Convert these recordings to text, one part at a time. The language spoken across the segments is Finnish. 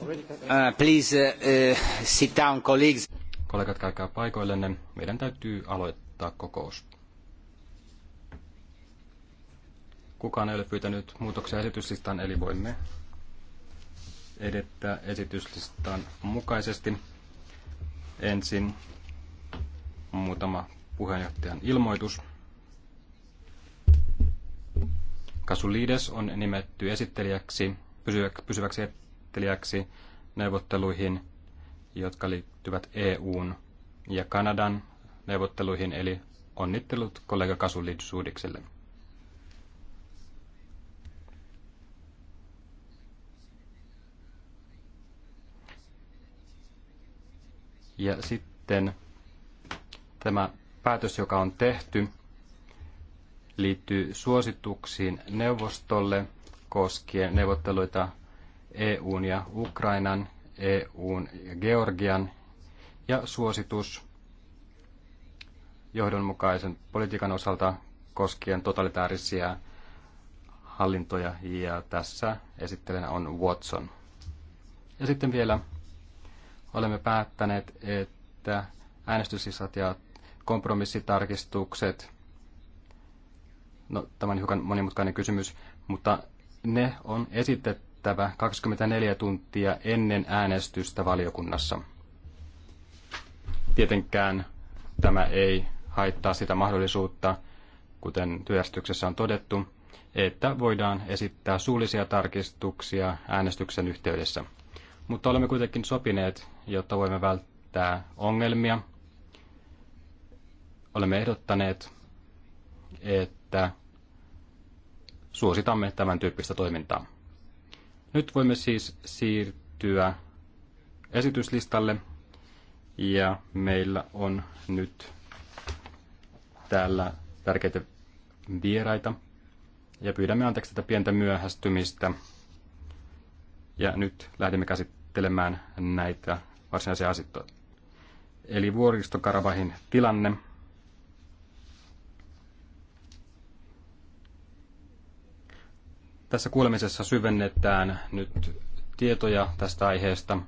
Uh, please uh, uh, sit down, colleagues. Kollegat, käykää paikoillenne. Meidän täytyy aloittaa kokous. Kukaan ei ole pyytänyt muutoksia esityslistaan, eli voimme edettää esityslistan mukaisesti. Ensin muutama puheenjohtajan ilmoitus. Kasulides on nimetty esittelijäksi pysyväksi esittelijäksi neuvotteluihin, jotka liittyvät EUn ja Kanadan neuvotteluihin, eli onnittelut kollega Kasulid Ja sitten tämä päätös, joka on tehty, liittyy suosituksiin neuvostolle koskien neuvotteluita EUn ja Ukrainan, EUn ja Georgian ja suositus johdonmukaisen politiikan osalta koskien totalitaarisia hallintoja ja tässä esittelenä on Watson. Ja sitten vielä olemme päättäneet, että äänestyssisat ja kompromissitarkistukset, no tämä on hiukan monimutkainen kysymys, mutta ne on esitetty jätettävä 24 tuntia ennen äänestystä valiokunnassa. Tietenkään tämä ei haittaa sitä mahdollisuutta, kuten työjärjestyksessä on todettu, että voidaan esittää suullisia tarkistuksia äänestyksen yhteydessä. Mutta olemme kuitenkin sopineet, jotta voimme välttää ongelmia. Olemme ehdottaneet, että suositamme tämän tyyppistä toimintaa. Nyt voimme siis siirtyä esityslistalle ja meillä on nyt täällä tärkeitä vieraita ja pyydämme anteeksi tätä pientä myöhästymistä. Ja nyt lähdemme käsittelemään näitä varsinaisia asioita. Eli vuoristokarabahin tilanne – Tässä kuulemisessa syvennetään nyt tietoja tästä aiheesta.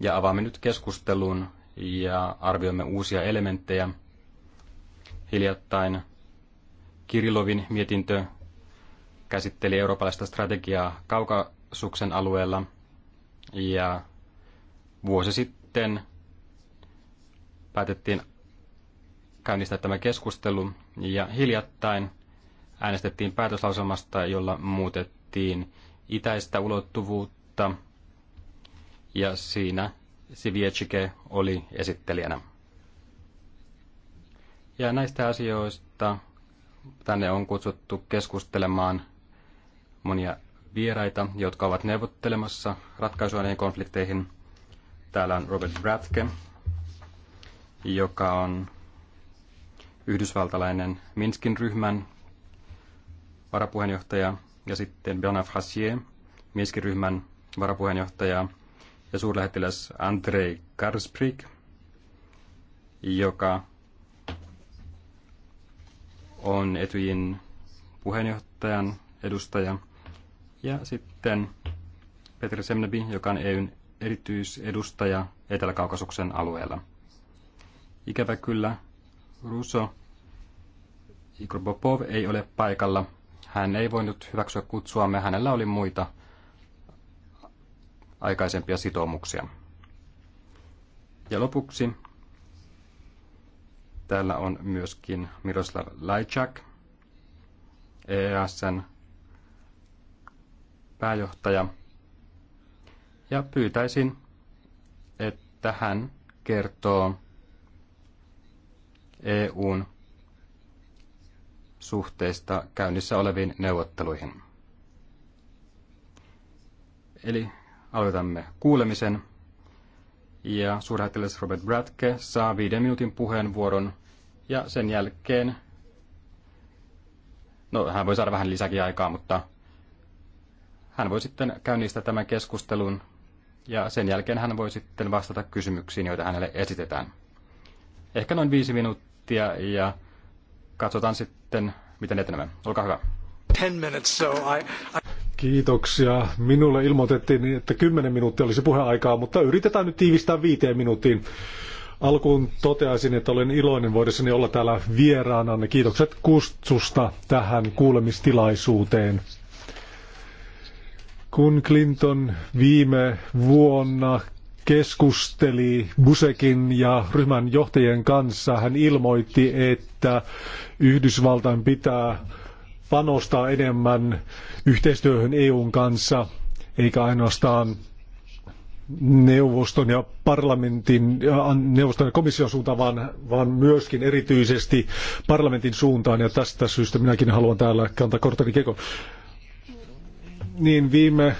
Ja avaamme nyt keskustelun ja arvioimme uusia elementtejä. Hiljattain Kirilovin mietintö käsitteli eurooppalaista strategiaa kaukasuksen alueella ja vuosi sitten päätettiin käynnistää tämä keskustelu ja hiljattain äänestettiin päätöslauselmasta, jolla muutettiin itäistä ulottuvuutta ja siinä Siviechike oli esittelijänä. Ja näistä asioista tänne on kutsuttu keskustelemaan monia vieraita, jotka ovat neuvottelemassa ratkaisua näihin konflikteihin. Täällä on Robert Bratke, joka on yhdysvaltalainen Minskin ryhmän varapuheenjohtaja ja sitten Bernard Frassier, mieskiryhmän varapuheenjohtaja ja suurlähettiläs Andrei Karsprik, joka on Etyjin puheenjohtajan edustaja, ja sitten Petri Semnebi, joka on EUn erityisedustaja Etelä-Kaukasuksen alueella. Ikävä kyllä, Ruso Igor Popov ei ole paikalla, hän ei voinut hyväksyä kutsuamme, hänellä oli muita aikaisempia sitoumuksia. Ja lopuksi täällä on myöskin Miroslav Lajczak, EASn pääjohtaja. Ja pyytäisin, että hän kertoo EUn suhteista käynnissä oleviin neuvotteluihin. Eli aloitamme kuulemisen. Ja suurlähettiläs Robert Bradke saa viiden minuutin puheenvuoron. Ja sen jälkeen, no hän voi saada vähän lisäkin aikaa, mutta hän voi sitten käynnistää tämän keskustelun. Ja sen jälkeen hän voi sitten vastata kysymyksiin, joita hänelle esitetään. Ehkä noin viisi minuuttia ja katsotaan sitten, miten etenemme. Olkaa hyvä. Kiitoksia. Minulle ilmoitettiin, että 10 minuuttia olisi puheaikaa, mutta yritetään nyt tiivistää viiteen minuuttiin. Alkuun toteaisin, että olen iloinen voidessani olla täällä vieraana. Kiitokset kutsusta tähän kuulemistilaisuuteen. Kun Clinton viime vuonna keskusteli Busekin ja ryhmän johtajien kanssa, hän ilmoitti, että Yhdysvaltain pitää panostaa enemmän yhteistyöhön EUn kanssa, eikä ainoastaan neuvoston ja parlamentin, äh, neuvoston ja komission suuntaan, vaan, vaan myöskin erityisesti parlamentin suuntaan. Ja tästä syystä minäkin haluan täällä kantaa korteni keko. Niin viime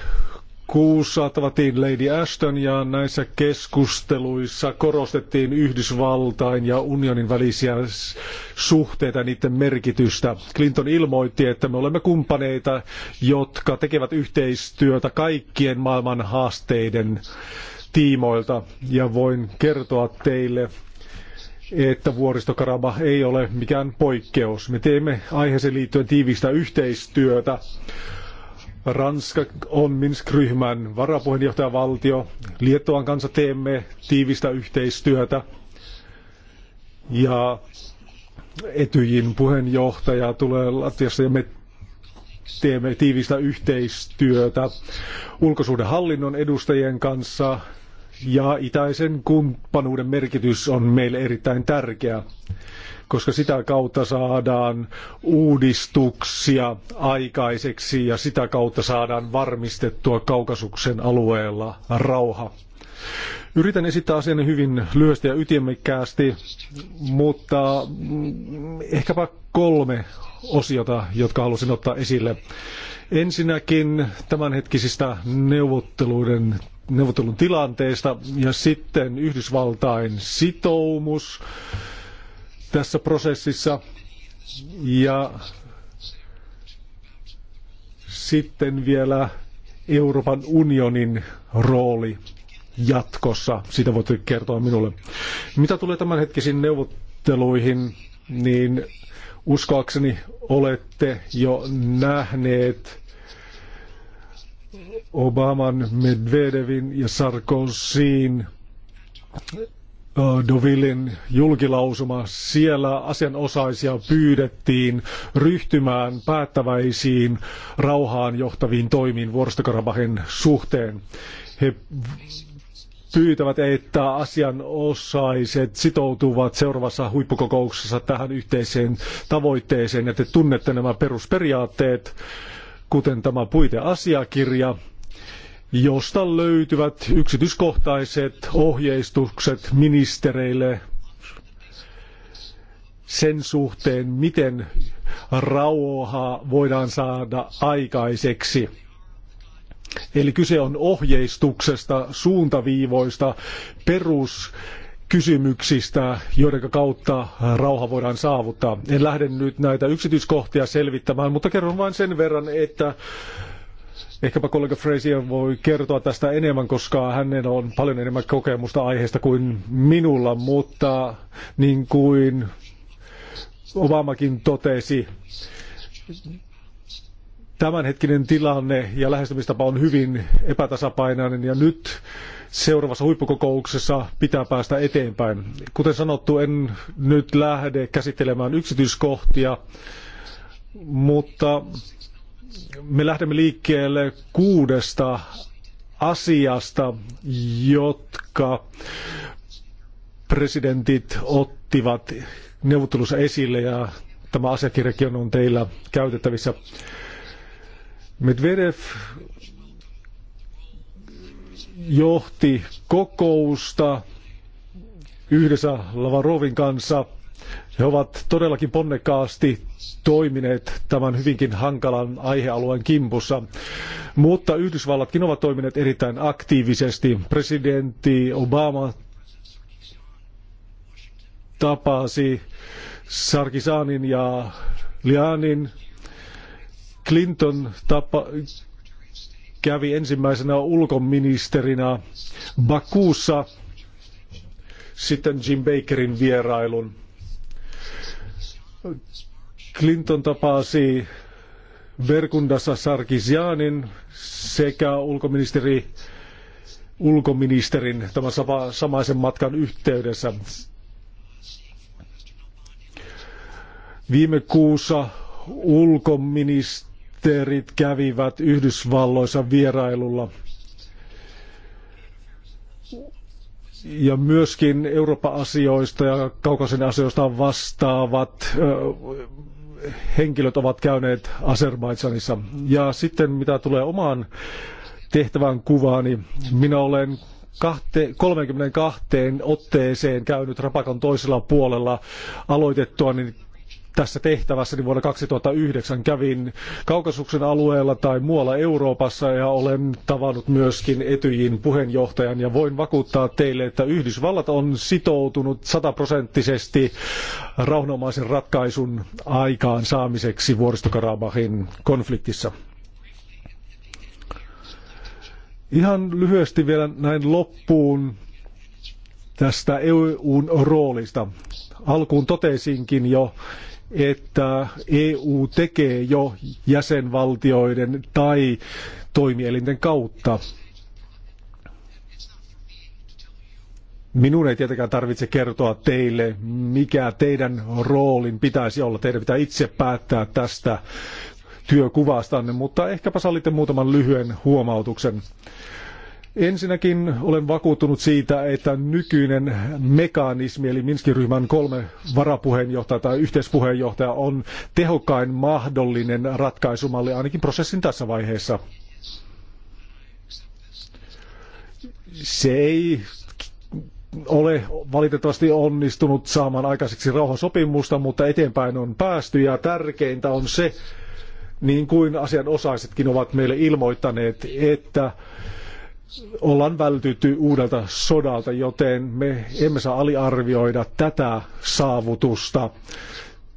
Kuussa tavattiin Lady Ashton ja näissä keskusteluissa korostettiin Yhdysvaltain ja unionin välisiä suhteita ja niiden merkitystä. Clinton ilmoitti, että me olemme kumppaneita, jotka tekevät yhteistyötä kaikkien maailman haasteiden tiimoilta. Ja voin kertoa teille, että vuoristokaraba ei ole mikään poikkeus. Me teemme aiheeseen liittyen tiivistä yhteistyötä Ranska on Minsk-ryhmän varapuheenjohtajavaltio. Liettuan kanssa teemme tiivistä yhteistyötä. Ja Etyjin puheenjohtaja tulee Latviassa ja me teemme tiivistä yhteistyötä ulkosuhdehallinnon edustajien kanssa ja itäisen kumppanuuden merkitys on meille erittäin tärkeä koska sitä kautta saadaan uudistuksia aikaiseksi ja sitä kautta saadaan varmistettua Kaukasuksen alueella rauha. Yritän esittää asian hyvin lyhyesti ja ytimekkäästi, mutta mm, ehkäpä kolme osiota, jotka halusin ottaa esille. Ensinnäkin tämänhetkisistä neuvotteluiden, neuvottelun tilanteesta ja sitten Yhdysvaltain sitoumus tässä prosessissa. Ja sitten vielä Euroopan unionin rooli jatkossa. Siitä voitte kertoa minulle. Mitä tulee tämänhetkisiin neuvotteluihin, niin uskoakseni olette jo nähneet Obaman, Medvedevin ja Sarkozyn Dovillin julkilausuma. Siellä asianosaisia pyydettiin ryhtymään päättäväisiin rauhaan johtaviin toimiin Vuoristokarabahin suhteen. He pyytävät, että asianosaiset sitoutuvat seuraavassa huippukokouksessa tähän yhteiseen tavoitteeseen, että tunnette nämä perusperiaatteet, kuten tämä puiteasiakirja josta löytyvät yksityiskohtaiset ohjeistukset ministereille sen suhteen, miten rauhaa voidaan saada aikaiseksi. Eli kyse on ohjeistuksesta, suuntaviivoista, peruskysymyksistä, joiden kautta rauha voidaan saavuttaa. En lähde nyt näitä yksityiskohtia selvittämään, mutta kerron vain sen verran, että Ehkäpä kollega Frazier voi kertoa tästä enemmän, koska hänen on paljon enemmän kokemusta aiheesta kuin minulla, mutta niin kuin Obamakin totesi, tämänhetkinen tilanne ja lähestymistapa on hyvin epätasapainoinen ja nyt seuraavassa huippukokouksessa pitää päästä eteenpäin. Kuten sanottu, en nyt lähde käsittelemään yksityiskohtia, mutta me lähdemme liikkeelle kuudesta asiasta, jotka presidentit ottivat neuvottelussa esille ja tämä asiakirjakin on teillä käytettävissä. Medvedev johti kokousta yhdessä Lavarovin kanssa – he ovat todellakin ponnekkaasti toimineet tämän hyvinkin hankalan aihealueen kimpussa, mutta Yhdysvallatkin ovat toimineet erittäin aktiivisesti. Presidentti Obama tapasi Sarkisanin ja Lianin. Clinton tapa, kävi ensimmäisenä ulkoministerinä Bakuussa, sitten Jim Bakerin vierailun. Clinton tapasi Verkundassa Sarkisianin sekä ulkoministeri ulkoministerin tämän sama, samaisen matkan yhteydessä. Viime kuussa ulkoministerit kävivät Yhdysvalloissa vierailulla ja myöskin Euroopan asioista ja kaukaisen asioista vastaavat henkilöt ovat käyneet Azerbaidsanissa. Ja sitten mitä tulee omaan tehtävän kuvaan, niin minä olen kahte, 32 otteeseen käynyt rapakon toisella puolella aloitettua niin tässä tehtävässä niin vuonna 2009 kävin Kaukasuksen alueella tai muualla Euroopassa ja olen tavannut myöskin Etyjin puheenjohtajan ja voin vakuuttaa teille, että Yhdysvallat on sitoutunut sataprosenttisesti rauhanomaisen ratkaisun aikaan saamiseksi vuoristokarabahin konfliktissa. Ihan lyhyesti vielä näin loppuun tästä EUn roolista. Alkuun totesinkin jo, että EU tekee jo jäsenvaltioiden tai toimielinten kautta. Minun ei tietenkään tarvitse kertoa teille, mikä teidän roolin pitäisi olla. Teidän pitää itse päättää tästä työkuvastanne, mutta ehkäpä sallitte muutaman lyhyen huomautuksen. Ensinnäkin olen vakuuttunut siitä, että nykyinen mekanismi, eli Minskin ryhmän kolme varapuheenjohtajaa tai yhteispuheenjohtaja on tehokkain mahdollinen ratkaisumalli ainakin prosessin tässä vaiheessa. Se ei ole valitettavasti onnistunut saamaan aikaiseksi rauhansopimusta, mutta eteenpäin on päästy ja tärkeintä on se, niin kuin asianosaisetkin ovat meille ilmoittaneet, että ollaan vältytty uudelta sodalta, joten me emme saa aliarvioida tätä saavutusta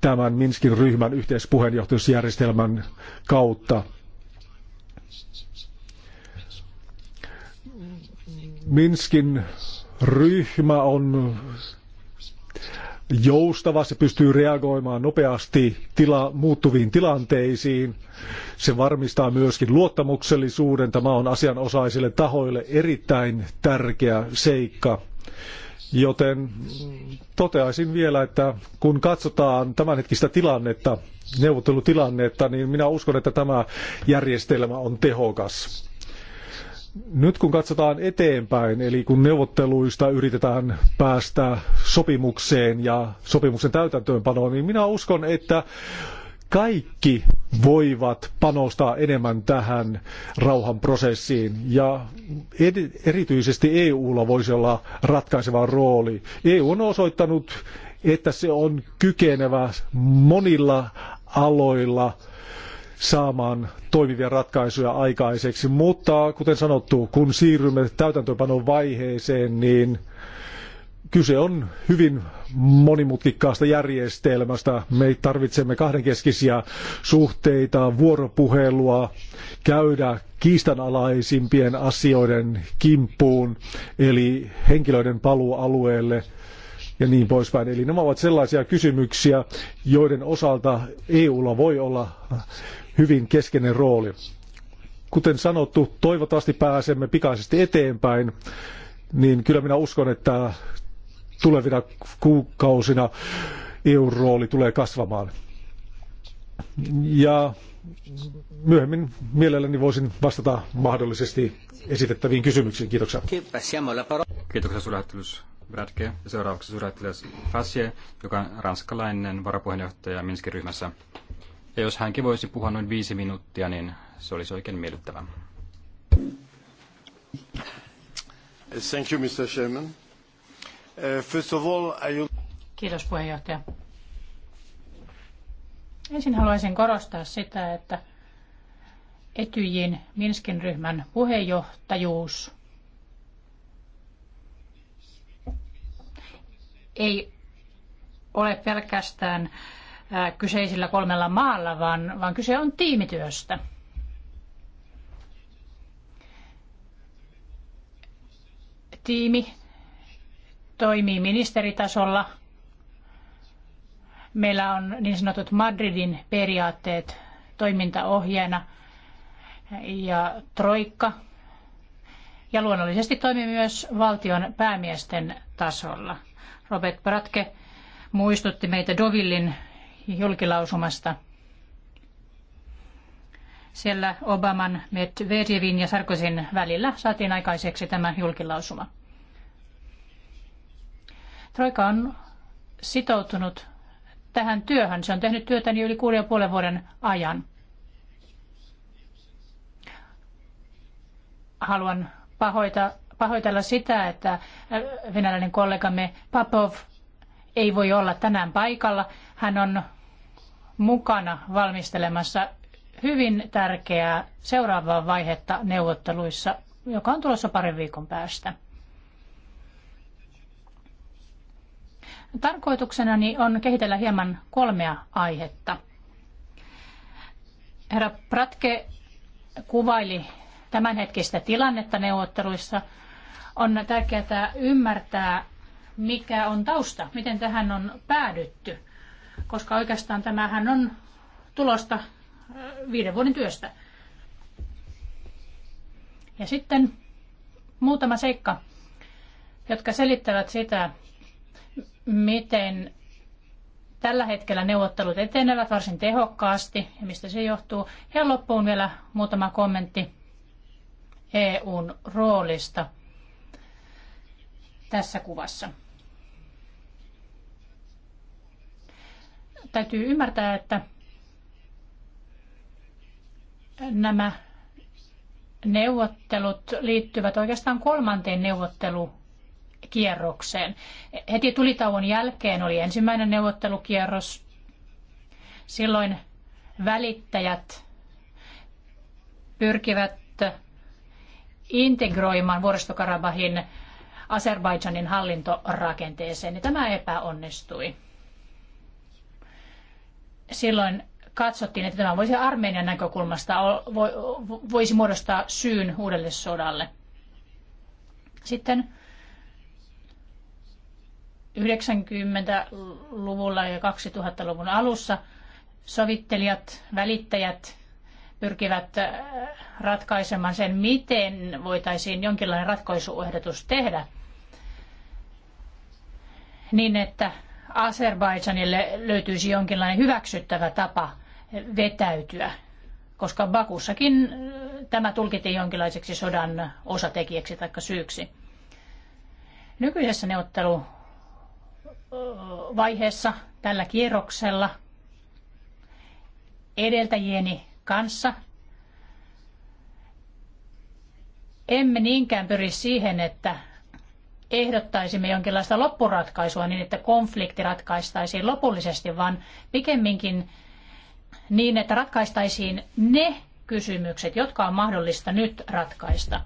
tämän Minskin ryhmän yhteispuheenjohtajuusjärjestelmän kautta. Minskin ryhmä on joustava, se pystyy reagoimaan nopeasti tila, muuttuviin tilanteisiin. Se varmistaa myöskin luottamuksellisuuden. Tämä on asianosaisille tahoille erittäin tärkeä seikka. Joten toteaisin vielä, että kun katsotaan tämänhetkistä tilannetta, neuvottelutilannetta, niin minä uskon, että tämä järjestelmä on tehokas. Nyt kun katsotaan eteenpäin, eli kun neuvotteluista yritetään päästä sopimukseen ja sopimuksen täytäntöönpanoon, niin minä uskon, että kaikki voivat panostaa enemmän tähän rauhanprosessiin ja erityisesti EUlla voisi olla ratkaiseva rooli. EU on osoittanut, että se on kykenevä monilla aloilla – saamaan toimivia ratkaisuja aikaiseksi. Mutta kuten sanottu, kun siirrymme täytäntöönpanon vaiheeseen, niin kyse on hyvin monimutkikkaasta järjestelmästä. Me tarvitsemme kahdenkeskisiä suhteita, vuoropuhelua, käydä kiistanalaisimpien asioiden kimppuun, eli henkilöiden paluualueelle ja niin poispäin. Eli nämä ovat sellaisia kysymyksiä, joiden osalta EUlla voi olla hyvin keskeinen rooli. Kuten sanottu, toivottavasti pääsemme pikaisesti eteenpäin, niin kyllä minä uskon, että tulevina kuukausina EUn rooli tulee kasvamaan. Ja myöhemmin mielelläni voisin vastata mahdollisesti esitettäviin kysymyksiin. Kiitoksia. Kiitoksia suurlähettelys Bradke. seuraavaksi suurlähettiläs Fassier, joka on ranskalainen varapuheenjohtaja Minskin ryhmässä. Ja jos hänkin voisi puhua noin viisi minuuttia, niin se olisi oikein miellyttävää. Thank you, Mr. Chairman. Uh, first of all, I... Kiitos puheenjohtaja. Ensin haluaisin korostaa sitä, että Etyjin Minskin ryhmän puheenjohtajuus ei ole pelkästään kyseisillä kolmella maalla, vaan, vaan kyse on tiimityöstä. Tiimi toimii ministeritasolla. Meillä on niin sanotut Madridin periaatteet toimintaohjeena ja troikka. Ja luonnollisesti toimii myös valtion päämiesten tasolla. Robert Bratke muistutti meitä Dovillin julkilausumasta. Siellä Obaman, Medvedevin ja Sarkozyn välillä saatiin aikaiseksi tämä julkilausuma. Troika on sitoutunut tähän työhön. Se on tehnyt työtäni yli kuuden ja puolen vuoden ajan. Haluan pahoita, pahoitella sitä, että äh, venäläinen kollegamme Papov ei voi olla tänään paikalla. Hän on mukana valmistelemassa hyvin tärkeää seuraavaa vaihetta neuvotteluissa, joka on tulossa parin viikon päästä. Tarkoituksenani on kehitellä hieman kolmea aihetta. Herra Pratke kuvaili tämänhetkistä tilannetta neuvotteluissa. On tärkeää ymmärtää, mikä on tausta, miten tähän on päädytty – koska oikeastaan tämähän on tulosta äh, viiden vuoden työstä. Ja sitten muutama seikka, jotka selittävät sitä, miten tällä hetkellä neuvottelut etenevät varsin tehokkaasti ja mistä se johtuu. Ja loppuun vielä muutama kommentti EUn roolista tässä kuvassa. Täytyy ymmärtää, että nämä neuvottelut liittyvät oikeastaan kolmanteen neuvottelukierrokseen. Heti tulitauon jälkeen oli ensimmäinen neuvottelukierros. Silloin välittäjät pyrkivät integroimaan vuoristokarabahin Azerbaidžanin hallintorakenteeseen. niin tämä epäonnistui silloin katsottiin, että tämä voisi Armenian näkökulmasta voisi muodostaa syyn uudelle sodalle. Sitten 90-luvulla ja 2000-luvun alussa sovittelijat, välittäjät pyrkivät äh, ratkaisemaan sen, miten voitaisiin jonkinlainen ratkaisuehdotus tehdä niin, että Azerbaidžanille löytyisi jonkinlainen hyväksyttävä tapa vetäytyä, koska Bakussakin äh, tämä tulkittiin jonkinlaiseksi sodan osatekijäksi tai syyksi. Nykyisessä neuvotteluvaiheessa äh, tällä kierroksella edeltäjieni kanssa emme niinkään pyri siihen, että ehdottaisimme jonkinlaista loppuratkaisua niin, että konflikti ratkaistaisiin lopullisesti, vaan pikemminkin niin, että ratkaistaisiin ne kysymykset, jotka on mahdollista nyt ratkaista.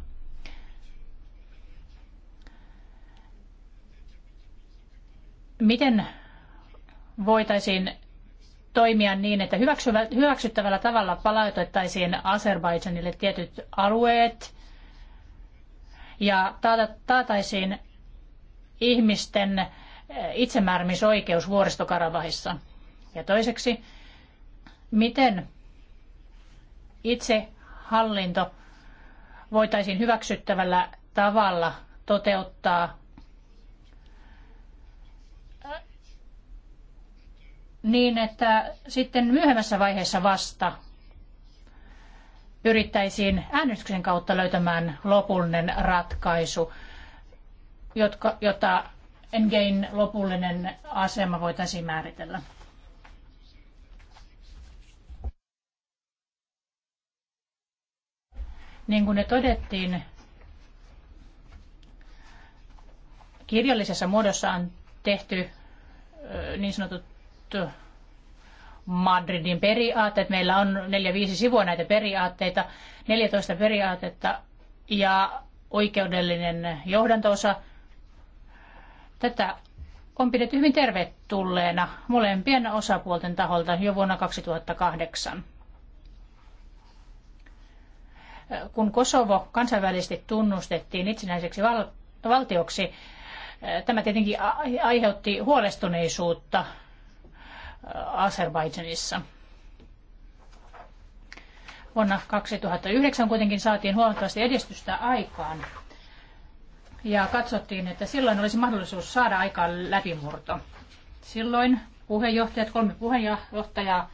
Miten voitaisiin toimia niin, että hyväksyttävällä tavalla palautettaisiin Azerbaidžanille tietyt alueet ja taataisiin ihmisten eh, itsemääräämisoikeus vuoristokaravahissa? Ja toiseksi, miten itsehallinto voitaisiin hyväksyttävällä tavalla toteuttaa eh, niin, että sitten myöhemmässä vaiheessa vasta pyrittäisiin äänestyksen kautta löytämään lopullinen ratkaisu jotka, jota Engain lopullinen asema voitaisiin määritellä. Niin kuin ne todettiin, kirjallisessa muodossa on tehty niin sanotut Madridin periaatteet. Meillä on neljä viisi sivua näitä periaatteita, 14 periaatetta ja oikeudellinen johdantoosa – Tätä on pidetty hyvin tervetulleena molempien osapuolten taholta jo vuonna 2008. Kun Kosovo kansainvälisesti tunnustettiin itsenäiseksi val- valtioksi, tämä tietenkin aiheutti huolestuneisuutta Azerbaidžanissa. Vuonna 2009 kuitenkin saatiin huomattavasti edistystä aikaan ja katsottiin, että silloin olisi mahdollisuus saada aikaan läpimurto. Silloin puheenjohtajat, kolme puheenjohtajaa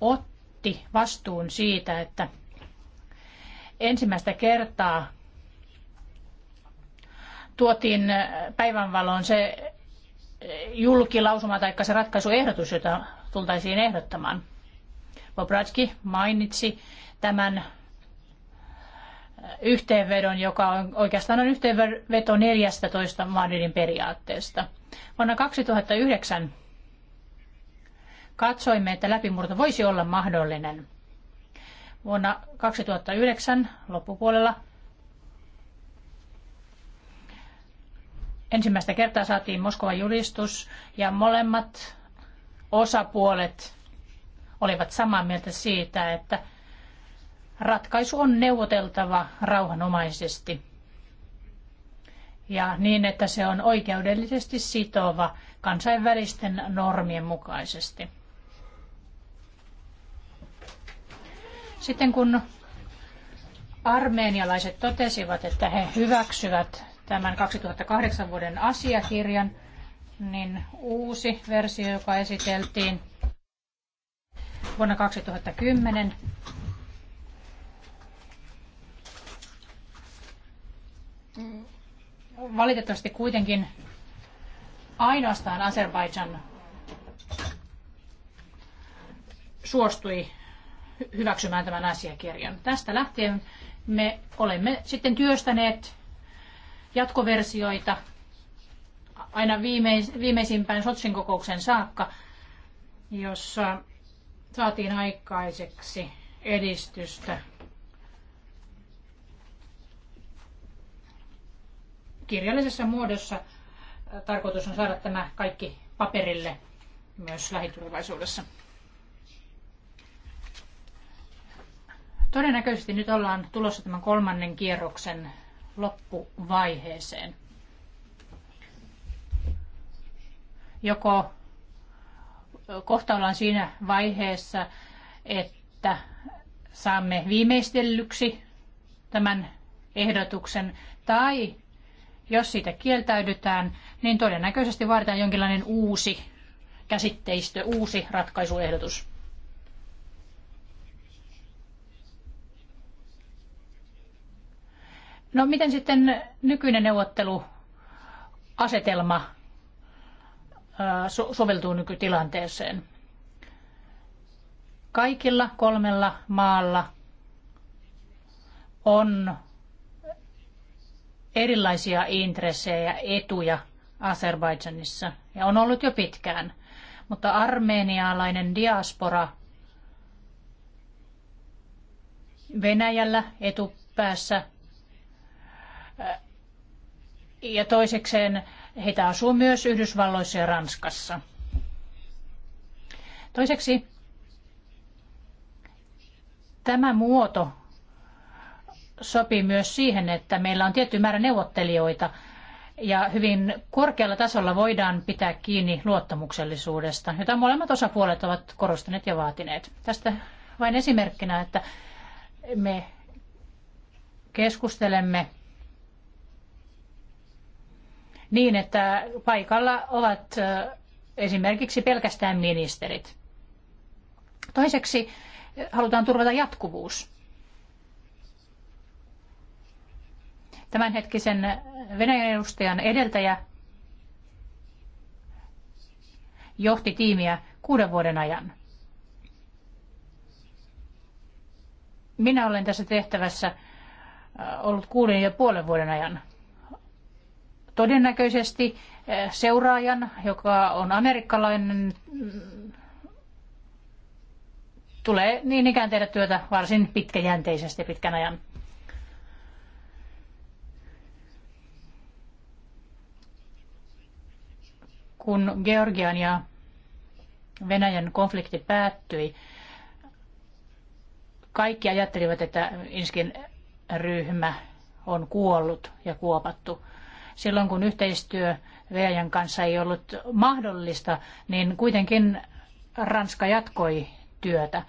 otti vastuun siitä, että ensimmäistä kertaa tuotiin päivänvaloon se julkilausuma tai se ratkaisuehdotus, jota tultaisiin ehdottamaan. Bobratski mainitsi tämän yhteenvedon, joka on oikeastaan on yhteenveto 14 Madridin periaatteesta. Vuonna 2009 katsoimme, että läpimurto voisi olla mahdollinen. Vuonna 2009 loppupuolella ensimmäistä kertaa saatiin Moskovan julistus ja molemmat osapuolet olivat samaa mieltä siitä, että ratkaisu on neuvoteltava rauhanomaisesti ja niin, että se on oikeudellisesti sitova kansainvälisten normien mukaisesti. Sitten kun armeenialaiset totesivat, että he hyväksyvät tämän 2008 vuoden asiakirjan, niin uusi versio, joka esiteltiin vuonna 2010, Mm. valitettavasti kuitenkin ainoastaan Azerbaidžan suostui hyväksymään tämän asiakirjan. Tästä lähtien me olemme sitten työstäneet jatkoversioita aina viimeisimpään Sotsin kokouksen saakka, jossa saatiin aikaiseksi edistystä kirjallisessa muodossa tarkoitus on saada tämä kaikki paperille myös lähitulevaisuudessa. Todennäköisesti nyt ollaan tulossa tämän kolmannen kierroksen loppuvaiheeseen. Joko kohta ollaan siinä vaiheessa, että saamme viimeistellyksi tämän ehdotuksen, tai jos siitä kieltäydytään, niin todennäköisesti vaaditaan jonkinlainen uusi käsitteistö, uusi ratkaisuehdotus. No miten sitten nykyinen neuvotteluasetelma soveltuu nykytilanteeseen? Kaikilla kolmella maalla on erilaisia intressejä ja etuja Azerbaidžanissa ja on ollut jo pitkään. Mutta armeenialainen diaspora Venäjällä etupäässä ja toisekseen heitä asuu myös Yhdysvalloissa ja Ranskassa. Toiseksi tämä muoto sopii myös siihen, että meillä on tietty määrä neuvottelijoita ja hyvin korkealla tasolla voidaan pitää kiinni luottamuksellisuudesta, jota molemmat osapuolet ovat korostaneet ja vaatineet. Tästä vain esimerkkinä, että me keskustelemme niin, että paikalla ovat esimerkiksi pelkästään ministerit. Toiseksi halutaan turvata jatkuvuus. tämänhetkisen Venäjän edustajan edeltäjä johti tiimiä kuuden vuoden ajan. Minä olen tässä tehtävässä äh, ollut kuuden ja puolen vuoden ajan. Todennäköisesti äh, seuraajan, joka on amerikkalainen, mm, tulee niin ikään tehdä työtä varsin pitkäjänteisesti pitkän ajan. kun Georgian ja Venäjän konflikti päättyi, kaikki ajattelivat, että Inskin ryhmä on kuollut ja kuopattu. Silloin kun yhteistyö Venäjän kanssa ei ollut mahdollista, niin kuitenkin Ranska jatkoi työtä.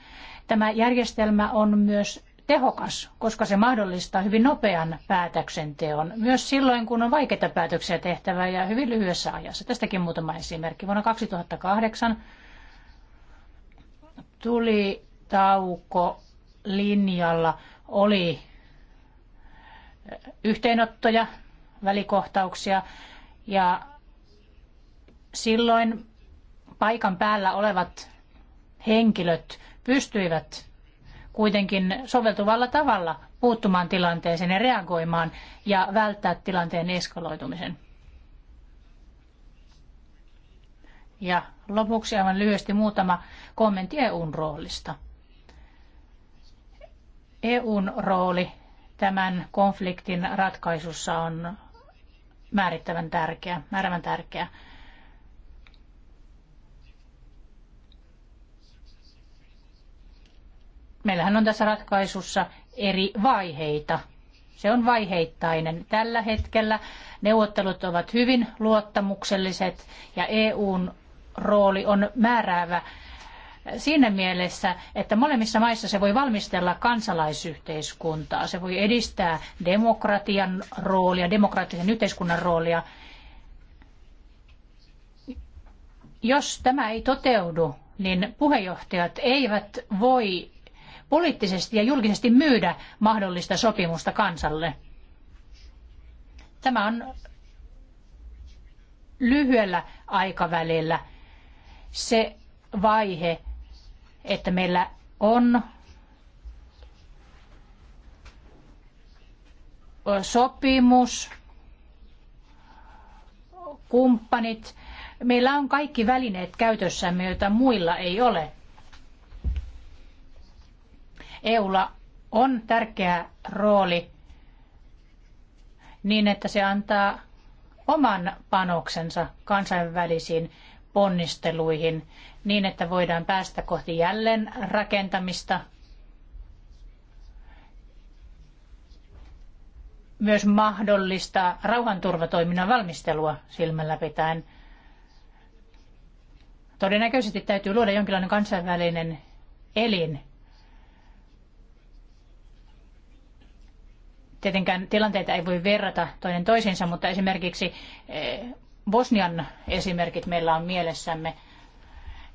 Tämä järjestelmä on myös tehokas, koska se mahdollistaa hyvin nopean päätöksenteon, myös silloin, kun on vaikeita päätöksiä tehtävä ja hyvin lyhyessä ajassa. Tästäkin muutama esimerkki. Vuonna 2008 tuli tauko linjalla, oli eh, yhteenottoja, välikohtauksia ja silloin paikan päällä olevat henkilöt pystyivät kuitenkin soveltuvalla tavalla puuttumaan tilanteeseen ja reagoimaan ja välttää tilanteen eskaloitumisen. Ja lopuksi aivan lyhyesti muutama kommentti EUn roolista. EUn rooli tämän konfliktin ratkaisussa on määrittävän tärkeä, määrävän tärkeä. Meillähän on tässä ratkaisussa eri vaiheita. Se on vaiheittainen. Tällä hetkellä neuvottelut ovat hyvin luottamukselliset ja EUn rooli on määräävä siinä mielessä, että molemmissa maissa se voi valmistella kansalaisyhteiskuntaa, se voi edistää demokratian roolia, demokraattisen yhteiskunnan roolia. Jos tämä ei toteudu, niin puheenjohtajat eivät voi poliittisesti ja julkisesti myydä mahdollista sopimusta kansalle. Tämä on lyhyellä aikavälillä se vaihe, että meillä on sopimus, kumppanit. Meillä on kaikki välineet käytössämme, joita muilla ei ole. EUlla on tärkeä rooli niin, että se antaa oman panoksensa kansainvälisiin ponnisteluihin niin, että voidaan päästä kohti jälleen rakentamista. Myös mahdollista rauhanturvatoiminnan valmistelua silmällä pitäen. Todennäköisesti täytyy luoda jonkinlainen kansainvälinen elin, Tietenkään tilanteita ei voi verrata toinen toisiinsa, mutta esimerkiksi eh, Bosnian esimerkit meillä on mielessämme.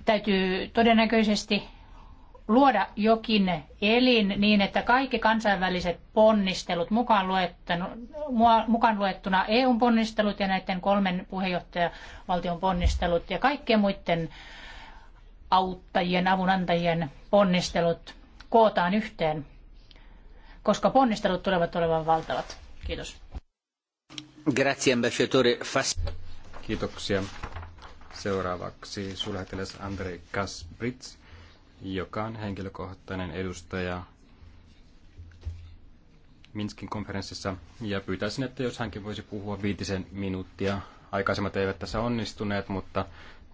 Täytyy todennäköisesti luoda jokin elin niin, että kaikki kansainväliset ponnistelut, mukaan, luettuna, mukaan luettuna EUn ponnistelut ja näiden kolmen puheenjohtajavaltion ponnistelut ja kaikkien muiden auttajien, avunantajien ponnistelut kootaan yhteen koska ponnistelut tulevat olemaan valtavat. Kiitos. Grazie, ambasciatore Kiitoksia. Seuraavaksi suurlähettiläs Andrei Kasprits, joka on henkilökohtainen edustaja Minskin konferenssissa. Ja pyytäisin, että jos hänkin voisi puhua viitisen minuuttia. Aikaisemmat eivät tässä onnistuneet, mutta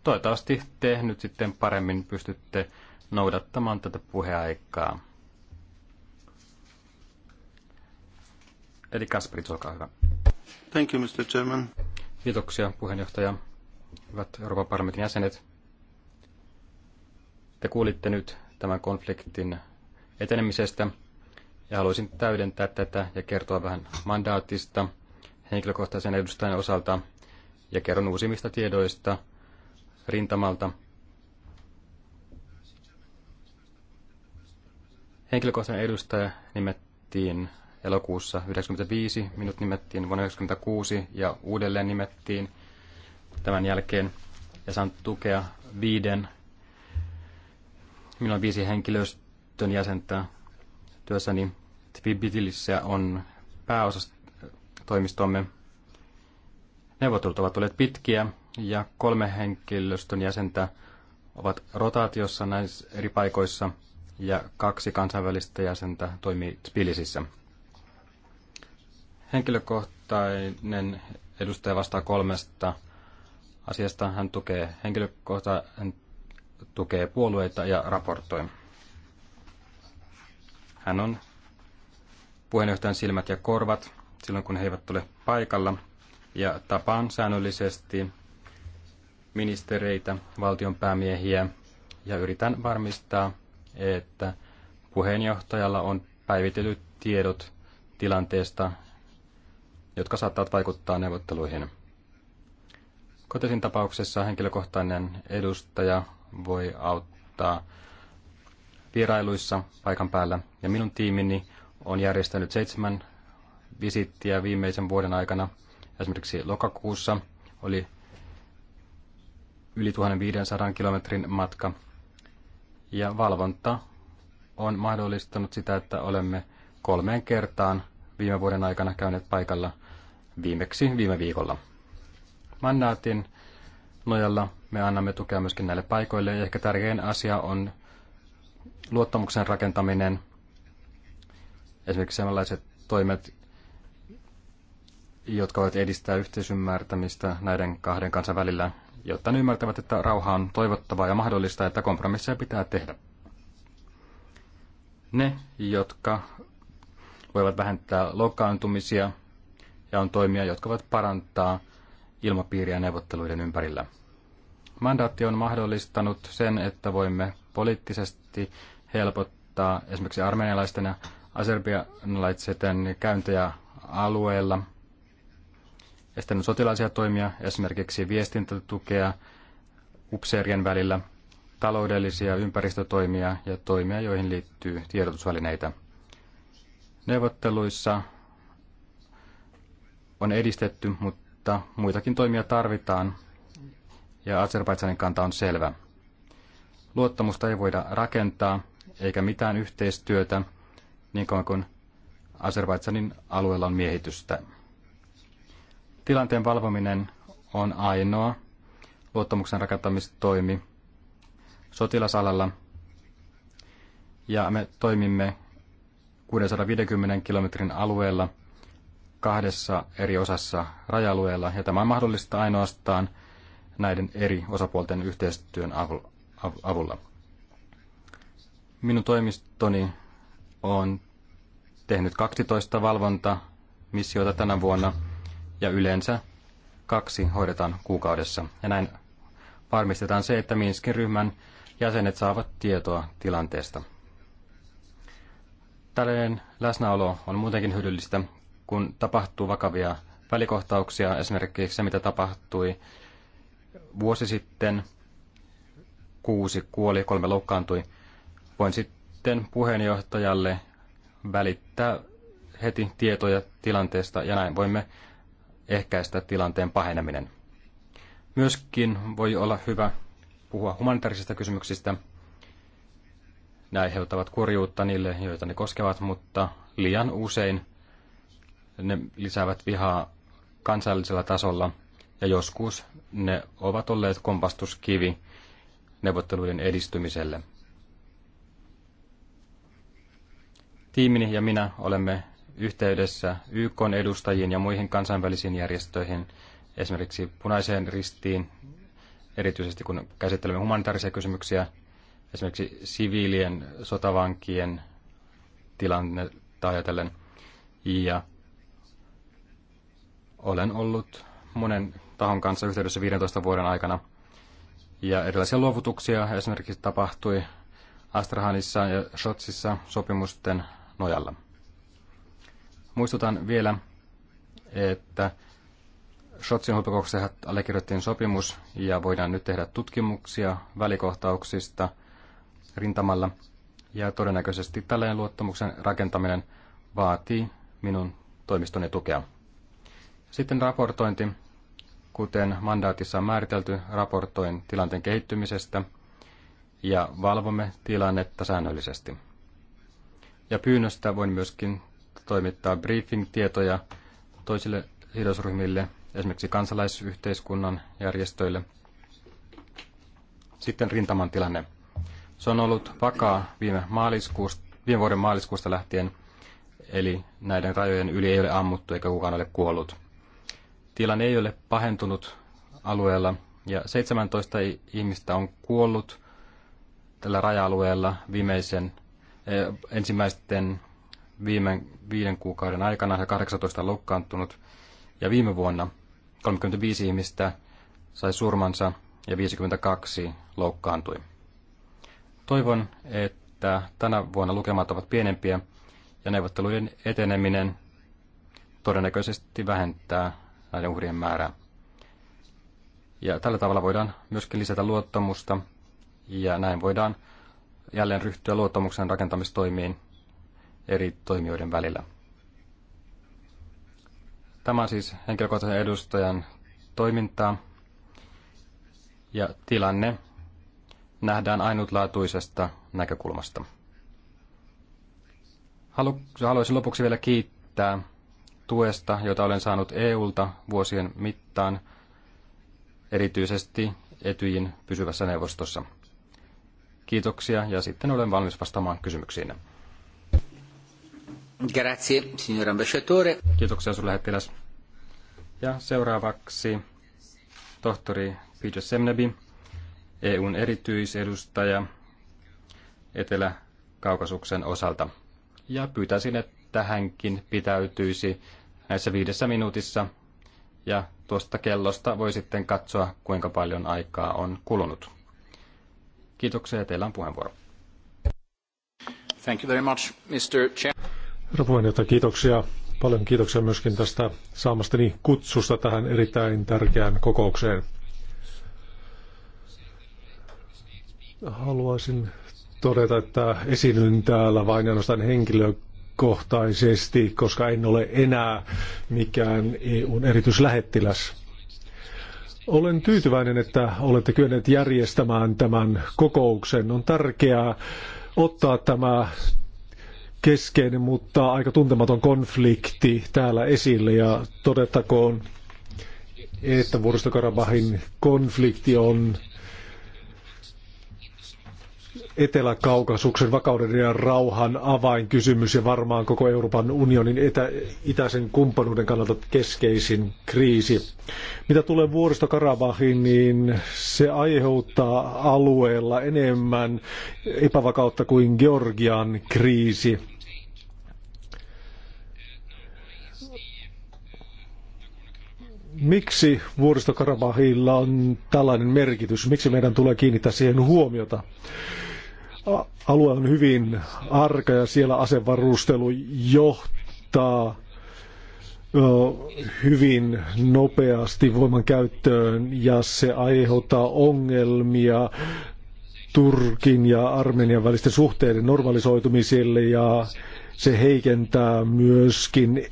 toivottavasti te nyt sitten paremmin pystytte noudattamaan tätä puheaikaa. Eli Kasperit, olkaa hyvä. Thank you, Mr. Chairman. Kiitoksia, puheenjohtaja. Hyvät Euroopan parlamentin jäsenet. Te kuulitte nyt tämän konfliktin etenemisestä ja haluaisin täydentää tätä ja kertoa vähän mandaatista henkilökohtaisen edustajan osalta ja kerron uusimmista tiedoista rintamalta. Henkilökohtainen edustaja nimettiin elokuussa 1995, minut nimettiin vuonna 1996 ja uudelleen nimettiin tämän jälkeen ja saan tukea viiden, minulla on viisi henkilöstön jäsentä työssäni. Tvibitilissä on toimistomme. Neuvottelut ovat olleet pitkiä ja kolme henkilöstön jäsentä ovat rotaatiossa näissä eri paikoissa ja kaksi kansainvälistä jäsentä toimii Tbilisissä. Henkilökohtainen edustaja vastaa kolmesta asiasta. Hän tukee henkilökohtainen tukee puolueita ja raportoi. Hän on puheenjohtajan silmät ja korvat silloin, kun he eivät ole paikalla, ja tapaan säännöllisesti ministereitä, valtionpäämiehiä ja yritän varmistaa, että puheenjohtajalla on päivitetyt tiedot tilanteesta jotka saattavat vaikuttaa neuvotteluihin. Kotisin tapauksessa henkilökohtainen edustaja voi auttaa vierailuissa paikan päällä, ja minun tiimini on järjestänyt seitsemän visittiä viimeisen vuoden aikana. Esimerkiksi lokakuussa oli yli 1500 kilometrin matka, ja valvonta on mahdollistanut sitä, että olemme kolmeen kertaan viime vuoden aikana käyneet paikalla – viimeksi viime viikolla. Mandaatin nojalla me annamme tukea myöskin näille paikoille ja ehkä tärkein asia on luottamuksen rakentaminen, esimerkiksi sellaiset toimet, jotka voivat edistää yhteisymmärtämistä näiden kahden kansan välillä, jotta ne ymmärtävät, että rauha on toivottavaa ja mahdollista, että kompromisseja pitää tehdä. Ne, jotka voivat vähentää loukkaantumisia, ja on toimia, jotka voivat parantaa ilmapiiriä neuvotteluiden ympärillä. Mandaatti on mahdollistanut sen, että voimme poliittisesti helpottaa esimerkiksi armenialaisten ja aserbianlaisten käyntejä alueella, estänyt sotilaisia toimia, esimerkiksi viestintätukea upseerien välillä, taloudellisia ympäristötoimia ja toimia, joihin liittyy tiedotusvälineitä. Neuvotteluissa on edistetty, mutta muitakin toimia tarvitaan ja Azerbaidsanin kanta on selvä. Luottamusta ei voida rakentaa eikä mitään yhteistyötä niin kauan kuin Azerbaidsanin alueella on miehitystä. Tilanteen valvominen on ainoa luottamuksen rakentamistoimi sotilasalalla ja me toimimme 650 kilometrin alueella – kahdessa eri osassa raja-alueella, ja tämä on mahdollista ainoastaan näiden eri osapuolten yhteistyön avulla. Minun toimistoni on tehnyt 12 valvontamissiota tänä vuonna, ja yleensä kaksi hoidetaan kuukaudessa. Ja näin varmistetaan se, että Minskin ryhmän jäsenet saavat tietoa tilanteesta. Tällainen läsnäolo on muutenkin hyödyllistä, kun tapahtuu vakavia välikohtauksia, esimerkiksi se mitä tapahtui vuosi sitten, kuusi kuoli, kolme loukkaantui, voin sitten puheenjohtajalle välittää heti tietoja tilanteesta ja näin voimme ehkäistä tilanteen paheneminen. Myöskin voi olla hyvä puhua humanitaarisista kysymyksistä. Nämä aiheuttavat kurjuutta niille, joita ne koskevat, mutta liian usein ne lisäävät vihaa kansallisella tasolla ja joskus ne ovat olleet kompastuskivi neuvotteluiden edistymiselle. Tiimini ja minä olemme yhteydessä YK edustajiin ja muihin kansainvälisiin järjestöihin, esimerkiksi punaiseen ristiin, erityisesti kun käsittelemme humanitaarisia kysymyksiä, esimerkiksi siviilien, sotavankien tilannetta ajatellen. Ja olen ollut monen tahon kanssa yhteydessä 15 vuoden aikana. Ja erilaisia luovutuksia esimerkiksi tapahtui Astrahanissa ja Shotsissa sopimusten nojalla. Muistutan vielä, että Shotsin huippukokouksessa allekirjoittiin sopimus ja voidaan nyt tehdä tutkimuksia välikohtauksista rintamalla. Ja todennäköisesti tällainen luottamuksen rakentaminen vaatii minun toimistoni tukea. Sitten raportointi, kuten mandaatissa on määritelty, raportoin tilanteen kehittymisestä ja valvomme tilannetta säännöllisesti. Ja pyynnöstä voin myöskin toimittaa briefing-tietoja toisille sidosryhmille, esimerkiksi kansalaisyhteiskunnan järjestöille. Sitten rintaman tilanne. Se on ollut vakaa viime, maaliskuusta, viime vuoden maaliskuusta lähtien, eli näiden rajojen yli ei ole ammuttu eikä kukaan ole kuollut tilanne ei ole pahentunut alueella ja 17 ihmistä on kuollut tällä raja-alueella viimeisen, eh, ensimmäisten viime viiden kuukauden aikana ja 18 loukkaantunut. Ja viime vuonna 35 ihmistä sai surmansa ja 52 loukkaantui. Toivon, että tänä vuonna lukemat ovat pienempiä ja neuvotteluiden eteneminen todennäköisesti vähentää näiden uhrien määrää. Ja tällä tavalla voidaan myöskin lisätä luottamusta ja näin voidaan jälleen ryhtyä luottamuksen rakentamistoimiin eri toimijoiden välillä. Tämä on siis henkilökohtaisen edustajan toimintaa ja tilanne nähdään ainutlaatuisesta näkökulmasta. Haluaisin lopuksi vielä kiittää tuesta, jota olen saanut EUlta vuosien mittaan, erityisesti Etyjin pysyvässä neuvostossa. Kiitoksia ja sitten olen valmis vastaamaan kysymyksiin. Grazie, signor ambasciatore. Kiitoksia suurlähettiläs. Ja seuraavaksi tohtori Peter Semnebi, EUn erityisedustaja Etelä-Kaukasuksen osalta. Ja pyytäisin, että että hänkin pitäytyisi näissä viidessä minuutissa ja tuosta kellosta voi sitten katsoa, kuinka paljon aikaa on kulunut. Kiitoksia ja teillä on puheenvuoro. Thank you very much, Mr. Chairman. Herra puheenjohtaja, kiitoksia. Paljon kiitoksia myöskin tästä saamastani kutsusta tähän erittäin tärkeään kokoukseen. Haluaisin todeta, että esiinnyn täällä vain ainoastaan henkilö, henkilökohtaisesti, koska en ole enää mikään EUn erityislähettiläs. Olen tyytyväinen, että olette kyenneet järjestämään tämän kokouksen. On tärkeää ottaa tämä keskeinen, mutta aika tuntematon konflikti täällä esille ja todettakoon, että vuoristokarabahin konflikti on Etelä-Kaukasuksen vakauden ja rauhan avainkysymys ja varmaan koko Euroopan unionin etä, itäisen kumppanuuden kannalta keskeisin kriisi. Mitä tulee vuoristo Karabahin, niin se aiheuttaa alueella enemmän epävakautta kuin Georgian kriisi. miksi vuoristokarabahilla on tällainen merkitys? Miksi meidän tulee kiinnittää siihen huomiota? alue on hyvin arka ja siellä asevarustelu johtaa hyvin nopeasti voiman käyttöön ja se aiheuttaa ongelmia Turkin ja Armenian välisten suhteiden normalisoitumiselle ja se heikentää myöskin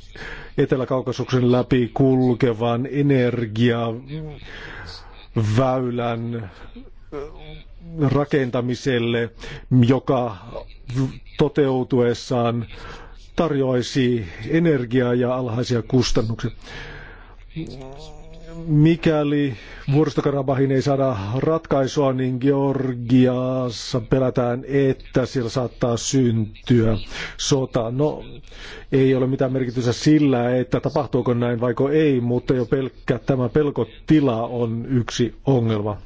Etelä-Kaukasuksen läpi kulkevan energiaväylän rakentamiselle, joka toteutuessaan tarjoaisi energiaa ja alhaisia kustannuksia. Mikäli vuoristokarabahin ei saada ratkaisua, niin Georgiassa pelätään, että siellä saattaa syntyä sota. No, ei ole mitään merkitystä sillä, että tapahtuuko näin vaiko ei, mutta jo pelkkä tämä pelkotila on yksi ongelma.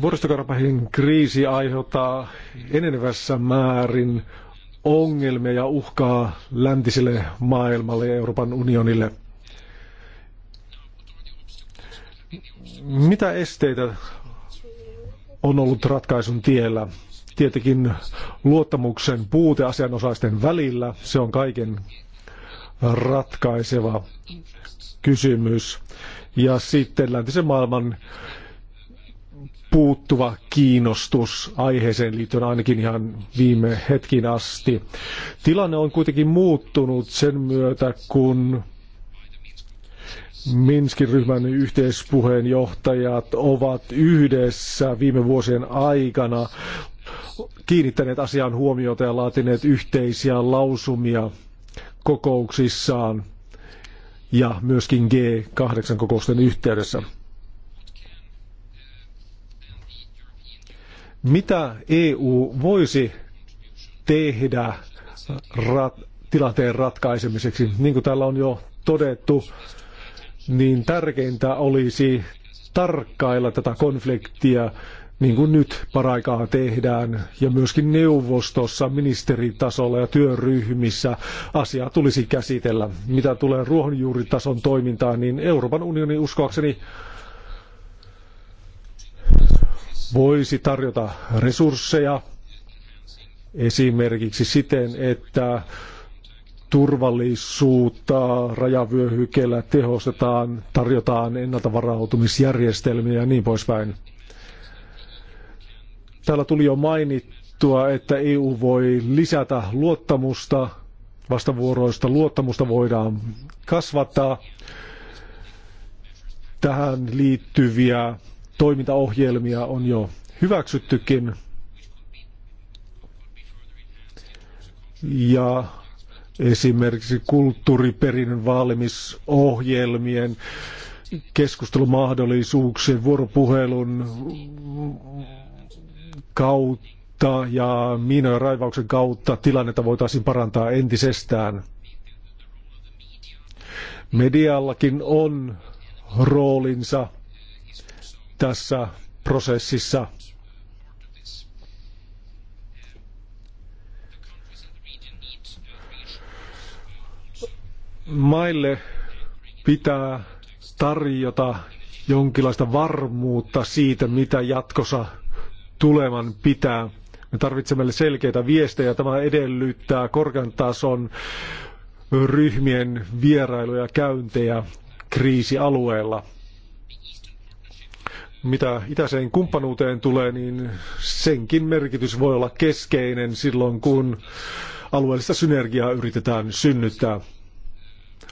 Vuoristokarapahin kriisi aiheuttaa enenevässä määrin ongelmia ja uhkaa läntiselle maailmalle ja Euroopan unionille. Mitä esteitä on ollut ratkaisun tiellä? Tietenkin luottamuksen puute asianosaisten välillä, se on kaiken ratkaiseva kysymys. Ja sitten läntisen maailman puuttuva kiinnostus aiheeseen liittyen ainakin ihan viime hetkiin asti. Tilanne on kuitenkin muuttunut sen myötä, kun Minskin ryhmän yhteispuheenjohtajat ovat yhdessä viime vuosien aikana kiinnittäneet asiaan huomiota ja laatineet yhteisiä lausumia kokouksissaan ja myöskin G8-kokousten yhteydessä. mitä EU voisi tehdä rat- tilanteen ratkaisemiseksi. Niin kuin täällä on jo todettu, niin tärkeintä olisi tarkkailla tätä konfliktia, niin kuin nyt paraikaa tehdään, ja myöskin neuvostossa, ministeritasolla ja työryhmissä asiaa tulisi käsitellä. Mitä tulee ruohonjuuritason toimintaan, niin Euroopan unioni uskoakseni voisi tarjota resursseja esimerkiksi siten, että turvallisuutta rajavyöhykkeellä tehostetaan, tarjotaan varautumisjärjestelmiä ja niin poispäin. Täällä tuli jo mainittua, että EU voi lisätä luottamusta, vastavuoroista luottamusta voidaan kasvattaa. Tähän liittyviä toimintaohjelmia on jo hyväksyttykin. Ja esimerkiksi kulttuuriperinnön vaalimisohjelmien keskustelumahdollisuuksien, vuoropuhelun kautta ja miinojen raivauksen kautta tilannetta voitaisiin parantaa entisestään. Mediallakin on roolinsa – tässä prosessissa. Maille pitää tarjota jonkinlaista varmuutta siitä, mitä jatkossa tuleman pitää. Me tarvitsemme selkeitä viestejä. Tämä edellyttää korkean tason ryhmien vierailuja käyntejä kriisialueella. Mitä itäiseen kumppanuuteen tulee, niin senkin merkitys voi olla keskeinen silloin, kun alueellista synergiaa yritetään synnyttää.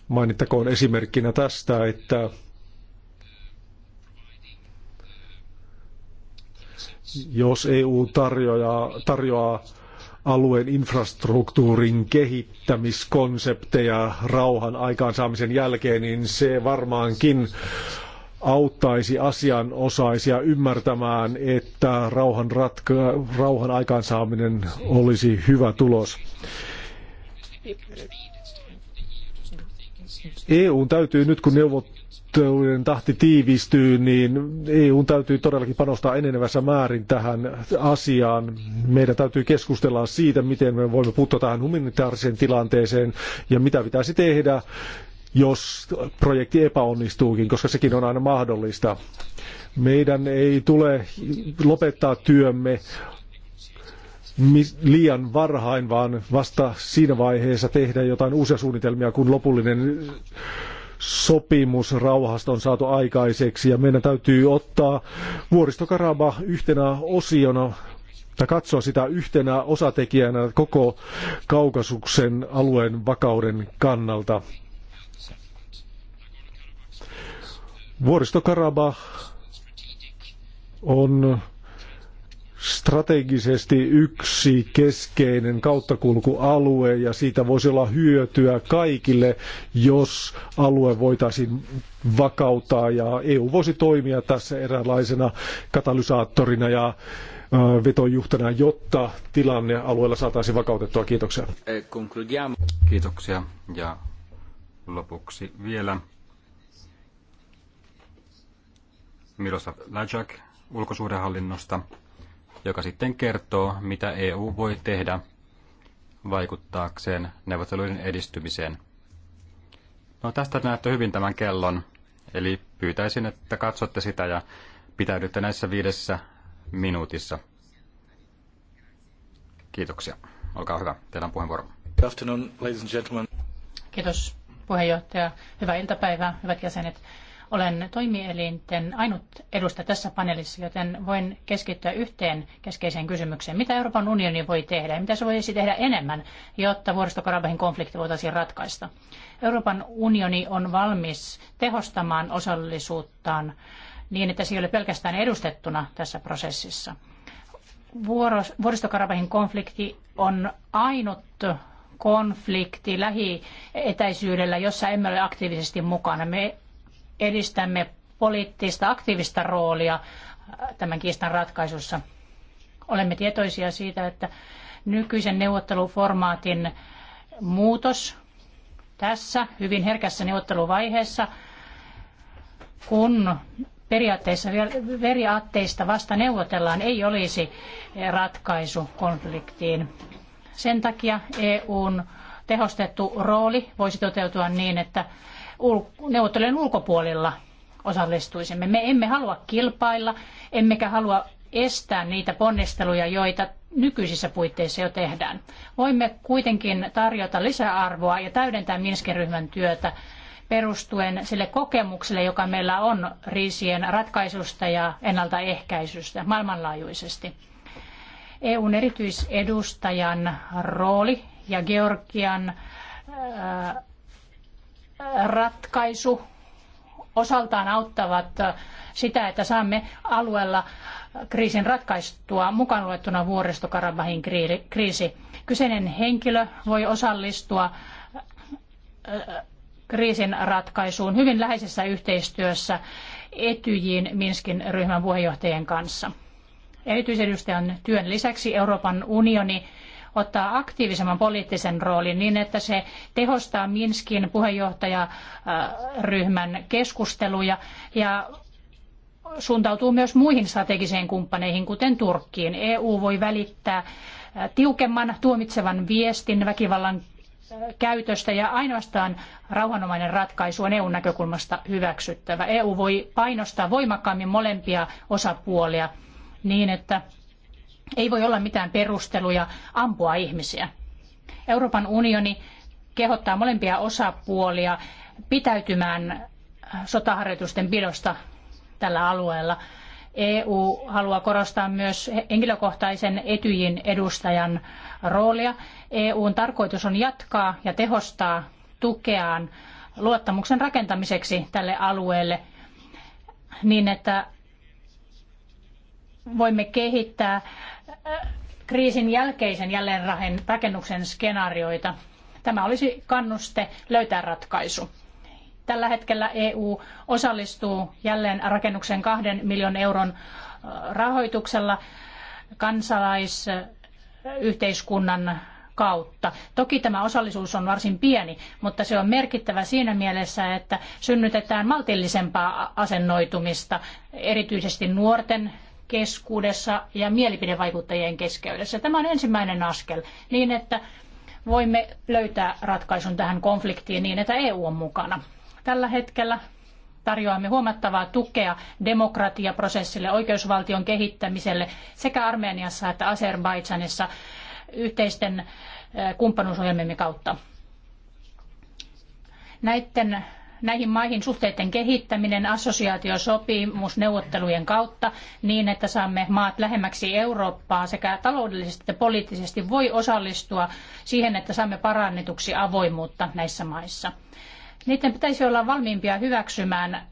Mainittakoon esimerkkinä tästä, että jos EU tarjoaa, tarjoaa alueen infrastruktuurin kehittämiskonsepteja rauhan aikaansaamisen jälkeen, niin se varmaankin auttaisi asianosaisia ymmärtämään, että rauhan, ratka- rauhan aikaansaaminen olisi hyvä tulos. EU täytyy nyt, kun neuvottelujen tahti tiivistyy, niin EU täytyy todellakin panostaa enenevässä määrin tähän asiaan. Meidän täytyy keskustella siitä, miten me voimme puuttua tähän humanitaariseen tilanteeseen ja mitä pitäisi tehdä, jos projekti epäonnistuukin, koska sekin on aina mahdollista. Meidän ei tule lopettaa työmme liian varhain, vaan vasta siinä vaiheessa tehdä jotain uusia suunnitelmia, kun lopullinen sopimus rauhasta on saatu aikaiseksi. Ja meidän täytyy ottaa vuoristokaraba yhtenä osiona tai katsoa sitä yhtenä osatekijänä koko kaukasuksen alueen vakauden kannalta. Vuoristokarabah on strategisesti yksi keskeinen kauttakulkualue ja siitä voisi olla hyötyä kaikille, jos alue voitaisiin vakauttaa ja EU voisi toimia tässä eräänlaisena katalysaattorina ja vetojuhtana, jotta tilanne alueella saataisiin vakautettua. Kiitoksia. Eh, Kiitoksia ja lopuksi vielä Miroslav Lajak ulkosuhdehallinnosta, joka sitten kertoo, mitä EU voi tehdä vaikuttaakseen neuvotteluiden edistymiseen. No tästä näette hyvin tämän kellon, eli pyytäisin, että katsotte sitä ja pitäydytte näissä viidessä minuutissa. Kiitoksia. Olkaa hyvä. Teillä on puheenvuoro. Good afternoon, ladies and gentlemen. Kiitos puheenjohtaja. Hyvää iltapäivää, hyvät jäsenet. Olen toimielinten ainut edustaja tässä paneelissa, joten voin keskittyä yhteen keskeiseen kysymykseen. Mitä Euroopan unioni voi tehdä ja mitä se voisi tehdä enemmän, jotta vuoristokarabahin konflikti voitaisiin ratkaista? Euroopan unioni on valmis tehostamaan osallisuuttaan niin, että se ei ole pelkästään edustettuna tässä prosessissa. Vuoristokarabahin konflikti on ainut konflikti lähietäisyydellä, jossa emme ole aktiivisesti mukana. Me edistämme poliittista aktiivista roolia tämän kiistan ratkaisussa. Olemme tietoisia siitä, että nykyisen neuvotteluformaatin muutos tässä hyvin herkässä neuvotteluvaiheessa, kun periaatteessa veriaatteista vasta neuvotellaan, ei olisi ratkaisu konfliktiin. Sen takia EUn tehostettu rooli voisi toteutua niin, että neuvottelujen ulkopuolella osallistuisimme. Me emme halua kilpailla, emmekä halua estää niitä ponnisteluja, joita nykyisissä puitteissa jo tehdään. Voimme kuitenkin tarjota lisäarvoa ja täydentää Minskin ryhmän työtä perustuen sille kokemukselle, joka meillä on riisien ratkaisusta ja ennaltaehkäisystä maailmanlaajuisesti. EUn erityisedustajan rooli ja Georgian ratkaisu osaltaan auttavat sitä, että saamme alueella kriisin ratkaistua mukaan luettuna vuoristokarabahin kriisi. Kyseinen henkilö voi osallistua äh, kriisin ratkaisuun hyvin läheisessä yhteistyössä Etyjiin Minskin ryhmän puheenjohtajien kanssa. Erityisedustajan työn lisäksi Euroopan unioni ottaa aktiivisemman poliittisen roolin niin, että se tehostaa Minskin puheenjohtajaryhmän keskusteluja ja suuntautuu myös muihin strategisiin kumppaneihin, kuten Turkkiin. EU voi välittää tiukemman tuomitsevan viestin väkivallan käytöstä ja ainoastaan rauhanomainen ratkaisu on EUn näkökulmasta hyväksyttävä. EU voi painostaa voimakkaammin molempia osapuolia niin, että ei voi olla mitään perusteluja ampua ihmisiä. Euroopan unioni kehottaa molempia osapuolia pitäytymään sotaharjoitusten pidosta tällä alueella. EU haluaa korostaa myös henkilökohtaisen etyjin edustajan roolia. EUn tarkoitus on jatkaa ja tehostaa tukeaan luottamuksen rakentamiseksi tälle alueelle niin, että voimme kehittää kriisin jälkeisen jälleenrakennuksen skenaarioita. Tämä olisi kannuste löytää ratkaisu. Tällä hetkellä EU osallistuu jälleenrakennuksen kahden miljoonan euron rahoituksella kansalaisyhteiskunnan kautta. Toki tämä osallisuus on varsin pieni, mutta se on merkittävä siinä mielessä, että synnytetään maltillisempaa asennoitumista erityisesti nuorten keskuudessa ja mielipidevaikuttajien keskeydessä. Tämä on ensimmäinen askel niin, että voimme löytää ratkaisun tähän konfliktiin niin, että EU on mukana. Tällä hetkellä tarjoamme huomattavaa tukea demokratiaprosessille, oikeusvaltion kehittämiselle sekä Armeniassa että Azerbaidžanissa yhteisten eh, kumppanuusohjelmien kautta. Näiden näihin maihin suhteiden kehittäminen assosiaatiosopimusneuvottelujen kautta niin, että saamme maat lähemmäksi Eurooppaa sekä taloudellisesti että poliittisesti voi osallistua siihen, että saamme parannetuksi avoimuutta näissä maissa. Niiden pitäisi olla valmiimpia hyväksymään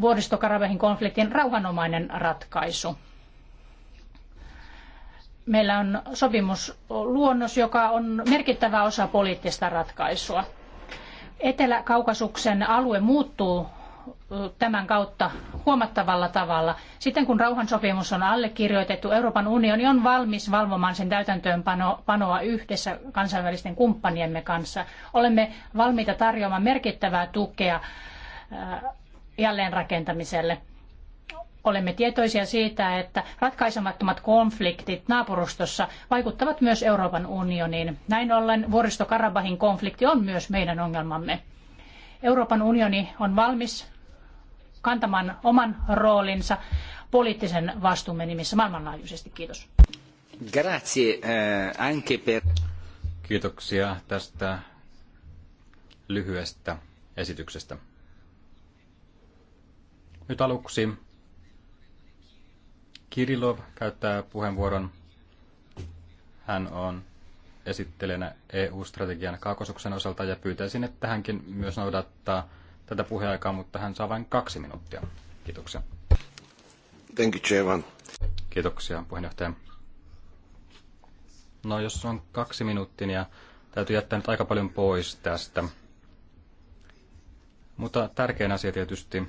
vuoristokarabehin konfliktin rauhanomainen ratkaisu. Meillä on sopimusluonnos, joka on merkittävä osa poliittista ratkaisua Etelä-Kaukasuksen alue muuttuu tämän kautta huomattavalla tavalla. Sitten kun rauhansopimus on allekirjoitettu, Euroopan unioni on valmis valvomaan sen täytäntöönpanoa yhdessä kansainvälisten kumppaniemme kanssa. Olemme valmiita tarjoamaan merkittävää tukea jälleenrakentamiselle. Olemme tietoisia siitä, että ratkaisemattomat konfliktit naapurustossa vaikuttavat myös Euroopan unioniin. Näin ollen vuoristo Karabahin konflikti on myös meidän ongelmamme. Euroopan unioni on valmis kantamaan oman roolinsa poliittisen vastuumme nimissä maailmanlaajuisesti. Kiitos. Grazie, eh, anche per... Kiitoksia tästä lyhyestä esityksestä. Nyt aluksi Kirilov käyttää puheenvuoron. Hän on esittelenä EU-strategian kaakosuksen osalta ja pyytäisin, että hänkin myös noudattaa tätä puheaikaa, mutta hän saa vain kaksi minuuttia. Kiitoksia. Thank you, Chairman. Kiitoksia, puheenjohtaja. No, jos on kaksi minuuttia, niin täytyy jättää nyt aika paljon pois tästä. Mutta tärkein asia tietysti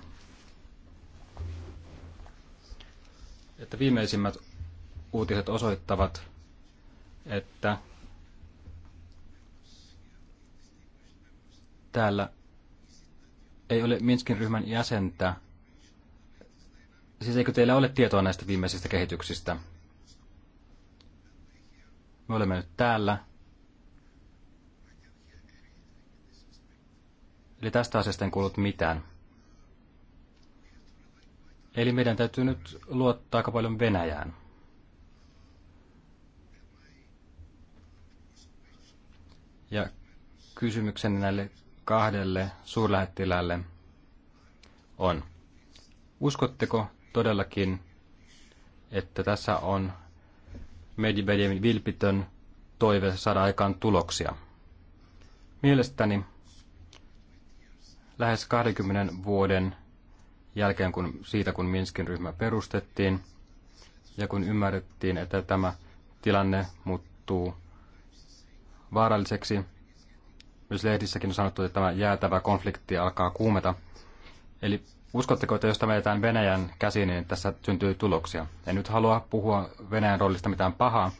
että viimeisimmät uutiset osoittavat, että täällä ei ole Minskin ryhmän jäsentä. Siis eikö teillä ole tietoa näistä viimeisistä kehityksistä? Me olemme nyt täällä. Eli tästä asiasta en kuullut mitään. Eli meidän täytyy nyt luottaa aika paljon Venäjään. Ja kysymykseni näille kahdelle suurlähettilälle on, uskotteko todellakin, että tässä on Medvedevin vilpitön toive saada aikaan tuloksia? Mielestäni lähes 20 vuoden jälkeen kun, siitä, kun Minskin ryhmä perustettiin ja kun ymmärrettiin, että tämä tilanne muuttuu vaaralliseksi. Myös lehdissäkin on sanottu, että tämä jäätävä konflikti alkaa kuumeta. Eli uskotteko, että jos tämä jätään Venäjän käsiin, niin tässä syntyy tuloksia? En nyt halua puhua Venäjän roolista mitään pahaa,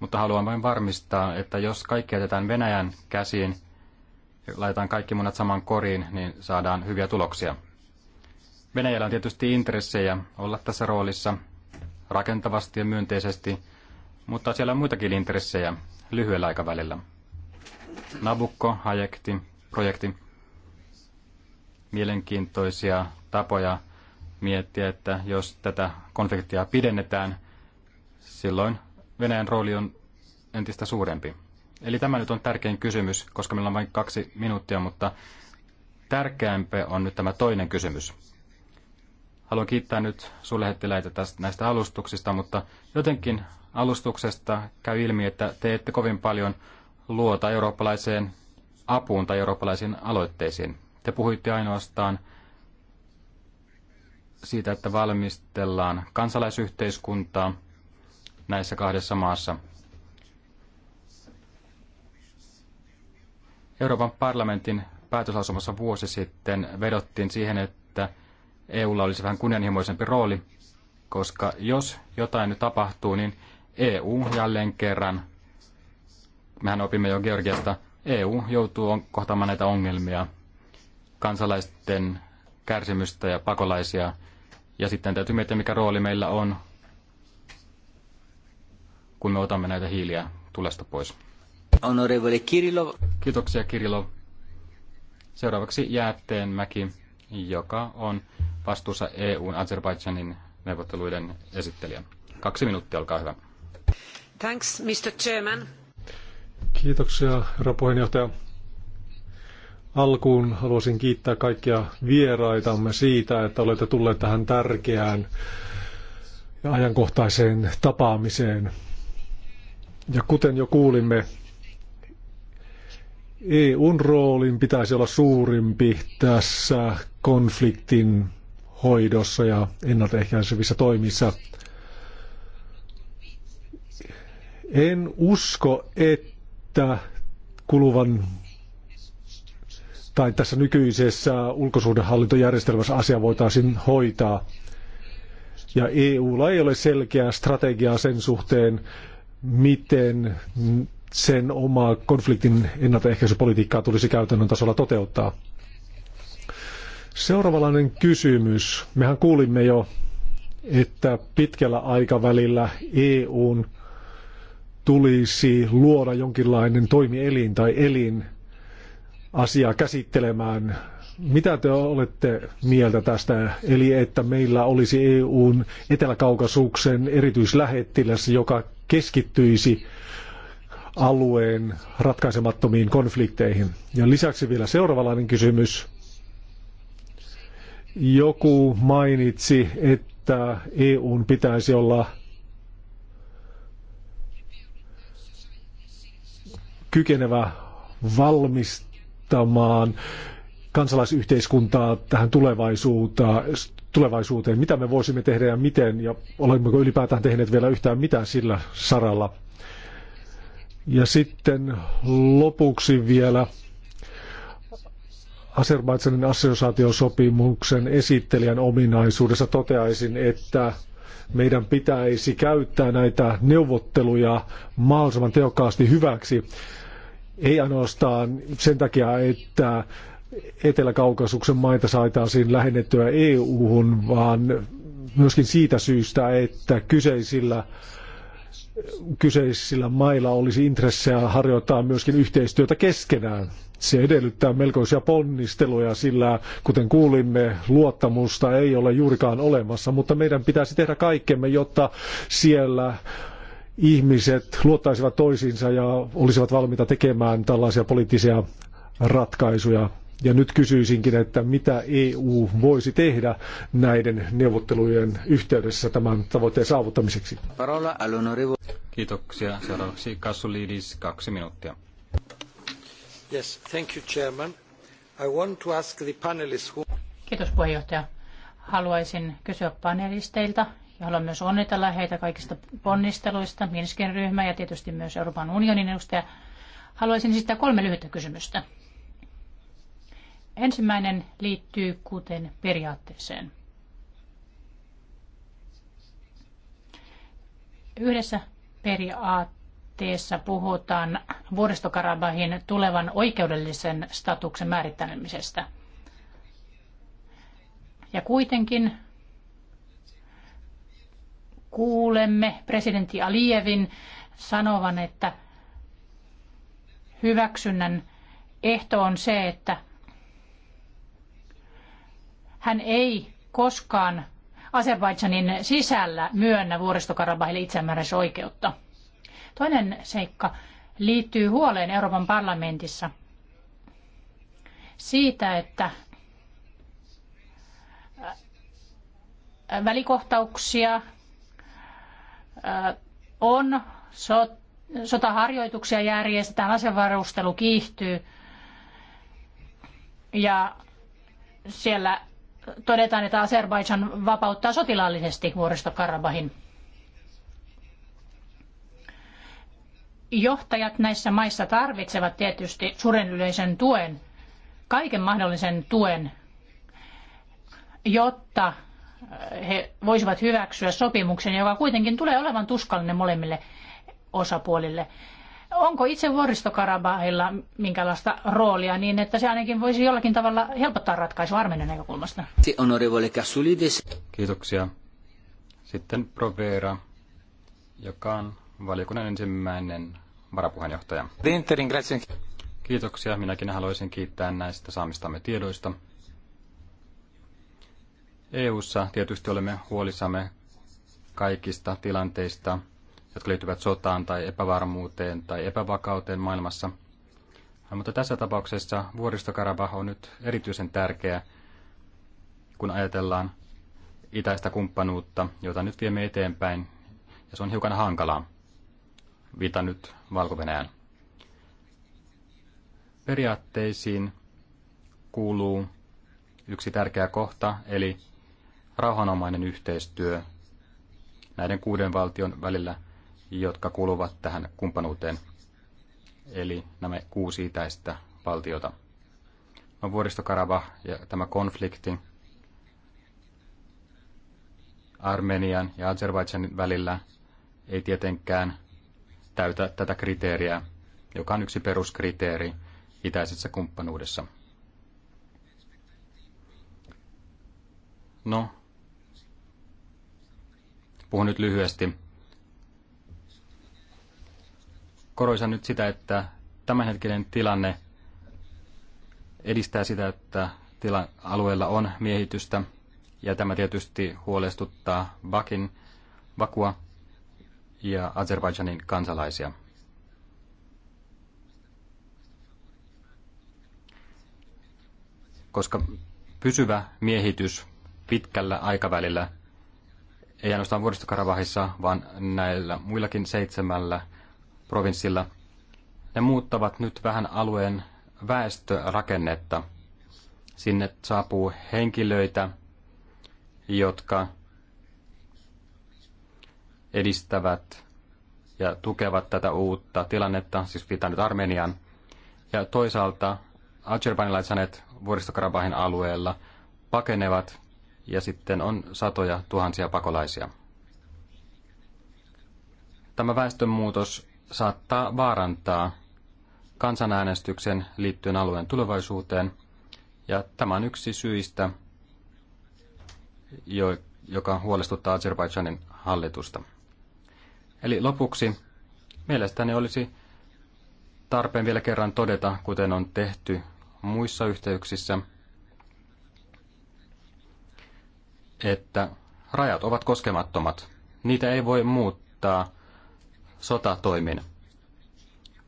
mutta haluan vain varmistaa, että jos kaikki jätetään Venäjän käsiin, laitetaan kaikki munat saman koriin, niin saadaan hyviä tuloksia. Venäjällä on tietysti intressejä olla tässä roolissa rakentavasti ja myönteisesti, mutta siellä on muitakin intressejä lyhyellä aikavälillä. Nabukko, Hayekti, projekti, mielenkiintoisia tapoja miettiä, että jos tätä konfliktia pidennetään, silloin Venäjän rooli on entistä suurempi. Eli tämä nyt on tärkein kysymys, koska meillä on vain kaksi minuuttia, mutta tärkeämpi on nyt tämä toinen kysymys. Haluan kiittää nyt sulehettiläitä tästä, näistä alustuksista, mutta jotenkin alustuksesta käy ilmi, että te ette kovin paljon luota eurooppalaiseen apuun tai eurooppalaisiin aloitteisiin. Te puhuitte ainoastaan siitä, että valmistellaan kansalaisyhteiskuntaa näissä kahdessa maassa. Euroopan parlamentin päätöslausumassa vuosi sitten vedottiin siihen, että EUlla olisi vähän kunnianhimoisempi rooli, koska jos jotain nyt tapahtuu, niin EU jälleen kerran, mehän opimme jo Georgiasta, EU joutuu kohtaamaan näitä ongelmia, kansalaisten kärsimystä ja pakolaisia. Ja sitten täytyy miettiä, mikä rooli meillä on, kun me otamme näitä hiiliä tulesta pois. Honorevole Kirilov. Kiitoksia Kirilov. Seuraavaksi Jäätteenmäki joka on vastuussa EUn Azerbaidžanin neuvotteluiden esittelijä. Kaksi minuuttia, olkaa hyvä. Thanks, Mr. Chairman. Kiitoksia, herra puheenjohtaja. Alkuun haluaisin kiittää kaikkia vieraitamme siitä, että olette tulleet tähän tärkeään ja ajankohtaiseen tapaamiseen. Ja kuten jo kuulimme, EUn roolin pitäisi olla suurimpi tässä konfliktin hoidossa ja ennaltaehkäisevissä toimissa. En usko, että kuluvan tai tässä nykyisessä ulkosuhdehallintojärjestelmässä asia voitaisiin hoitaa. Ja EUlla ei ole selkeää strategiaa sen suhteen, miten sen omaa konfliktin ennaltaehkäisypolitiikkaa tulisi käytännön tasolla toteuttaa. Seuraavalainen kysymys. Mehän kuulimme jo, että pitkällä aikavälillä EUn tulisi luoda jonkinlainen toimielin tai elin asiaa käsittelemään. Mitä te olette mieltä tästä? Eli että meillä olisi EUn eteläkaukasuksen erityislähettiläs, joka keskittyisi alueen ratkaisemattomiin konflikteihin. Ja lisäksi vielä seuraavalainen kysymys. Joku mainitsi, että EUn pitäisi olla kykenevä valmistamaan kansalaisyhteiskuntaa tähän tulevaisuuteen, mitä me voisimme tehdä ja miten, ja olemmeko ylipäätään tehneet vielä yhtään mitään sillä saralla. Ja sitten lopuksi vielä Azerbaidsanin assosiaatiosopimuksen esittelijän ominaisuudessa toteaisin, että meidän pitäisi käyttää näitä neuvotteluja mahdollisimman tehokkaasti hyväksi. Ei ainoastaan sen takia, että Etelä-Kaukasuksen maita saataisiin lähennettyä EU-hun, vaan myöskin siitä syystä, että kyseisillä kyseisillä mailla olisi intressejä harjoittaa myöskin yhteistyötä keskenään. Se edellyttää melkoisia ponnisteluja, sillä kuten kuulimme, luottamusta ei ole juurikaan olemassa, mutta meidän pitäisi tehdä kaikkemme, jotta siellä ihmiset luottaisivat toisiinsa ja olisivat valmiita tekemään tällaisia poliittisia ratkaisuja ja nyt kysyisinkin, että mitä EU voisi tehdä näiden neuvottelujen yhteydessä tämän tavoitteen saavuttamiseksi. Kiitoksia. Seuraavaksi Kassulidis, kaksi minuuttia. Yes, thank you, Chairman. I want to ask the panelists who... Kiitos puheenjohtaja. Haluaisin kysyä panelisteilta ja haluan myös onnitella heitä kaikista ponnisteluista, Minskin ryhmä ja tietysti myös Euroopan unionin edustaja. Haluaisin esittää kolme lyhyttä kysymystä. Ensimmäinen liittyy kuten periaatteeseen. Yhdessä periaatteessa puhutaan vuoristokarabahin tulevan oikeudellisen statuksen määrittämisestä. Ja kuitenkin kuulemme presidentti Alievin sanovan, että hyväksynnän ehto on se, että – hän ei koskaan Azerbaidžanin sisällä myönnä vuoristokarabahille itsemääräämisoikeutta. Toinen seikka liittyy huoleen Euroopan parlamentissa siitä, että äh, välikohtauksia äh, on, sotaharjoituksia järjestetään, asevarustelu kiihtyy ja siellä todetaan, että Azerbaidžan vapauttaa sotilaallisesti Karabahin. Johtajat näissä maissa tarvitsevat tietysti suuren yleisen tuen, kaiken mahdollisen tuen, jotta eh, he voisivat hyväksyä sopimuksen, joka kuitenkin tulee olevan tuskallinen molemmille osapuolille onko itse vuoristokarabailla minkälaista roolia niin, että se ainakin voisi jollakin tavalla helpottaa ratkaisua Armenian näkökulmasta? Kiitoksia. Sitten Provera, joka on valiokunnan ensimmäinen varapuheenjohtaja. Kiitoksia. Minäkin haluaisin kiittää näistä saamistamme tiedoista. EU:ssa tietysti olemme huolissamme kaikista tilanteista, jotka liittyvät sotaan tai epävarmuuteen tai epävakauteen maailmassa. Mutta tässä tapauksessa vuoristokarabah on nyt erityisen tärkeä, kun ajatellaan itäistä kumppanuutta, jota nyt viemme eteenpäin, ja se on hiukan hankalaa. Viitan nyt valko -Venäjän. Periaatteisiin kuuluu yksi tärkeä kohta, eli rauhanomainen yhteistyö näiden kuuden valtion välillä – jotka kuuluvat tähän kumppanuuteen, eli nämä kuusi itäistä valtiota. No, vuoristokaraba ja tämä konflikti Armenian ja Azerbaidžanin välillä ei tietenkään täytä tätä kriteeriä, joka on yksi peruskriteeri itäisessä kumppanuudessa. No, puhun nyt lyhyesti korostan nyt sitä, että tämänhetkinen tilanne edistää sitä, että tila- alueella on miehitystä, ja tämä tietysti huolestuttaa Bakin, Bakua ja Azerbaidžanin kansalaisia. Koska pysyvä miehitys pitkällä aikavälillä, ei ainoastaan vuoristokarabahissa, vaan näillä muillakin seitsemällä provinssilla, ne muuttavat nyt vähän alueen väestörakennetta. Sinne saapuu henkilöitä, jotka edistävät ja tukevat tätä uutta tilannetta, siis viittaan nyt Armenian. Ja toisaalta Azerbaijanilaiset vuoristokarabahin alueella pakenevat ja sitten on satoja tuhansia pakolaisia. Tämä väestönmuutos saattaa vaarantaa kansanäänestyksen liittyen alueen tulevaisuuteen. Ja tämä on yksi syistä, joka huolestuttaa Azerbaidžanin hallitusta. Eli lopuksi mielestäni olisi tarpeen vielä kerran todeta, kuten on tehty muissa yhteyksissä, että rajat ovat koskemattomat. Niitä ei voi muuttaa sotatoimin.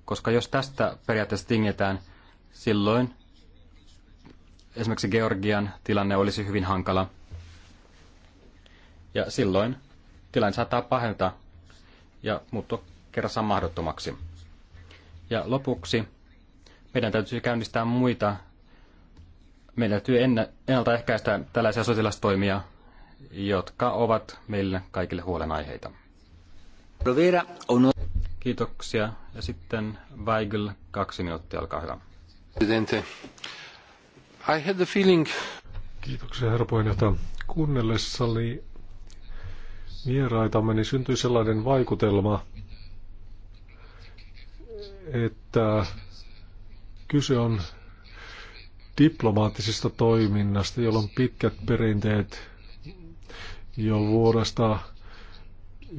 Koska jos tästä periaatteessa tingetään, silloin esimerkiksi Georgian tilanne olisi hyvin hankala. Ja silloin tilanne saattaa pahentaa ja muuttua kerrassaan mahdottomaksi. Ja lopuksi meidän täytyy käynnistää muita. Meidän täytyy ennaltaehkäistä tällaisia sotilastoimia, jotka ovat meille kaikille huolenaiheita. No- Kiitoksia. Ja sitten Weigel, kaksi minuuttia, olkaa hyvä. Presidente. I had the feeling... Kiitoksia, herra puheenjohtaja. Kuunnellessani vieraitamme, niin syntyi sellainen vaikutelma, että kyse on diplomaattisesta toiminnasta, jolla on pitkät perinteet jo vuodesta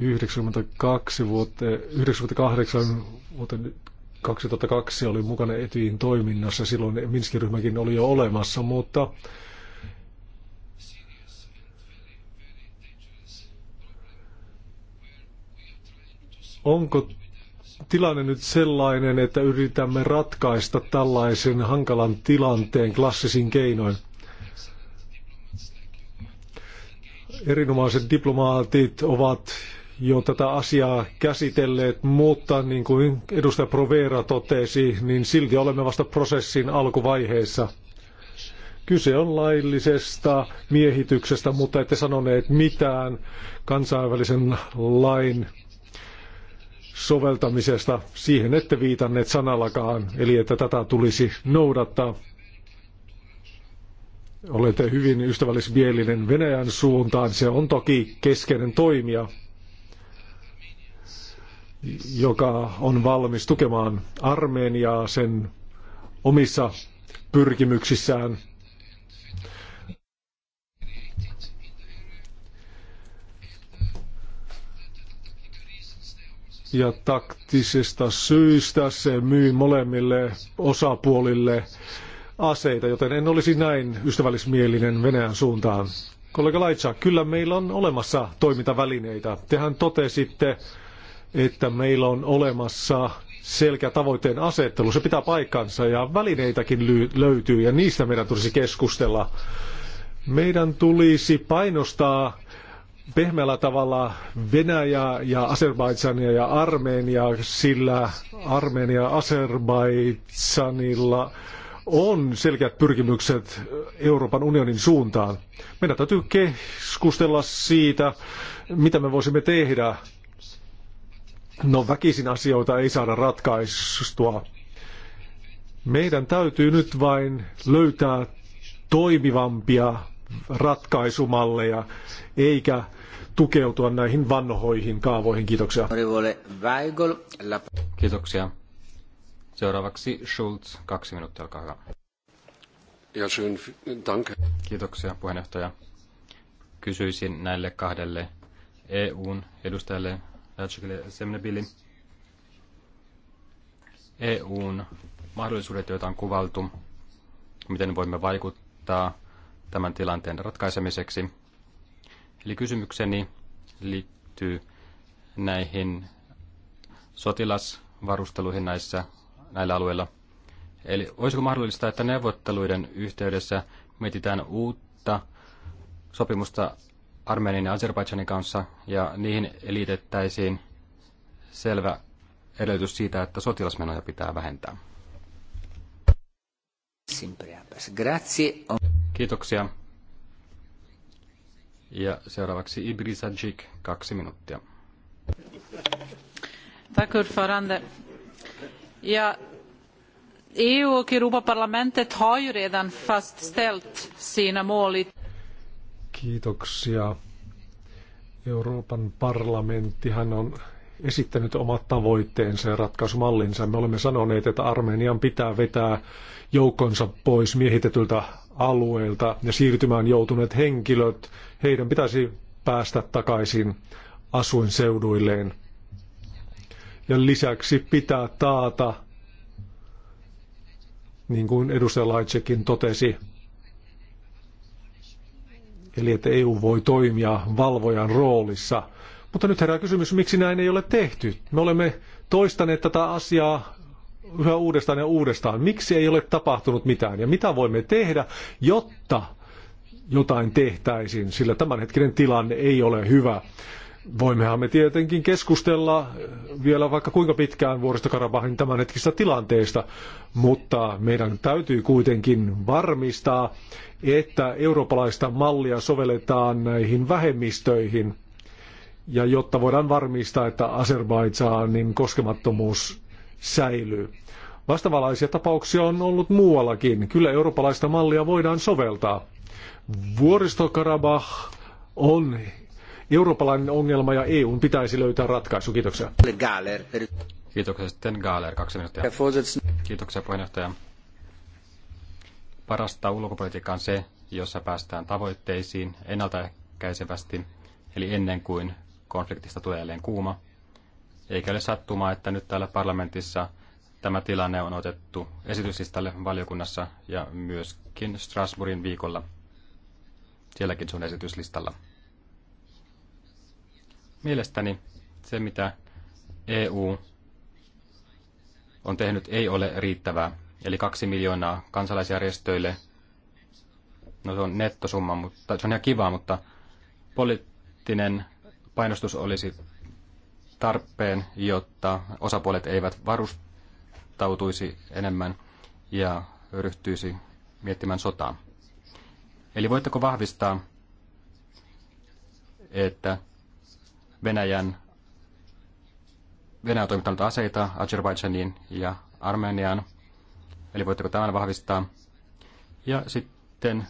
92 vuotta, 98 vuoteen 2002 oli mukana Etyin toiminnassa. Silloin Minskin ryhmäkin oli jo olemassa, mutta onko tilanne nyt sellainen, että yritämme ratkaista tällaisen hankalan tilanteen klassisin keinoin? Erinomaiset diplomaatit ovat jo tätä asiaa käsitelleet, mutta niin kuin edustaja Provera totesi, niin silti olemme vasta prosessin alkuvaiheessa. Kyse on laillisesta miehityksestä, mutta ette sanoneet mitään kansainvälisen lain soveltamisesta. Siihen ette viitanneet sanallakaan, eli että tätä tulisi noudattaa. Olette hyvin ystävällismielinen Venäjän suuntaan. Se on toki keskeinen toimija, joka on valmis tukemaan Armeniaa sen omissa pyrkimyksissään. Ja taktisista syistä se myy molemmille osapuolille aseita, joten en olisi näin ystävällismielinen Venäjän suuntaan. Kollega Laitsa, kyllä meillä on olemassa toimintavälineitä. Tehän totesitte, että meillä on olemassa selkeä tavoitteen asettelu. Se pitää paikkansa ja välineitäkin löytyy ja niistä meidän tulisi keskustella. Meidän tulisi painostaa pehmeällä tavalla Venäjää ja Azerbaidsania ja Armeniaa, sillä Armenia ja Azerbaidsanilla on selkeät pyrkimykset Euroopan unionin suuntaan. Meidän täytyy keskustella siitä, mitä me voisimme tehdä No väkisin asioita ei saada ratkaistua. Meidän täytyy nyt vain löytää toimivampia ratkaisumalleja, eikä tukeutua näihin vanhoihin kaavoihin. Kiitoksia. Kiitoksia. Seuraavaksi Schulz, kaksi minuuttia, olkaa hyvä. Ja schön, danke. Kiitoksia puheenjohtaja. Kysyisin näille kahdelle EUn edustajalle Lajcikille Semnebili. EUn mahdollisuudet, joita on kuvaltu, miten voimme vaikuttaa tämän tilanteen ratkaisemiseksi. Eli kysymykseni liittyy näihin sotilasvarusteluihin näissä, näillä alueilla. Eli olisiko mahdollista, että neuvotteluiden yhteydessä mietitään uutta sopimusta Armenian ja Azerbaidžanin kanssa, ja niihin liitettäisiin selvä edellytys siitä, että sotilasmenoja pitää vähentää. Kiitoksia. Ja seuraavaksi Ibrisa Jik, kaksi minuuttia. Tack Farande. Ja EU och Europaparlamentet har ju redan fastställt sina mål Kiitoksia. Euroopan parlamenttihan on esittänyt omat tavoitteensa ja ratkaisumallinsa. Me olemme sanoneet, että Armenian pitää vetää joukonsa pois miehitetyltä alueelta ja siirtymään joutuneet henkilöt, heidän pitäisi päästä takaisin asuinseuduilleen. Ja lisäksi pitää taata, niin kuin edustaja Laitsekin totesi, eli että EU voi toimia valvojan roolissa. Mutta nyt herää kysymys, miksi näin ei ole tehty? Me olemme toistaneet tätä asiaa yhä uudestaan ja uudestaan. Miksi ei ole tapahtunut mitään ja mitä voimme tehdä, jotta jotain tehtäisiin, sillä tämänhetkinen tilanne ei ole hyvä. Voimmehan me tietenkin keskustella eh, vielä vaikka kuinka pitkään tämän tämänhetkistä tilanteesta, mutta meidän täytyy kuitenkin varmistaa, että eurooppalaista mallia sovelletaan näihin vähemmistöihin, ja jotta voidaan varmistaa, että Azerbaidsanin koskemattomuus säilyy. Vastavalaisia tapauksia on ollut muuallakin. Kyllä eurooppalaista mallia voidaan soveltaa. Vuoristo-Karabah on eurooppalainen ongelma ja EUn pitäisi löytää ratkaisu. Kiitoksia. Kiitoksia sitten Gaaler, kaksi minuuttia. Kiitoksia puheenjohtaja. Parasta ulkopolitiikka on se, jossa päästään tavoitteisiin ennaltaehkäisevästi, eli ennen kuin konfliktista tulee jälleen kuuma. Eikä ole sattumaa, että nyt täällä parlamentissa tämä tilanne on otettu esityslistalle valiokunnassa ja myöskin Strasbourgin viikolla. Sielläkin se on esityslistalla. Mielestäni se, mitä EU on tehnyt, ei ole riittävää. Eli kaksi miljoonaa kansalaisjärjestöille. No se on nettosumma, mutta se on ihan kiva, mutta poliittinen painostus olisi tarpeen, jotta osapuolet eivät varustautuisi enemmän ja ryhtyisi miettimään sotaa. Eli voitteko vahvistaa, että Venäjän Venäjä on toimittanut aseita Azerbaidžaniin ja Armeniaan. Eli voitteko tämän vahvistaa? Ja sitten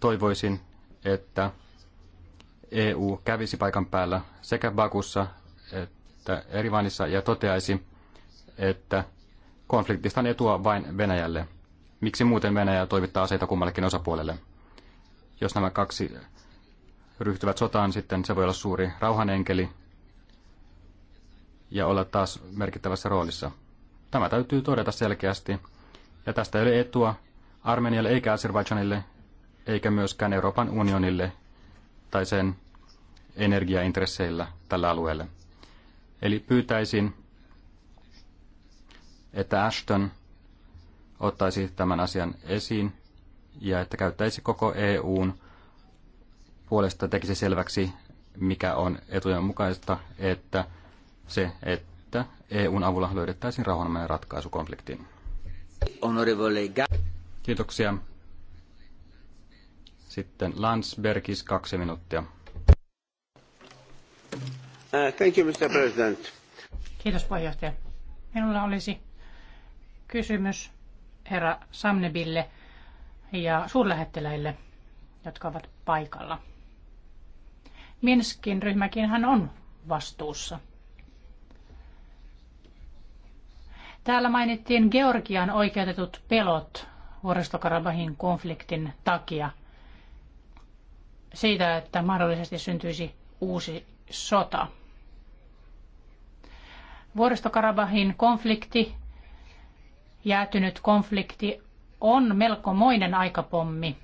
toivoisin, että EU kävisi paikan päällä sekä Bakussa että Erivanissa ja toteaisi, että konfliktista on etua vain Venäjälle. Miksi muuten Venäjä toimittaa aseita kummallekin osapuolelle? Jos nämä kaksi ryhtyvät sotaan, sitten se voi olla suuri rauhanenkeli ja olla taas merkittävässä roolissa. Tämä täytyy todeta selkeästi, ja tästä ei ole etua Armenialle eikä Azerbaijanille, eikä myöskään Euroopan unionille tai sen energiaintresseillä tällä alueella. Eli pyytäisin, että Ashton ottaisi tämän asian esiin ja että käyttäisi koko EUn puolesta tekisi selväksi, mikä on etujen mukaista, että se, että EUn avulla löydettäisiin rauhanomainen ratkaisu konfliktiin. Kiitoksia. Sitten Landsbergis kaksi minuuttia. Uh, thank you, Mr. President. Kiitos puheenjohtaja. Minulla olisi kysymys herra Samnebille ja suurlähettiläille, jotka ovat paikalla. Minskin ryhmäkin hän on vastuussa. Täällä mainittiin Georgian oikeutetut pelot vuoristokarabahin konfliktin takia siitä, että mahdollisesti syntyisi uusi sota. Vuoristokarabahin konflikti, jäätynyt konflikti, on melkomoinen aikapommi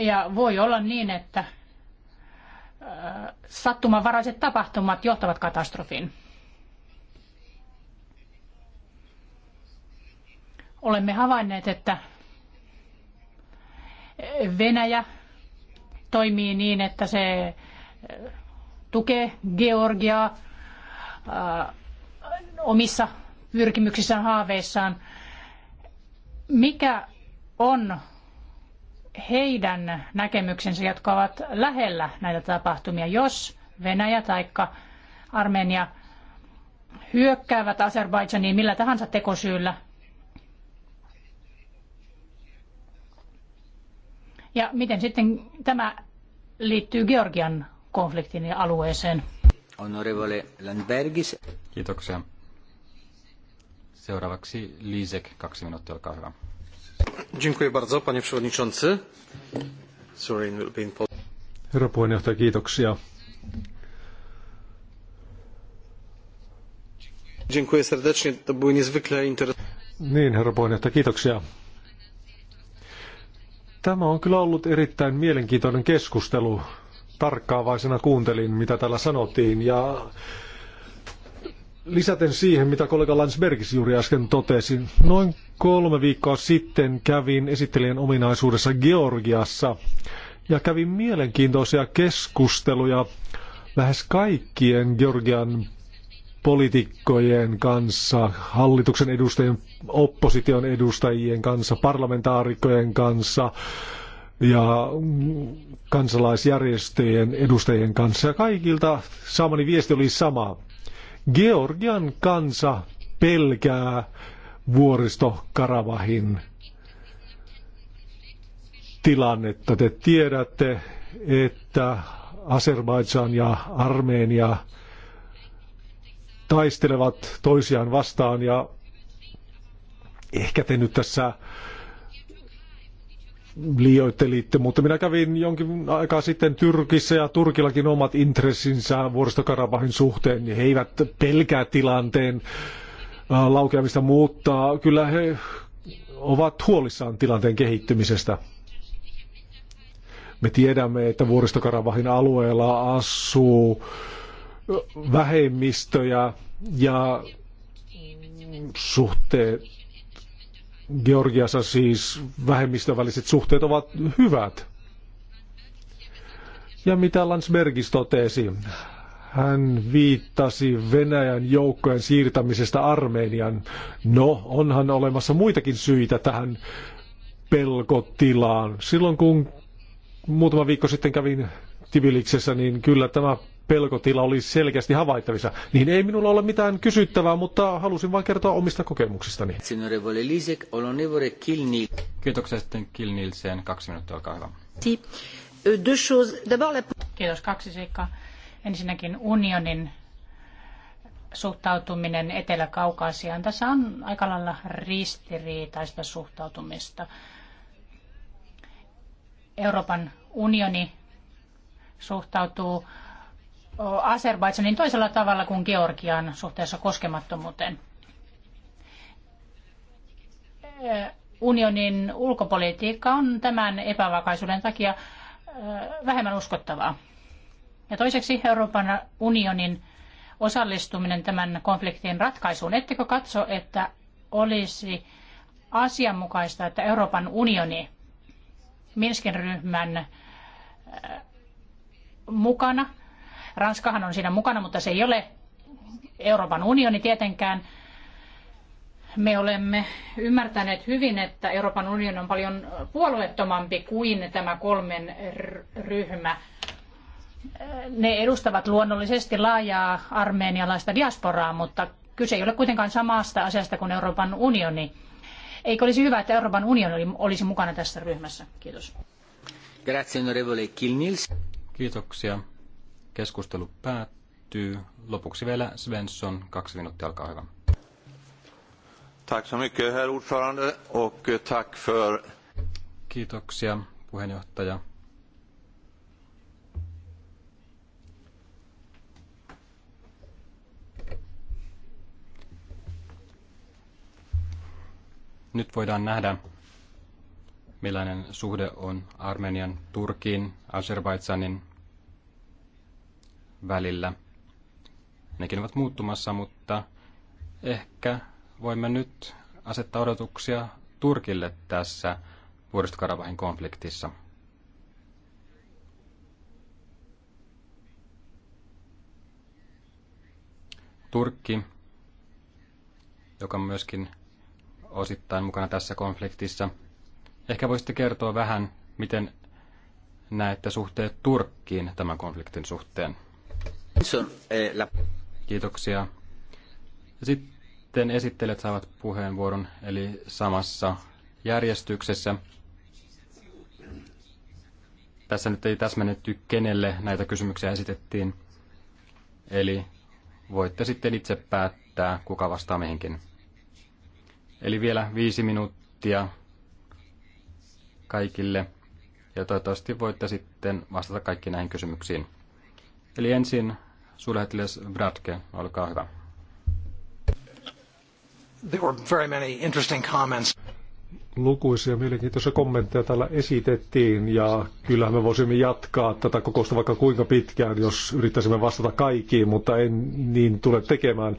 Ja voi olla niin, että äh, sattumanvaraiset tapahtumat johtavat katastrofiin. Olemme havainneet, että Venäjä toimii niin, että se äh, tukee Georgiaa äh, omissa pyrkimyksissään, haaveissaan. Mikä on heidän näkemyksensä, jotka ovat lähellä näitä tapahtumia. Jos Venäjä tai Armenia hyökkäävät Azerbaidžaniin millä tahansa tekosyyllä, Ja miten sitten tämä liittyy Georgian konfliktin ja alueeseen? Honorevole Landbergis. Kiitoksia. Seuraavaksi Liisek, kaksi minuuttia, olkaa hyvä. Herra puheenjohtaja, kiitoksia. Dziękuję serdecznie, to były niezwykle interesujące. Niin, herra puheenjohtaja, kiitoksia. Tämä on kyllä ollut erittäin mielenkiintoinen keskustelu. Tarkkaavaisena kuuntelin, mitä täällä sanottiin, ja lisäten siihen, mitä kollega Landsbergis juuri äsken totesi. Noin kolme viikkoa sitten kävin esittelijän ominaisuudessa Georgiassa ja kävin mielenkiintoisia keskusteluja lähes kaikkien Georgian poliitikkojen kanssa, hallituksen edustajien, opposition edustajien kanssa, parlamentaarikkojen kanssa ja kansalaisjärjestöjen edustajien kanssa. Ja kaikilta saamani viesti oli sama. Georgian kansa pelkää vuoristokaravahin tilannetta. Te tiedätte, että Azerbaidžan ja Armenia taistelevat toisiaan vastaan ja ehkä te nyt tässä liioittelitte, mutta minä kävin jonkin aikaa sitten Tyrkissä ja Turkillakin omat intressinsä vuoristokarabahin suhteen. Niin he eivät pelkää tilanteen laukeamista, mutta kyllä he ovat huolissaan tilanteen kehittymisestä. Me tiedämme, että vuoristokarabahin alueella asuu vähemmistöjä ja suhteet Georgiassa siis vähemmistöväliset suhteet ovat hyvät. Ja mitä Landsbergis totesi? Hän viittasi Venäjän joukkojen siirtämisestä Armenian. No, onhan olemassa muitakin syitä tähän pelkotilaan. Silloin kun muutama viikko sitten kävin Tbilisissä, niin kyllä tämä pelkotila oli selkeästi havaittavissa. Niin ei minulla ole mitään kysyttävää, mutta halusin vain kertoa omista kokemuksistani. Kiitoksia sitten Kill Nielsen. Kaksi minuuttia, olkaa hyvä. Kiitos, kaksi seikkaa. Ensinnäkin unionin suhtautuminen Etelä-Kaukaasiaan. Tässä on aika lailla ristiriitaista suhtautumista. Euroopan unioni suhtautuu Azerbaidsanin toisella tavalla kuin Georgian suhteessa koskemattomuuteen. Unionin ulkopolitiikka on tämän epävakaisuuden takia äh, vähemmän uskottavaa. Ja toiseksi Euroopan unionin osallistuminen tämän konfliktin ratkaisuun. Ettekö katso, että olisi asianmukaista, että Euroopan unioni Minskin ryhmän äh, mukana Ranskahan on siinä mukana, mutta se ei ole Euroopan unioni tietenkään. Me olemme ymmärtäneet hyvin, että Euroopan unioni on paljon puolueettomampi kuin tämä kolmen ryhmä. Ne edustavat luonnollisesti laajaa armeenialaista diasporaa, mutta kyse ei ole kuitenkaan samasta asiasta kuin Euroopan unioni. Eikö olisi hyvä, että Euroopan unioni olisi mukana tässä ryhmässä? Kiitos. Grazie, Kilnils. Kiitoksia. Keskustelu päättyy. Lopuksi vielä Svensson, kaksi minuuttia, alkaa hyvä. Tack så mycket, herr ordförande, och eh, tack för... Kiitoksia, puheenjohtaja. Nyt voidaan nähdä, millainen suhde on Armenian, Turkin, Azerbaidsanin välillä. Nekin ovat muuttumassa, mutta ehkä voimme nyt asettaa odotuksia Turkille tässä vuoristokarabahin konfliktissa. Turkki, joka on myöskin osittain mukana tässä konfliktissa. Ehkä voisitte kertoa vähän, miten näette suhteet Turkkiin tämän konfliktin suhteen. Kiitoksia. Sitten esittelijät saavat puheenvuoron, eli samassa järjestyksessä. Tässä nyt ei täsmennetty, kenelle näitä kysymyksiä esitettiin. Eli voitte sitten itse päättää, kuka vastaa mihinkin. Eli vielä viisi minuuttia kaikille, ja toivottavasti voitte sitten vastata kaikki näihin kysymyksiin. Eli ensin Suurlähettiläs Bratke, olkaa hyvä. There were very many interesting comments. Lukuisia mielenkiintoisia kommentteja täällä esitettiin ja kyllähän me voisimme jatkaa tätä kokousta vaikka kuinka pitkään, jos yrittäisimme vastata kaikkiin, mutta en niin tule tekemään.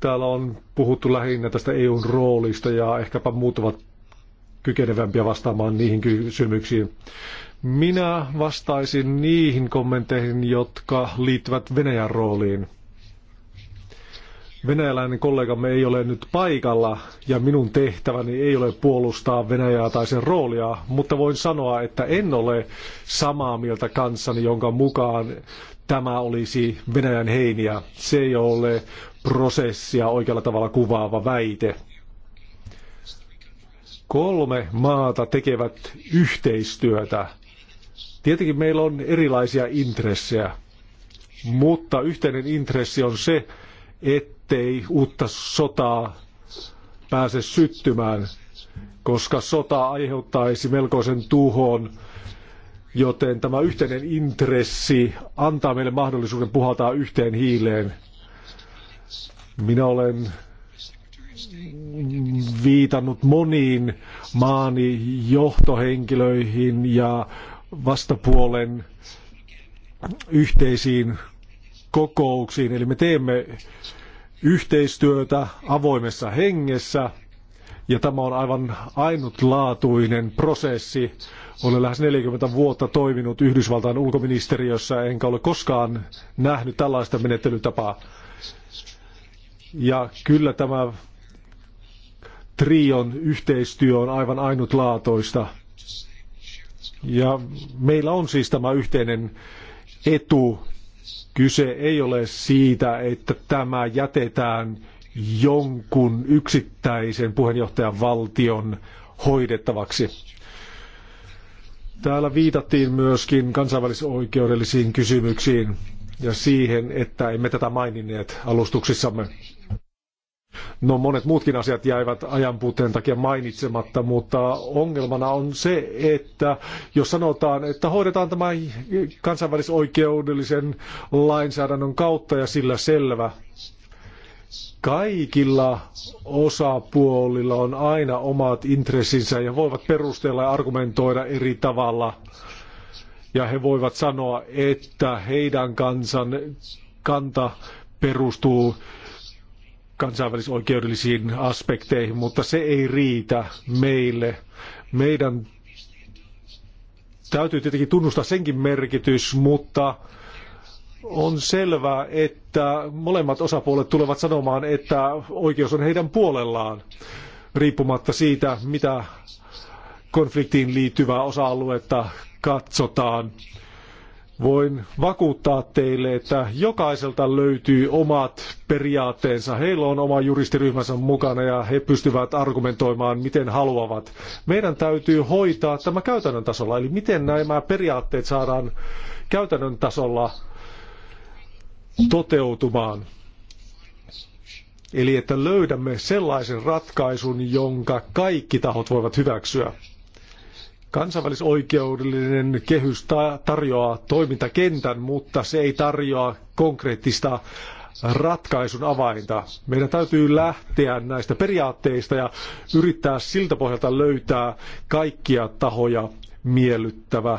Täällä on puhuttu lähinnä tästä EUn roolista ja ehkäpä muut ovat kykenevämpiä vastaamaan niihin kysymyksiin. Minä vastaisin niihin kommentteihin, jotka liittyvät Venäjän rooliin. Venäläinen kollegamme ei ole nyt paikalla ja minun tehtäväni ei ole puolustaa Venäjää tai sen roolia, mutta voin sanoa, että en ole samaa mieltä kanssani, jonka mukaan tämä olisi Venäjän heiniä. Se ei ole prosessia oikealla tavalla kuvaava väite. Kolme maata tekevät yhteistyötä Tietenkin meillä on erilaisia intressejä, mutta yhteinen intressi on se, ettei uutta sotaa pääse syttymään, koska sota aiheuttaisi melkoisen tuhon, joten tämä yhteinen intressi antaa meille mahdollisuuden puhaltaa yhteen hiileen. Minä olen viitannut moniin maani johtohenkilöihin ja vastapuolen yhteisiin kokouksiin. Eli me teemme yhteistyötä avoimessa hengessä ja tämä on aivan ainutlaatuinen prosessi. Olen lähes 40 vuotta toiminut Yhdysvaltain ulkoministeriössä, enkä ole koskaan nähnyt tällaista menettelytapaa. Ja kyllä tämä trion yhteistyö on aivan ainutlaatuista. Ja meillä on siis tämä yhteinen etu. Kyse ei ole siitä, että tämä jätetään jonkun yksittäisen puheenjohtajan valtion hoidettavaksi. Täällä viitattiin myöskin kansainvälisoikeudellisiin kysymyksiin ja siihen, että emme tätä maininneet alustuksissamme. No monet muutkin asiat jäivät ajanpuutteen takia mainitsematta, mutta ongelmana on se, että jos sanotaan, että hoidetaan tämä kansainvälisoikeudellisen lainsäädännön kautta ja sillä selvä, kaikilla osapuolilla on aina omat intressinsä ja voivat perustella ja argumentoida eri tavalla. Ja he voivat sanoa, että heidän kansan kanta perustuu kansainvälisoikeudellisiin aspekteihin, mutta se ei riitä meille. Meidän täytyy tietenkin tunnustaa senkin merkitys, mutta on selvää, että molemmat osapuolet tulevat sanomaan, että oikeus on heidän puolellaan, riippumatta siitä, mitä konfliktiin liittyvää osa-aluetta katsotaan. Voin vakuuttaa teille, että jokaiselta löytyy omat periaatteensa. Heillä on oma juristiryhmänsä mukana ja he pystyvät argumentoimaan, miten haluavat. Meidän täytyy hoitaa tämä käytännön tasolla, eli miten nämä periaatteet saadaan käytännön tasolla toteutumaan. Eli että löydämme sellaisen ratkaisun, jonka kaikki tahot voivat hyväksyä. Kansainvälisoikeudellinen kehys tarjoaa toimintakentän, mutta se ei tarjoa konkreettista ratkaisun avainta. Meidän täytyy lähteä näistä periaatteista ja yrittää siltä pohjalta löytää kaikkia tahoja miellyttävä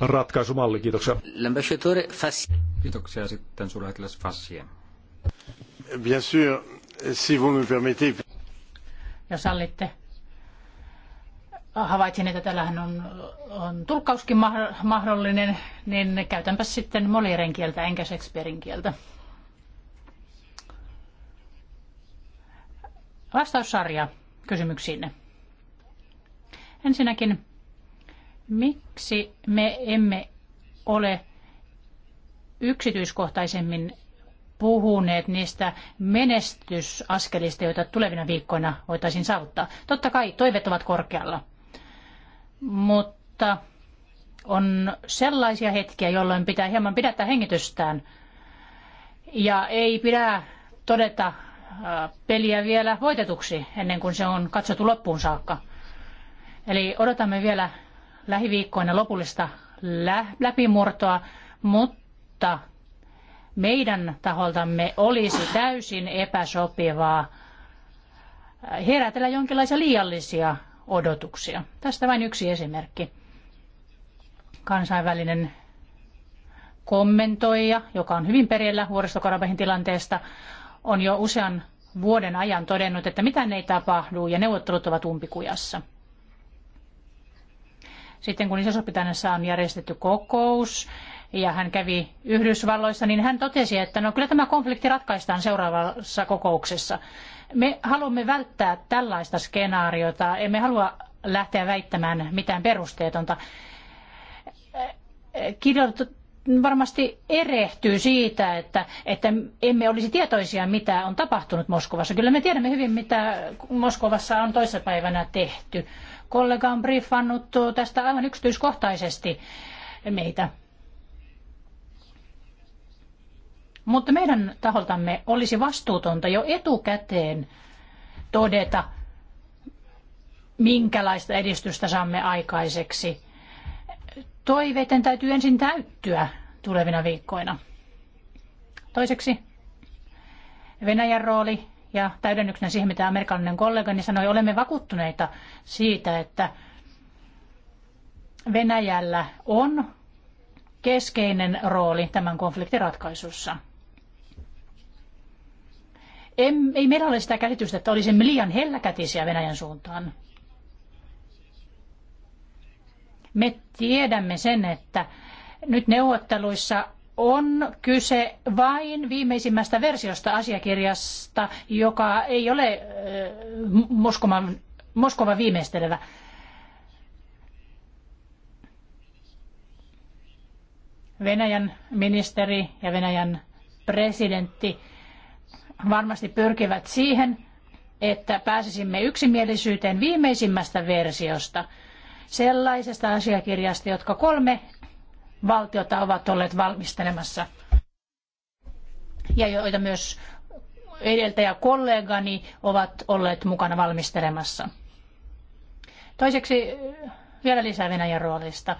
ratkaisumalli. Kiitoksia. Kiitoksia sitten suurlähettiläs Fassien. Bien sûr, si vous me permettez. Jos sallitte, havaitsin, että täällähän on, on tulkkauskin mahdollinen, niin käytänpä sitten Molieren kieltä enkä Shakespearein kieltä. Vastaussarja kysymyksiinne. Ensinnäkin, miksi me emme ole yksityiskohtaisemmin puhuneet niistä menestysaskelista, joita tulevina viikkoina voitaisiin saavuttaa. Totta kai toiveet ovat korkealla mutta on sellaisia hetkiä, jolloin pitää hieman pidättää hengitystään. Ja ei pidä todeta äh, peliä vielä voitetuksi ennen kuin se on katsottu loppuun saakka. Eli odotamme vielä lähiviikkoina lopullista läpimurtoa, mutta meidän taholtamme olisi täysin epäsopivaa äh, herätellä jonkinlaisia liiallisia odotuksia. Tästä vain yksi esimerkki. Kansainvälinen kommentoija, joka on hyvin perillä vuoristokarabahin tilanteesta, on jo usean vuoden ajan todennut, että mitään ei tapahdu ja neuvottelut ovat umpikujassa. Sitten kun iso on järjestetty kokous ja hän kävi Yhdysvalloissa, niin hän totesi, että no kyllä tämä konflikti ratkaistaan seuraavassa kokouksessa. Me haluamme välttää tällaista skenaariota. Emme halua lähteä väittämään mitään perusteetonta. Kidot varmasti erehtyy siitä, että, että emme olisi tietoisia, mitä on tapahtunut Moskovassa. Kyllä me tiedämme hyvin, mitä Moskovassa on toissapäivänä tehty. Kollega on briefannut tästä aivan yksityiskohtaisesti meitä. Mutta meidän taholtamme olisi vastuutonta jo etukäteen todeta, minkälaista edistystä saamme aikaiseksi. Toiveiden täytyy ensin täyttyä tulevina viikkoina. Toiseksi Venäjän rooli ja täydennyksenä siihen, mitä amerikkalainen kollegani sanoi, olemme vakuuttuneita siitä, että Venäjällä on keskeinen rooli tämän konfliktin ratkaisussa. Em, ei meillä ole sitä käsitystä, että olisimme liian helläkätisiä Venäjän suuntaan. Me tiedämme sen, että nyt neuvotteluissa on kyse vain viimeisimmästä versiosta asiakirjasta, joka ei ole Moskovan, Moskovan viimeistelevä. Venäjän ministeri ja Venäjän presidentti varmasti pyrkivät siihen, että pääsisimme yksimielisyyteen viimeisimmästä versiosta, sellaisesta asiakirjasta, jotka kolme valtiota ovat olleet valmistelemassa ja joita myös edeltäjäkollegani ovat olleet mukana valmistelemassa. Toiseksi vielä lisää Venäjän roolista.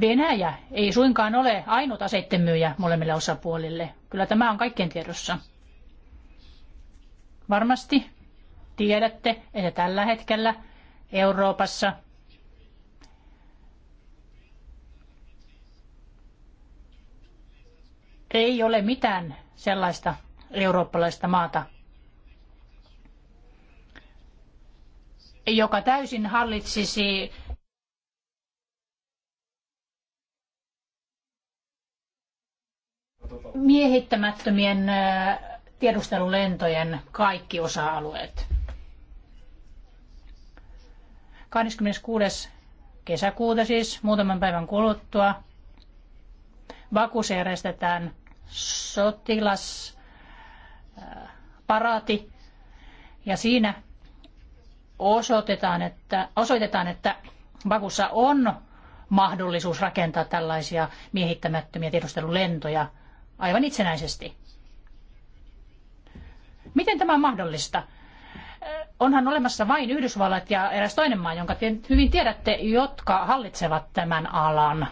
Venäjä ei suinkaan ole ainut aseittemyyjä molemmille osapuolille. Kyllä tämä on kaikkien tiedossa. Varmasti tiedätte, että tällä hetkellä Euroopassa ei ole mitään sellaista eurooppalaista maata, joka täysin hallitsisi miehittämättömien äh, tiedustelulentojen kaikki osa-alueet. 26. kesäkuuta siis, muutaman päivän kuluttua, Bakussa järjestetään sotilasparaati äh, ja siinä osoitetaan, että, osoitetaan, että Bakussa on mahdollisuus rakentaa tällaisia miehittämättömiä tiedustelulentoja aivan itsenäisesti. Miten tämä on mahdollista? Onhan olemassa vain Yhdysvallat ja eräs toinen maa, jonka te hyvin tiedätte, jotka hallitsevat tämän alan.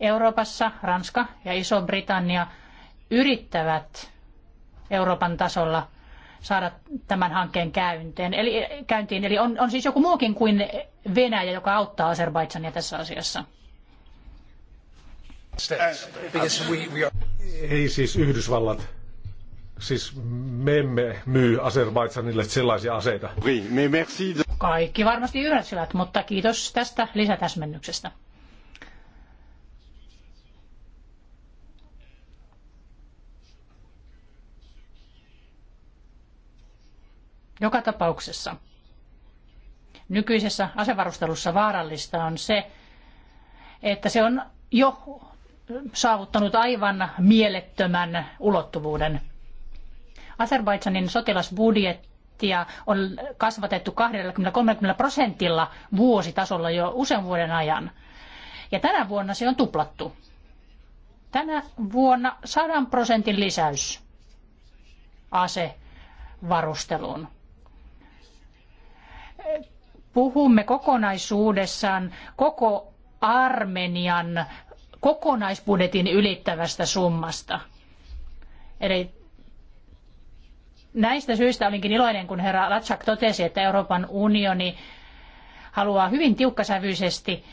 Euroopassa Ranska ja Iso-Britannia yrittävät Euroopan tasolla saada tämän hankkeen käyntiin. Eli, käyntiin. Eli on, on siis joku muukin kuin Venäjä, joka auttaa Azerbaidsania tässä asiassa. Ei siis Yhdysvallat Siis me emme myy Azerbaidsanille sellaisia aseita. Kaikki varmasti yllättyvät, mutta kiitos tästä lisätäsmennyksestä. Joka tapauksessa nykyisessä asevarustelussa vaarallista on se, että se on jo saavuttanut aivan mielettömän ulottuvuuden – Azerbaidsanin sotilasbudjettia on kasvatettu 20-30 prosentilla vuositasolla jo usean vuoden ajan. Ja tänä vuonna se on tuplattu. Tänä vuonna 100 prosentin lisäys asevarusteluun puhumme kokonaisuudessaan koko Armenian kokonaisbudjetin ylittävästä summasta. Eli näistä syistä olinkin iloinen, kun herra Latsak totesi, että Euroopan unioni haluaa hyvin tiukkasävyisesti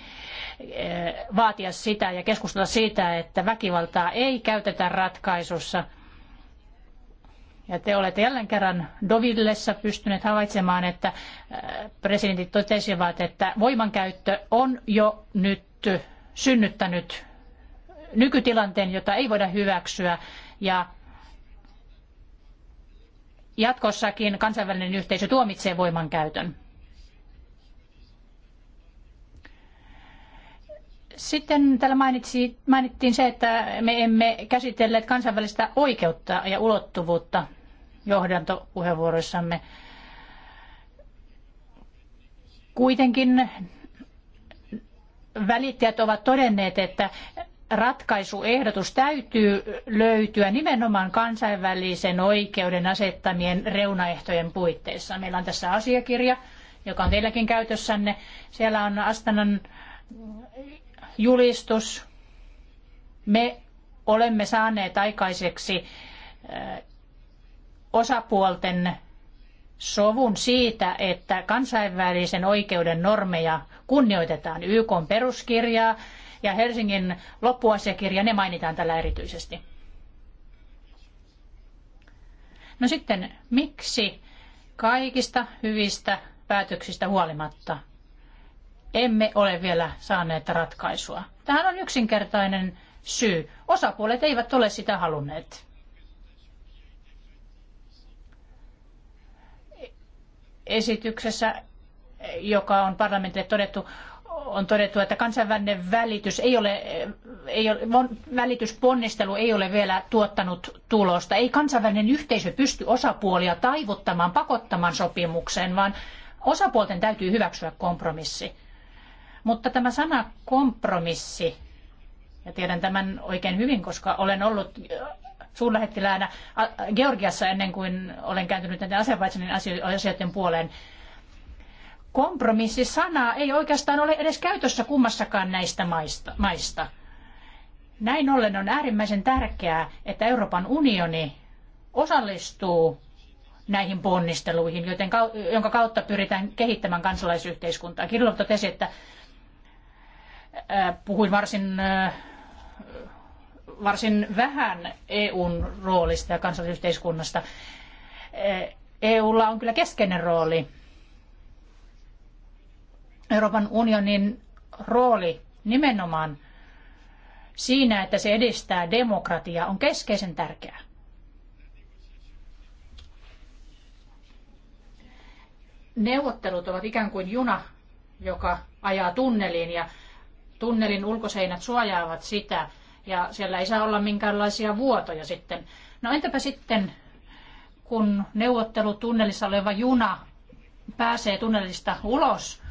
eh, vaatia sitä ja keskustella siitä, että väkivaltaa ei käytetä ratkaisussa. Ja te olette jälleen kerran Dovillessa pystyneet havaitsemaan, että eh, presidentit totesivat, että voimankäyttö on jo nyt synnyttänyt nykytilanteen, jota ei voida hyväksyä. Ja jatkossakin kansainvälinen yhteisö tuomitsee voimankäytön. Sitten täällä mainitsi, mainittiin se, että me emme käsitelleet kansainvälistä oikeutta ja ulottuvuutta johdantopuheenvuoroissamme. Kuitenkin välittäjät ovat todenneet, että ratkaisuehdotus täytyy löytyä nimenomaan kansainvälisen oikeuden asettamien reunaehtojen puitteissa. Meillä on tässä asiakirja, joka on teilläkin käytössänne. Siellä on Astanan julistus. Me olemme saaneet aikaiseksi eh, osapuolten sovun siitä, että kansainvälisen oikeuden normeja kunnioitetaan YK peruskirjaa ja Helsingin loppuasiakirja, ne mainitaan tällä erityisesti. No sitten, miksi kaikista hyvistä päätöksistä huolimatta emme ole vielä saaneet ratkaisua? Tähän on yksinkertainen syy. Osapuolet eivät ole sitä halunneet. Esityksessä, joka on parlamentille todettu, on todettu, että kansainvälinen välitys ei ole, ei ole, välitysponnistelu ei ole vielä tuottanut tulosta. Ei kansainvälinen yhteisö pysty osapuolia taivuttamaan, pakottamaan sopimukseen, vaan osapuolten täytyy hyväksyä kompromissi. Mutta tämä sana kompromissi, ja tiedän tämän oikein hyvin, koska olen ollut suurlähettiläänä Georgiassa ennen kuin olen kääntynyt näiden Azerbaidsanin asioiden puoleen, kompromissisanaa ei oikeastaan ole edes käytössä kummassakaan näistä maista. Näin ollen on äärimmäisen tärkeää, että Euroopan unioni osallistuu näihin ponnisteluihin, joten, jonka kautta pyritään kehittämään kansalaisyhteiskuntaa. Kirillov totesi, että äh, puhuin varsin, äh, varsin vähän EUn roolista ja kansalaisyhteiskunnasta. Äh, EUlla on kyllä keskeinen rooli Euroopan unionin rooli nimenomaan siinä, että se edistää demokratiaa, on keskeisen tärkeää. Neuvottelut ovat ikään kuin juna, joka ajaa tunneliin ja tunnelin ulkoseinät suojaavat sitä ja siellä ei saa olla minkäänlaisia vuotoja sitten. No entäpä sitten, kun neuvottelutunnelissa oleva juna pääsee tunnelista ulos,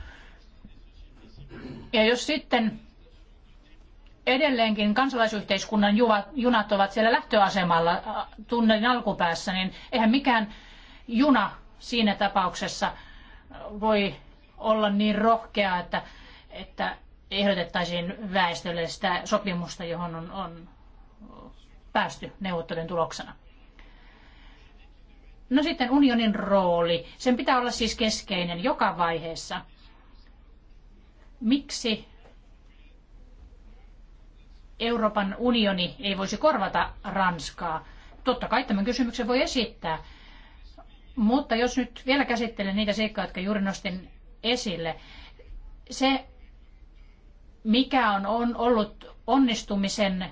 ja jos sitten edelleenkin kansalaisyhteiskunnan junat ovat siellä lähtöasemalla äh, tunnelin alkupäässä, niin eihän mikään juna siinä tapauksessa voi olla niin rohkea, että, että ehdotettaisiin väestölle sitä sopimusta, johon on, on päästy neuvottelujen tuloksena. No sitten unionin rooli. Sen pitää olla siis keskeinen joka vaiheessa – Miksi Euroopan unioni ei voisi korvata Ranskaa? Totta kai tämän kysymyksen voi esittää. Mutta jos nyt vielä käsittelen niitä seikkoja, jotka juuri nostin esille. Se, mikä on, on ollut onnistumisen eh,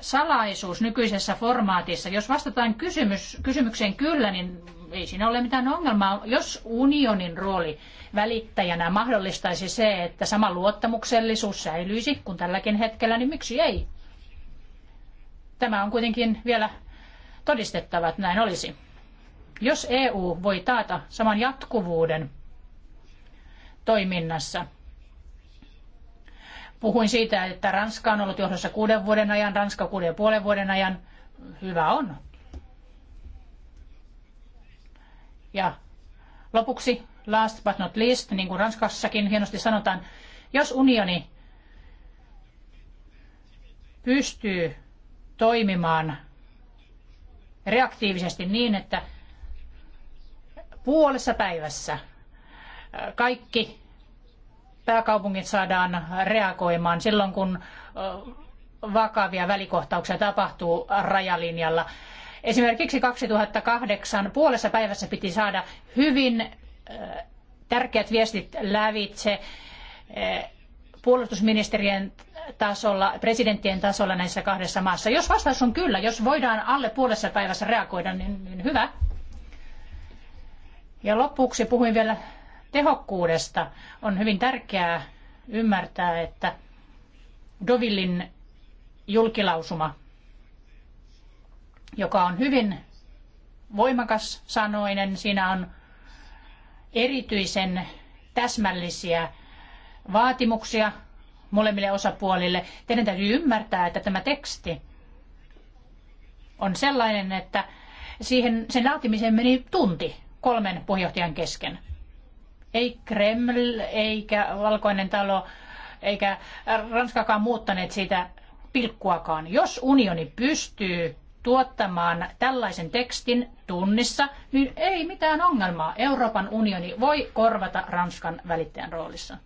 salaisuus nykyisessä formaatissa. Jos vastataan kysymys, kysymykseen kyllä, niin ei siinä ole mitään ongelmaa. Jos unionin rooli välittäjänä mahdollistaisi se, että sama luottamuksellisuus säilyisi kuin tälläkin hetkellä, niin miksi ei? Tämä on kuitenkin vielä todistettava, että näin olisi. Jos EU voi taata saman jatkuvuuden toiminnassa, puhuin siitä, että Ranska on ollut johdossa kuuden vuoden ajan, Ranska kuuden ja puolen vuoden ajan, hyvä on Ja lopuksi, last but not least, niin kuin Ranskassakin hienosti sanotaan, jos unioni pystyy toimimaan reaktiivisesti niin, että puolessa päivässä kaikki pääkaupungit saadaan reagoimaan silloin, kun vakavia välikohtauksia tapahtuu rajalinjalla, Esimerkiksi 2008 puolessa päivässä piti saada hyvin äh, tärkeät viestit lävitse äh, puolustusministerien tasolla, presidenttien tasolla näissä kahdessa maassa. Jos vastaus on kyllä, jos voidaan alle puolessa päivässä reagoida, niin, niin hyvä. Ja lopuksi puhuin vielä tehokkuudesta. On hyvin tärkeää ymmärtää, että Dovillin julkilausuma joka on hyvin voimakas sanoinen. Siinä on erityisen täsmällisiä vaatimuksia molemmille osapuolille. Teidän täytyy ymmärtää, että tämä teksti on sellainen, että siihen, sen laatimiseen meni tunti kolmen puheenjohtajan kesken. Ei Kreml, eikä Valkoinen talo, eikä Ranskakaan muuttaneet siitä pilkkuakaan. Jos unioni pystyy tuottamaan tällaisen tekstin tunnissa, niin ei mitään ongelmaa. Euroopan unioni voi korvata Ranskan välittäjän roolissa.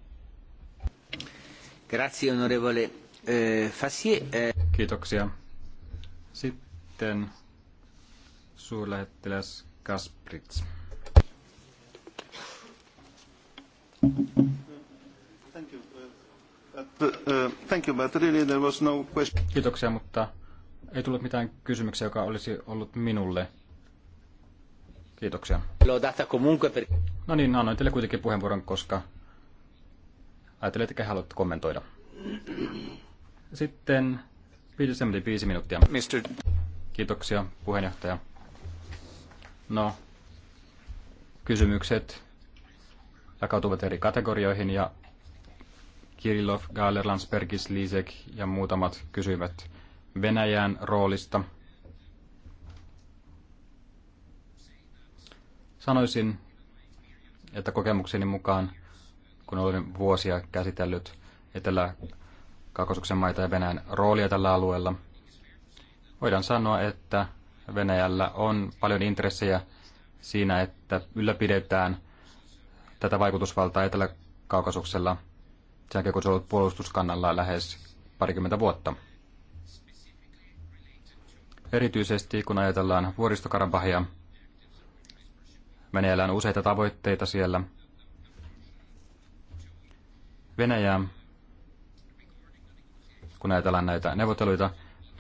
Grazie, onorevole eh, Fassier. Eh. Kiitoksia. Sitten suurlähettiläs Kasprits. Thank you. Eh, thank you, but really there was no question. Kiitoksia, mutta ei tullut mitään kysymyksiä, joka olisi ollut minulle. Kiitoksia. No niin, annoin teille kuitenkin puheenvuoron, koska ajattelin, että haluatte kommentoida. Sitten 55 minuuttia. Mister. Kiitoksia, puheenjohtaja. No, kysymykset jakautuvat eri kategorioihin ja Kirillov, Galler, Landsbergis, Lisek ja muutamat kysyivät Venäjän roolista. Sanoisin, että kokemukseni mukaan, kun olen vuosia käsitellyt etelä kaakosuksen maita ja Venäjän roolia tällä alueella, voidaan sanoa, että Venäjällä on paljon intressejä siinä, että ylläpidetään tätä vaikutusvaltaa Etelä-Kaukasuksella, sen jälkeen kun se on ollut puolustuskannalla lähes parikymmentä vuotta erityisesti kun ajatellaan vuoristokarabahia. Meneillään useita tavoitteita siellä. Venäjä, kun ajatellaan näitä neuvotteluita,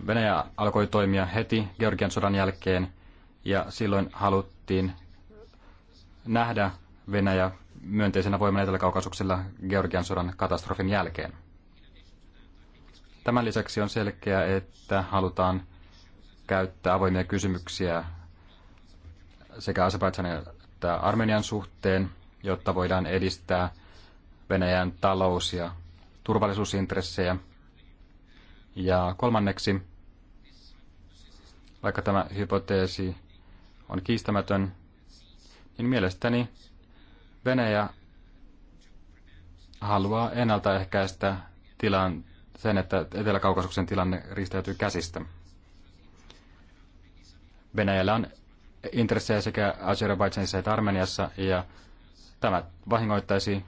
Venäjä alkoi toimia heti Georgian sodan jälkeen ja silloin haluttiin nähdä Venäjä myönteisenä voimana Etelä-Kaukasuksella Georgian sodan katastrofin jälkeen. Tämän lisäksi on selkeää, että halutaan käyttää avoimia kysymyksiä sekä Azerbaidžanin että Armenian suhteen, jotta voidaan edistää Venäjän talous- ja turvallisuusintressejä. Ja kolmanneksi, vaikka tämä hypoteesi on kiistämätön, niin mielestäni Venäjä haluaa ennaltaehkäistä tilan, sen, että Etelä-Kaukasuksen tilanne ristäytyy käsistä. Venäjällä on intressejä sekä Azerbaidsanissa että Armeniassa, ja tämä vahingoittaisi,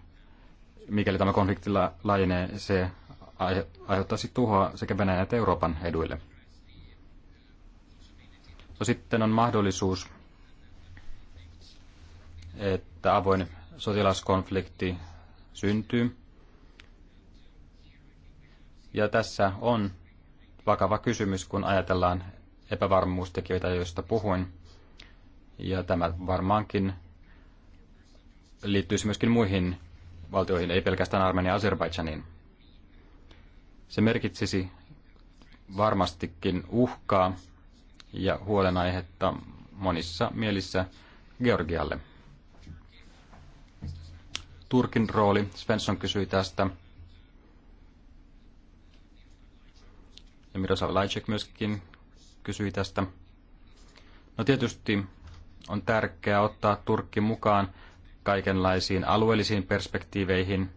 mikäli tämä konflikti laajenee, se aiheuttaisi tuhoa sekä Venäjän että Euroopan eduille. No sitten on mahdollisuus, että avoin sotilaskonflikti syntyy. Ja tässä on vakava kysymys, kun ajatellaan epävarmuustekijöitä, joista puhuin. Ja tämä varmaankin liittyisi myöskin muihin valtioihin, ei pelkästään Armenia ja Azerbaidžaniin. Se merkitsisi varmastikin uhkaa ja huolenaihetta monissa mielissä Georgialle. Turkin rooli, Svensson kysyi tästä. Ja Miroslav Lajcek myöskin kysyi tästä. No tietysti on tärkeää ottaa Turkki mukaan kaikenlaisiin alueellisiin perspektiiveihin,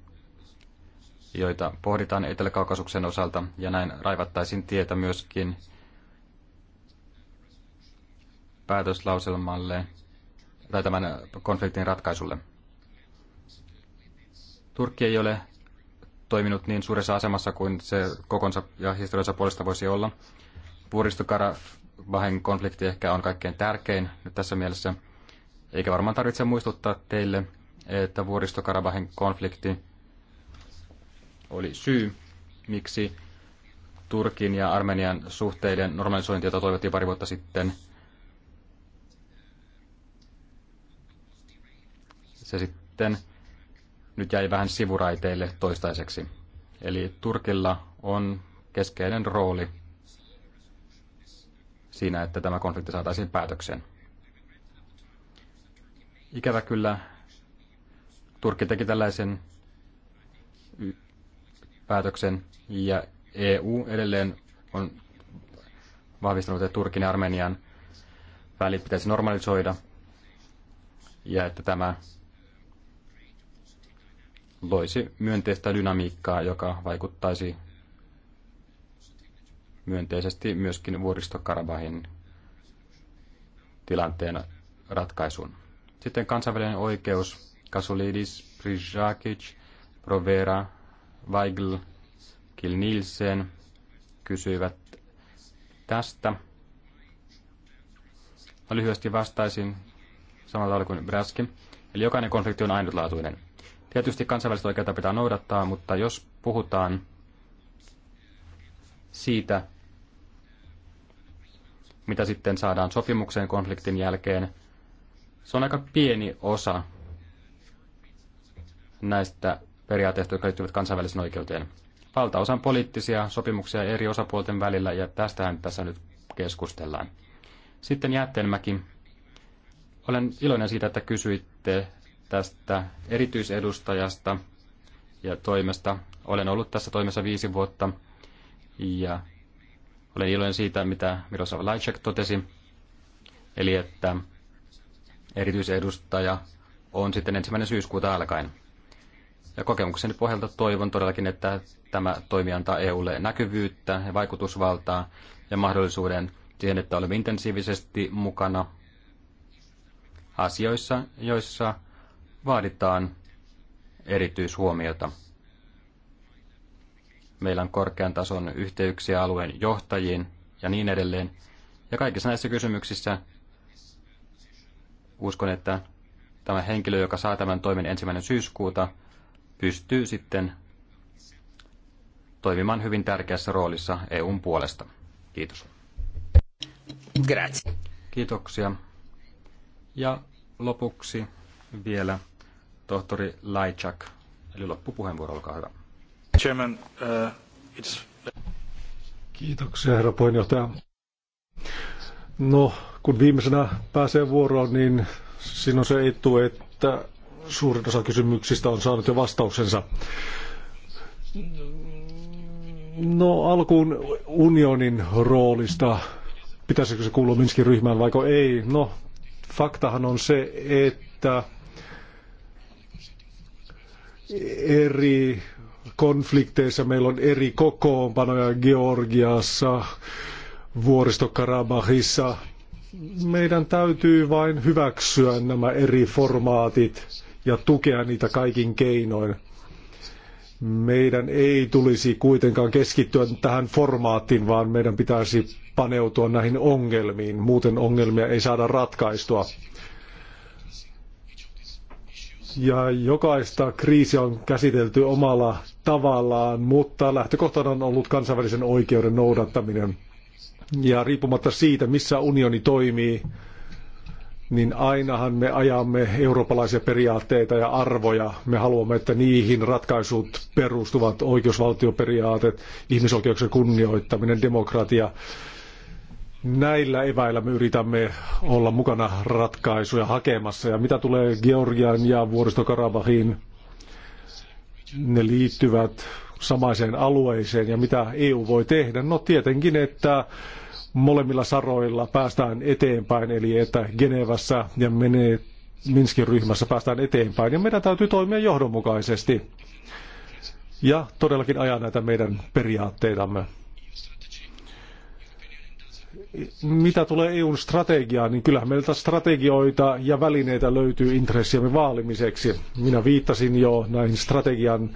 joita pohditaan Etelä-Kaukasuksen osalta, ja näin raivattaisiin tietä myöskin päätöslauselmalle tai tämän konfliktin ratkaisulle. Turkki ei ole toiminut niin suuressa asemassa kuin se kokonsa ja historiansa puolesta voisi olla. Vuoristokarabahin konflikti ehkä on kaikkein tärkein nyt tässä mielessä. Eikä varmaan tarvitse muistuttaa teille, että Vuoristokarabahin konflikti oli syy, miksi Turkin ja Armenian suhteiden normalisointi, jota toivottiin pari vuotta sitten, se sitten nyt jäi vähän sivuraiteille toistaiseksi. Eli Turkilla on keskeinen rooli siinä, että tämä konflikti saataisiin päätökseen. Ikävä kyllä Turkki teki tällaisen päätöksen ja EU edelleen on vahvistanut, että Turkin ja Armenian välit pitäisi normalisoida ja että tämä loisi myönteistä dynamiikkaa, joka vaikuttaisi myönteisesti myöskin vuoristokarabahin tilanteen ratkaisuun. Sitten kansainvälinen oikeus, Kasulidis, Prisjakic, Provera, Weigl, Kilnilsen kysyivät tästä. Mä lyhyesti vastaisin samalla tavalla kuin Braski. Eli jokainen konflikti on ainutlaatuinen. Tietysti kansainvälistä oikeutta pitää noudattaa, mutta jos puhutaan siitä, mitä sitten saadaan sopimukseen konfliktin jälkeen, se on aika pieni osa näistä periaatteista, jotka liittyvät kansainväliseen oikeuteen. Valtaosan poliittisia sopimuksia eri osapuolten välillä, ja tästähän tässä nyt keskustellaan. Sitten Jäätteenmäki. Olen iloinen siitä, että kysyitte tästä erityisedustajasta ja toimesta. Olen ollut tässä toimessa viisi vuotta, ja olen iloinen siitä, mitä Miroslav Lajcek totesi, eli että erityisedustaja on sitten ensimmäinen syyskuuta alkaen. Ja kokemukseni pohjalta toivon todellakin, että tämä toimi antaa EUlle näkyvyyttä ja vaikutusvaltaa ja mahdollisuuden siihen, että olemme intensiivisesti mukana asioissa, joissa vaaditaan erityishuomiota meillä on korkean tason yhteyksiä alueen johtajiin ja niin edelleen. Ja kaikissa näissä kysymyksissä uskon, että tämä henkilö, joka saa tämän toimen ensimmäinen syyskuuta, pystyy sitten toimimaan hyvin tärkeässä roolissa EUn puolesta. Kiitos. Grazie. Kiitoksia. Ja lopuksi vielä tohtori Laichak, eli loppupuheenvuoro, olkaa hyvä. Chairman, uh, it's... Kiitoksia, herra puheenjohtaja. No, kun viimeisenä pääsee vuoroon, niin siinä on se etu, että suurin osa kysymyksistä on saanut jo vastauksensa. No alkuun unionin roolista, pitäisikö se kuulua Minskin ryhmään vaiko ei? No, faktahan on se, että eri konflikteissa. Meillä on eri kokoonpanoja Georgiassa, Vuoristokarabahissa. Meidän täytyy vain hyväksyä nämä eri formaatit ja tukea niitä kaikin keinoin. Meidän ei tulisi kuitenkaan keskittyä tähän formaattiin, vaan meidän pitäisi paneutua näihin ongelmiin. Muuten ongelmia ei saada ratkaistua ja jokaista kriisiä on käsitelty omalla tavallaan, mutta lähtökohtana on ollut kansainvälisen oikeuden noudattaminen. Ja riippumatta siitä, missä unioni toimii, niin ainahan me ajamme eurooppalaisia periaatteita ja arvoja. Me haluamme, että niihin ratkaisut perustuvat oikeusvaltioperiaatet, ihmisoikeuksien kunnioittaminen, demokratia, Näillä eväillä me yritämme olla mukana ratkaisuja hakemassa. Ja mitä tulee Georgian ja vuoristokarabahiin, ne liittyvät samaiseen alueeseen ja mitä EU voi tehdä? No tietenkin, että molemmilla saroilla päästään eteenpäin, eli että Genevässä ja menee Minskin ryhmässä päästään eteenpäin, ja meidän täytyy toimia johdonmukaisesti ja todellakin ajaa näitä meidän periaatteitamme mitä tulee EUn strategiaan, niin kyllähän meiltä strategioita ja välineitä löytyy intressiemme vaalimiseksi. Minä viittasin jo näihin strategian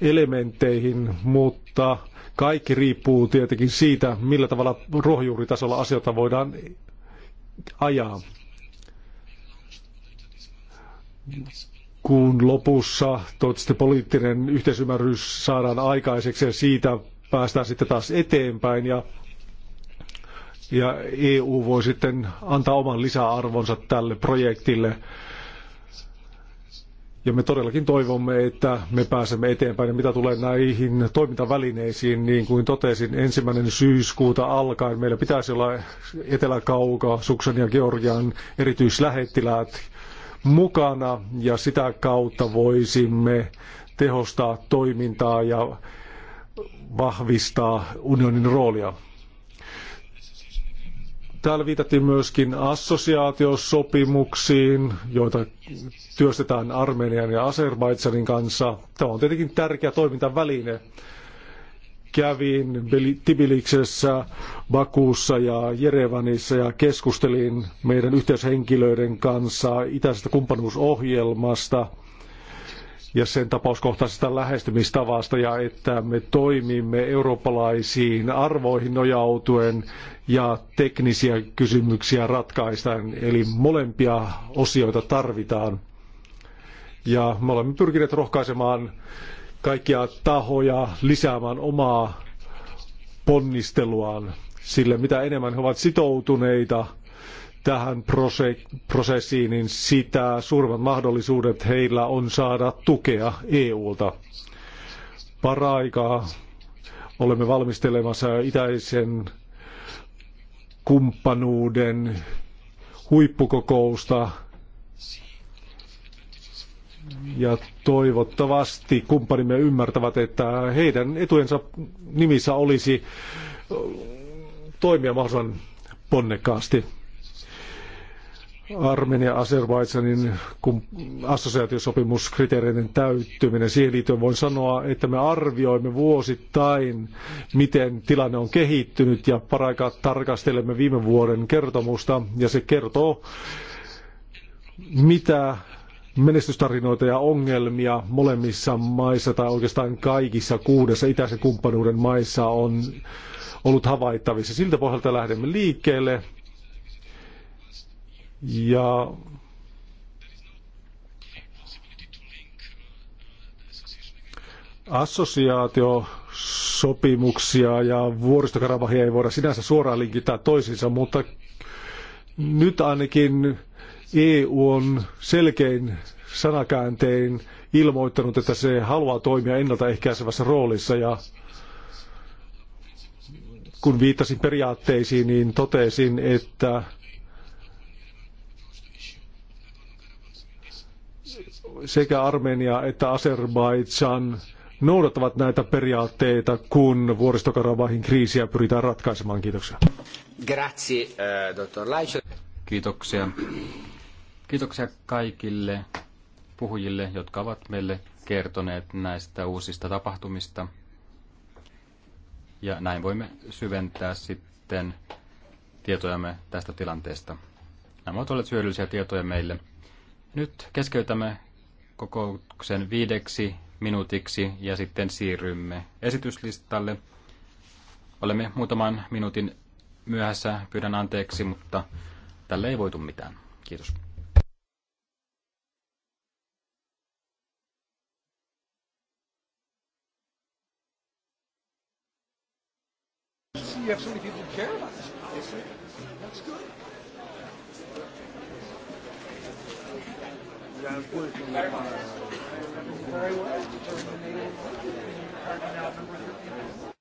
elementteihin, mutta kaikki riippuu tietenkin siitä, millä tavalla ruohonjuuritasolla asioita voidaan ajaa. Kuun lopussa toivottavasti poliittinen yhteisymmärrys saadaan aikaiseksi ja siitä päästään sitten taas eteenpäin ja ja EU voi sitten antaa oman lisäarvonsa tälle projektille. Ja me todellakin toivomme, että me pääsemme eteenpäin. Ja mitä tulee näihin toimintavälineisiin, niin kuin totesin, ensimmäinen syyskuuta alkaen meillä pitäisi olla etelä Suksan ja Georgian erityislähettiläät mukana ja sitä kautta voisimme tehostaa toimintaa ja vahvistaa unionin roolia. Täällä viitattiin myöskin assosiaatiosopimuksiin, joita työstetään Armenian ja Azerbaidsanin kanssa. Tämä on tietenkin tärkeä toimintaväline. Kävin Tbiliksessä, Bakuussa ja Jerevanissa ja keskustelin meidän yhteishenkilöiden kanssa itäisestä kumppanuusohjelmasta – ja sen tapauskohtaisesta lähestymistavasta ja että me toimimme eurooppalaisiin arvoihin nojautuen ja teknisiä kysymyksiä ratkaistaan. Eli molempia osioita tarvitaan. Ja me olemme pyrkineet rohkaisemaan kaikkia tahoja lisäämään omaa ponnisteluaan, sillä mitä enemmän he ovat sitoutuneita – tähän prosessiin, niin sitä suuremmat mahdollisuudet heillä on saada tukea EUlta. Paraikaa olemme valmistelemassa itäisen kumppanuuden huippukokousta ja toivottavasti kumppanimme ymmärtävät, että heidän etujensa nimissä olisi toimia mahdollisimman ponnekkaasti. Armenia Azerbaidsanin assosiaatiosopimuskriteereiden täyttyminen. Siihen liittyen voin sanoa, että me arvioimme vuosittain, miten tilanne on kehittynyt ja paraikaa tarkastelemme viime vuoden kertomusta ja se kertoo, mitä menestystarinoita ja ongelmia molemmissa maissa tai oikeastaan kaikissa kuudessa itäisen kumppanuuden maissa on ollut havaittavissa. Siltä pohjalta lähdemme liikkeelle ja assosiaatiosopimuksia ja vuoristokarabahia ei voida sinänsä suoraan linkittää toisiinsa, mutta nyt ainakin EU on selkein sanakääntein ilmoittanut, että se haluaa toimia ennaltaehkäisevässä roolissa ja kun viittasin periaatteisiin, niin totesin, että sekä Armenia että Azerbaidžan noudattavat näitä periaatteita, kun vuoristokarabahin kriisiä pyritään ratkaisemaan. Kiitoksia. Grazie, eh, dottor Kiitoksia. Kiitoksia kaikille puhujille, jotka ovat meille kertoneet näistä uusista tapahtumista. Ja näin voimme syventää sitten tietojamme tästä tilanteesta. Nämä ovat olleet hyödyllisiä tietoja meille. Nyt keskeytämme kokouksen viideksi minuutiksi ja sitten siirrymme esityslistalle. Olemme muutaman minuutin myöhässä, pyydän anteeksi, mutta tälle ei voitu mitään. Kiitos. you have so many people who care about this policy. That's good. Very well. Terminated. Card now number 13.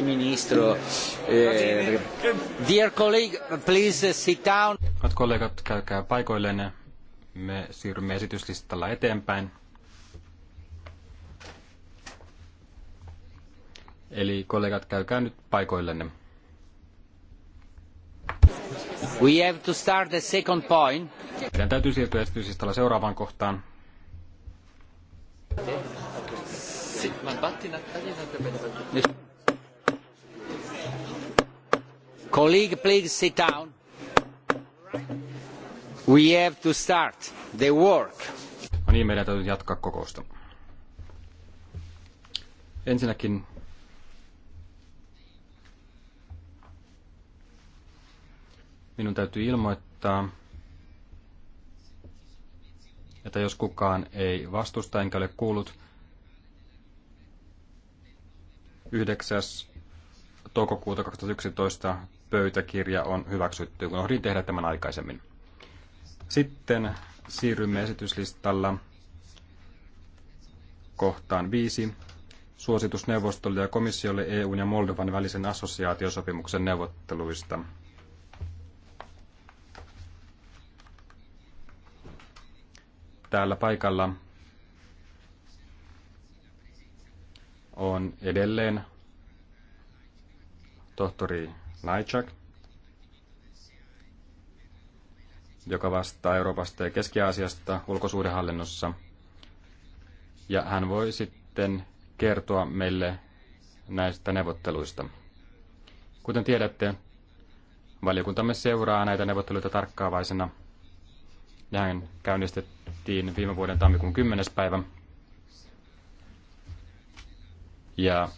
Ministro, eh, dear colleague, please sit down. Hyvät kollegat, käykää paikoilleen. Me siirrymme esityslistalla eteenpäin. Eli kollegat, käykää nyt paikoillenne. We have to start the second point. Meidän täytyy siirtyä esityslistalla seuraavaan kohtaan. Nyt. colleagues please sit down. We have to start the work. No niin, meidän täytyy jatkaa kokousta. Ensinnäkin minun täytyy ilmoittaa, että jos kukaan ei vastusta enkä ole kuullut 9. toukokuuta 2011 pöytäkirja on hyväksytty, kun ohdin tehdä tämän aikaisemmin. Sitten siirrymme esityslistalla kohtaan viisi. Suositus neuvostolle ja komissiolle EUn ja Moldovan välisen assosiaatiosopimuksen neuvotteluista. Täällä paikalla on edelleen tohtori Lajczak, joka vastaa Euroopasta ja Keski-Aasiasta ulkosuhdehallinnossa. Ja hän voi sitten kertoa meille näistä neuvotteluista. Kuten tiedätte, valiokuntamme seuraa näitä neuvotteluita tarkkaavaisena. Nehän käynnistettiin viime vuoden tammikuun 10. päivä. Ja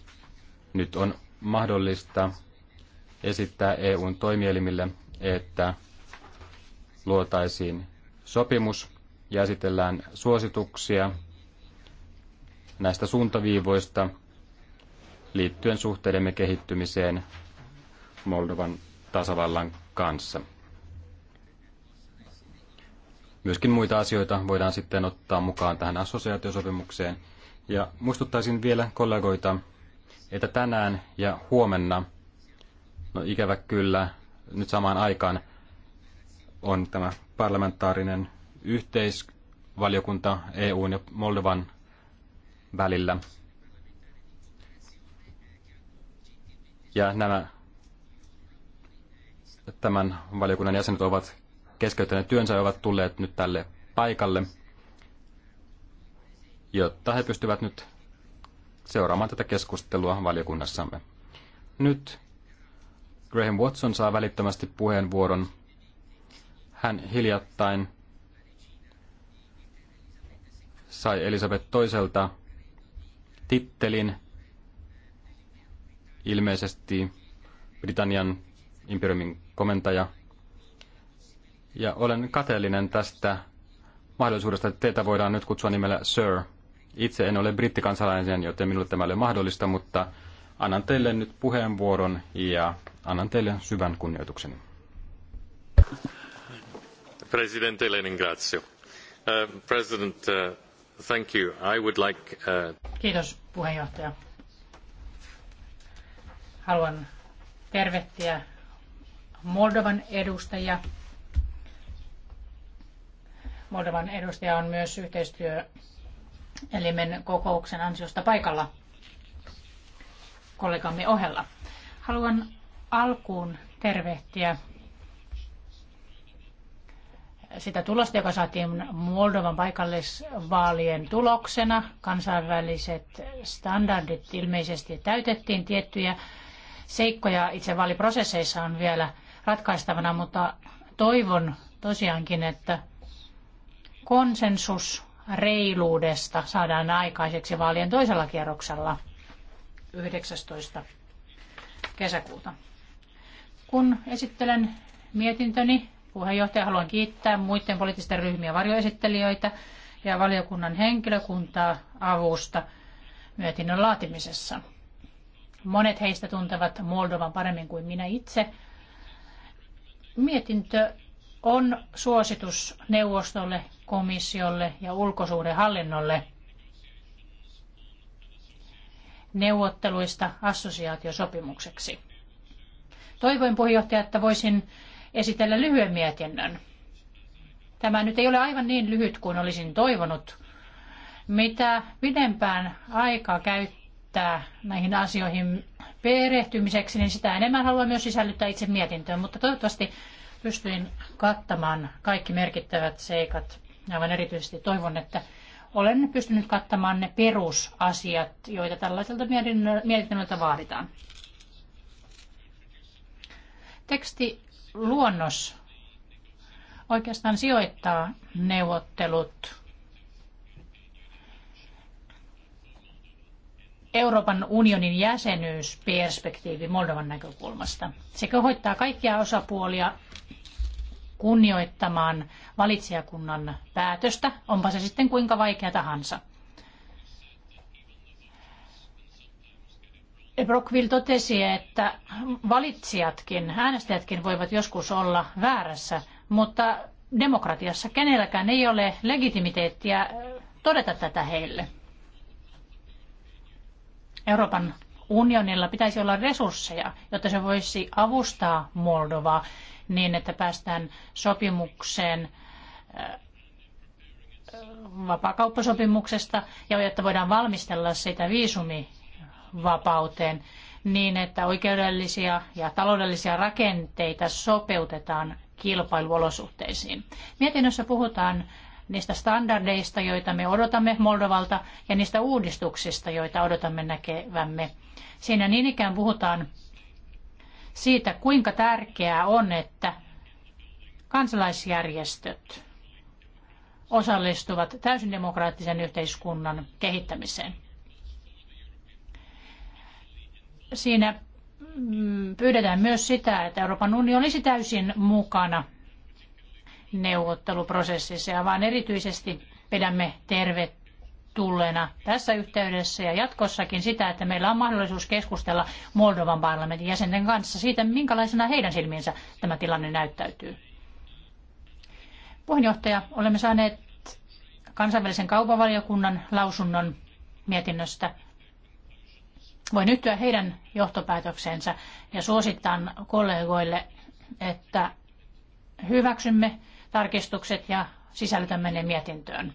nyt on mahdollista esittää EUn toimielimille, että luotaisiin sopimus ja esitellään suosituksia näistä suuntaviivoista liittyen suhteidemme kehittymiseen Moldovan tasavallan kanssa. Myöskin muita asioita voidaan sitten ottaa mukaan tähän assosiaatiosopimukseen. Ja muistuttaisin vielä kollegoita, että tänään ja huomenna No ikävä kyllä, nyt samaan aikaan on tämä parlamentaarinen yhteisvaliokunta EUn ja Moldovan välillä. Ja nämä tämän valiokunnan jäsenet ovat keskeyttäneet työnsä ja ovat tulleet nyt tälle paikalle, jotta he pystyvät nyt seuraamaan tätä keskustelua valiokunnassamme. Nyt Graham Watson saa välittömästi puheenvuoron. Hän hiljattain sai Elisabeth toiselta tittelin ilmeisesti Britannian imperiumin komentaja. Ja olen kateellinen tästä mahdollisuudesta, että teitä voidaan nyt kutsua nimellä Sir. Itse en ole brittikansalainen, joten minulle tämä ei ole mahdollista, mutta Annan teille nyt puheenvuoron ja annan teille syvän kunnioitukseni. Presidente Lenin, grazie. Uh, president, uh, thank you. I would like, uh... Kiitos puheenjohtaja. Haluan tervehtiä Moldovan edustajia. Moldovan edustaja on myös yhteistyöelimen kokouksen ansiosta paikalla kollegamme ohella. Haluan alkuun tervehtiä sitä tulosta, joka saatiin Moldovan paikallisvaalien tuloksena. Kansainväliset standardit ilmeisesti täytettiin tiettyjä seikkoja itse vaaliprosesseissa on vielä ratkaistavana, mutta toivon tosiaankin, että konsensus reiluudesta saadaan aikaiseksi vaalien toisella kierroksella – 19. kesäkuuta. Kun esittelen mietintöni, puheenjohtaja haluan kiittää muiden poliittisten ryhmien varjoesittelijöitä ja valiokunnan henkilökuntaa avusta mietinnön laatimisessa. Monet heistä tuntevat Moldovan paremmin kuin minä itse. Mietintö on suositus neuvostolle, komissiolle ja ulkosuhdehallinnolle – neuvotteluista assosiaatiosopimukseksi. Toivoin puheenjohtaja, että voisin esitellä lyhyen mietinnön. Tämä nyt ei ole aivan niin lyhyt kuin olisin toivonut. Mitä pidempään aikaa käyttää näihin asioihin perehtymiseksi, niin sitä enemmän haluan myös sisällyttää itse mietintöön, mutta toivottavasti pystyin kattamaan kaikki merkittävät seikat. Aivan erityisesti toivon, että olen pystynyt kattamaan ne perusasiat, joita tällaiselta mietinnöltä vaaditaan. Teksti luonnos oikeastaan sijoittaa neuvottelut Euroopan unionin jäsenyysperspektiivi Moldovan näkökulmasta. Se kohoittaa kaikkia osapuolia kunnioittamaan valitsijakunnan päätöstä, onpa se sitten kuinka vaikea tahansa. Brockville totesi, että valitsijatkin, äänestäjätkin voivat joskus olla väärässä, mutta demokratiassa kenelläkään ei ole legitimiteettiä todeta tätä heille. Euroopan unionilla pitäisi olla resursseja, jotta se voisi avustaa Moldovaa niin, että päästään sopimukseen äh, vapaakauppasopimuksesta ja että voidaan valmistella sitä viisumivapauteen niin, että oikeudellisia ja taloudellisia rakenteita sopeutetaan kilpailuolosuhteisiin. Mietinnössä puhutaan niistä standardeista, joita me odotamme Moldovalta ja niistä uudistuksista, joita odotamme näkevämme. Siinä niin ikään puhutaan siitä, kuinka tärkeää on, että kansalaisjärjestöt osallistuvat täysin demokraattisen yhteiskunnan kehittämiseen. Siinä mm, pyydetään myös sitä, että Euroopan unioni olisi täysin mukana neuvotteluprosessissa ja vaan erityisesti pidämme tervettä tervetulleena tässä yhteydessä ja jatkossakin sitä, että meillä on mahdollisuus keskustella Moldovan parlamentin jäsenten kanssa siitä, minkälaisena heidän silmiinsä tämä tilanne näyttäytyy. Puheenjohtaja, olemme saaneet kansainvälisen kaupavaliokunnan lausunnon mietinnöstä. Voin yhtyä heidän johtopäätöksensä ja suosittaan kollegoille, että hyväksymme tarkistukset ja sisällytämme ne mietintöön.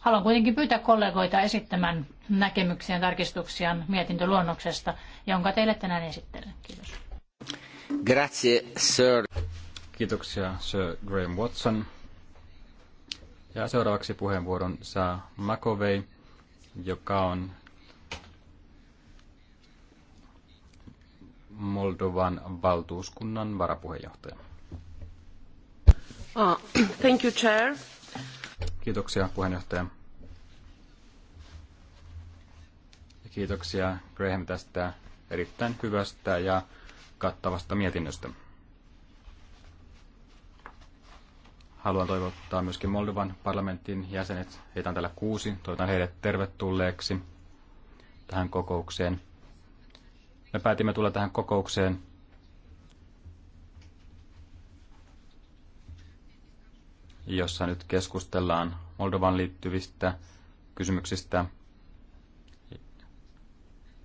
Haluan kuitenkin pyytää kollegoita esittämään näkemyksiä ja tarkistuksia mietintöluonnoksesta, jonka teille tänään esittelen. Kiitos. Grazie, sir. Kiitoksia, Sir Graham Watson. Ja seuraavaksi puheenvuoron saa Makovei, joka on Moldovan valtuuskunnan varapuheenjohtaja. Ah, thank you, Chair. Kiitoksia puheenjohtaja. Ja kiitoksia Graham tästä erittäin hyvästä ja kattavasta mietinnöstä. Haluan toivottaa myöskin Moldovan parlamentin jäsenet. Heitä on täällä kuusi. Toivotan heidät tervetulleeksi tähän kokoukseen. Me päätimme tulla tähän kokoukseen jossa nyt keskustellaan Moldovan liittyvistä kysymyksistä,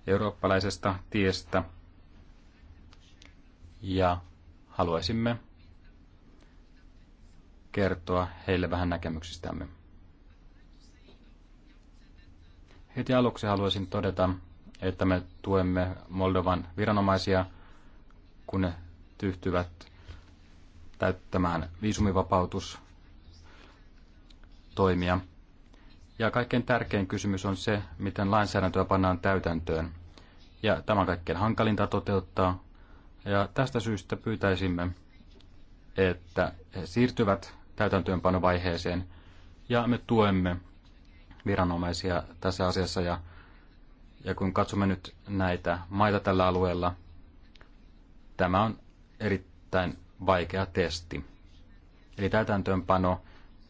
eurooppalaisesta tiestä. Ja haluaisimme kertoa heille vähän näkemyksistämme. Heti aluksi haluaisin todeta, että me tuemme Moldovan viranomaisia, kun ne tyhtyvät täyttämään viisumivapautus toimia. Ja kaikkein tärkein kysymys on se, miten lainsäädäntöä pannaan täytäntöön. Ja tämä on kaikkein hankalinta toteuttaa. Ja tästä syystä pyytäisimme, että he siirtyvät täytäntöönpanovaiheeseen ja me tuemme viranomaisia tässä asiassa. Ja, ja kun katsomme nyt näitä maita tällä alueella, tämä on erittäin vaikea testi. Eli täytäntöönpano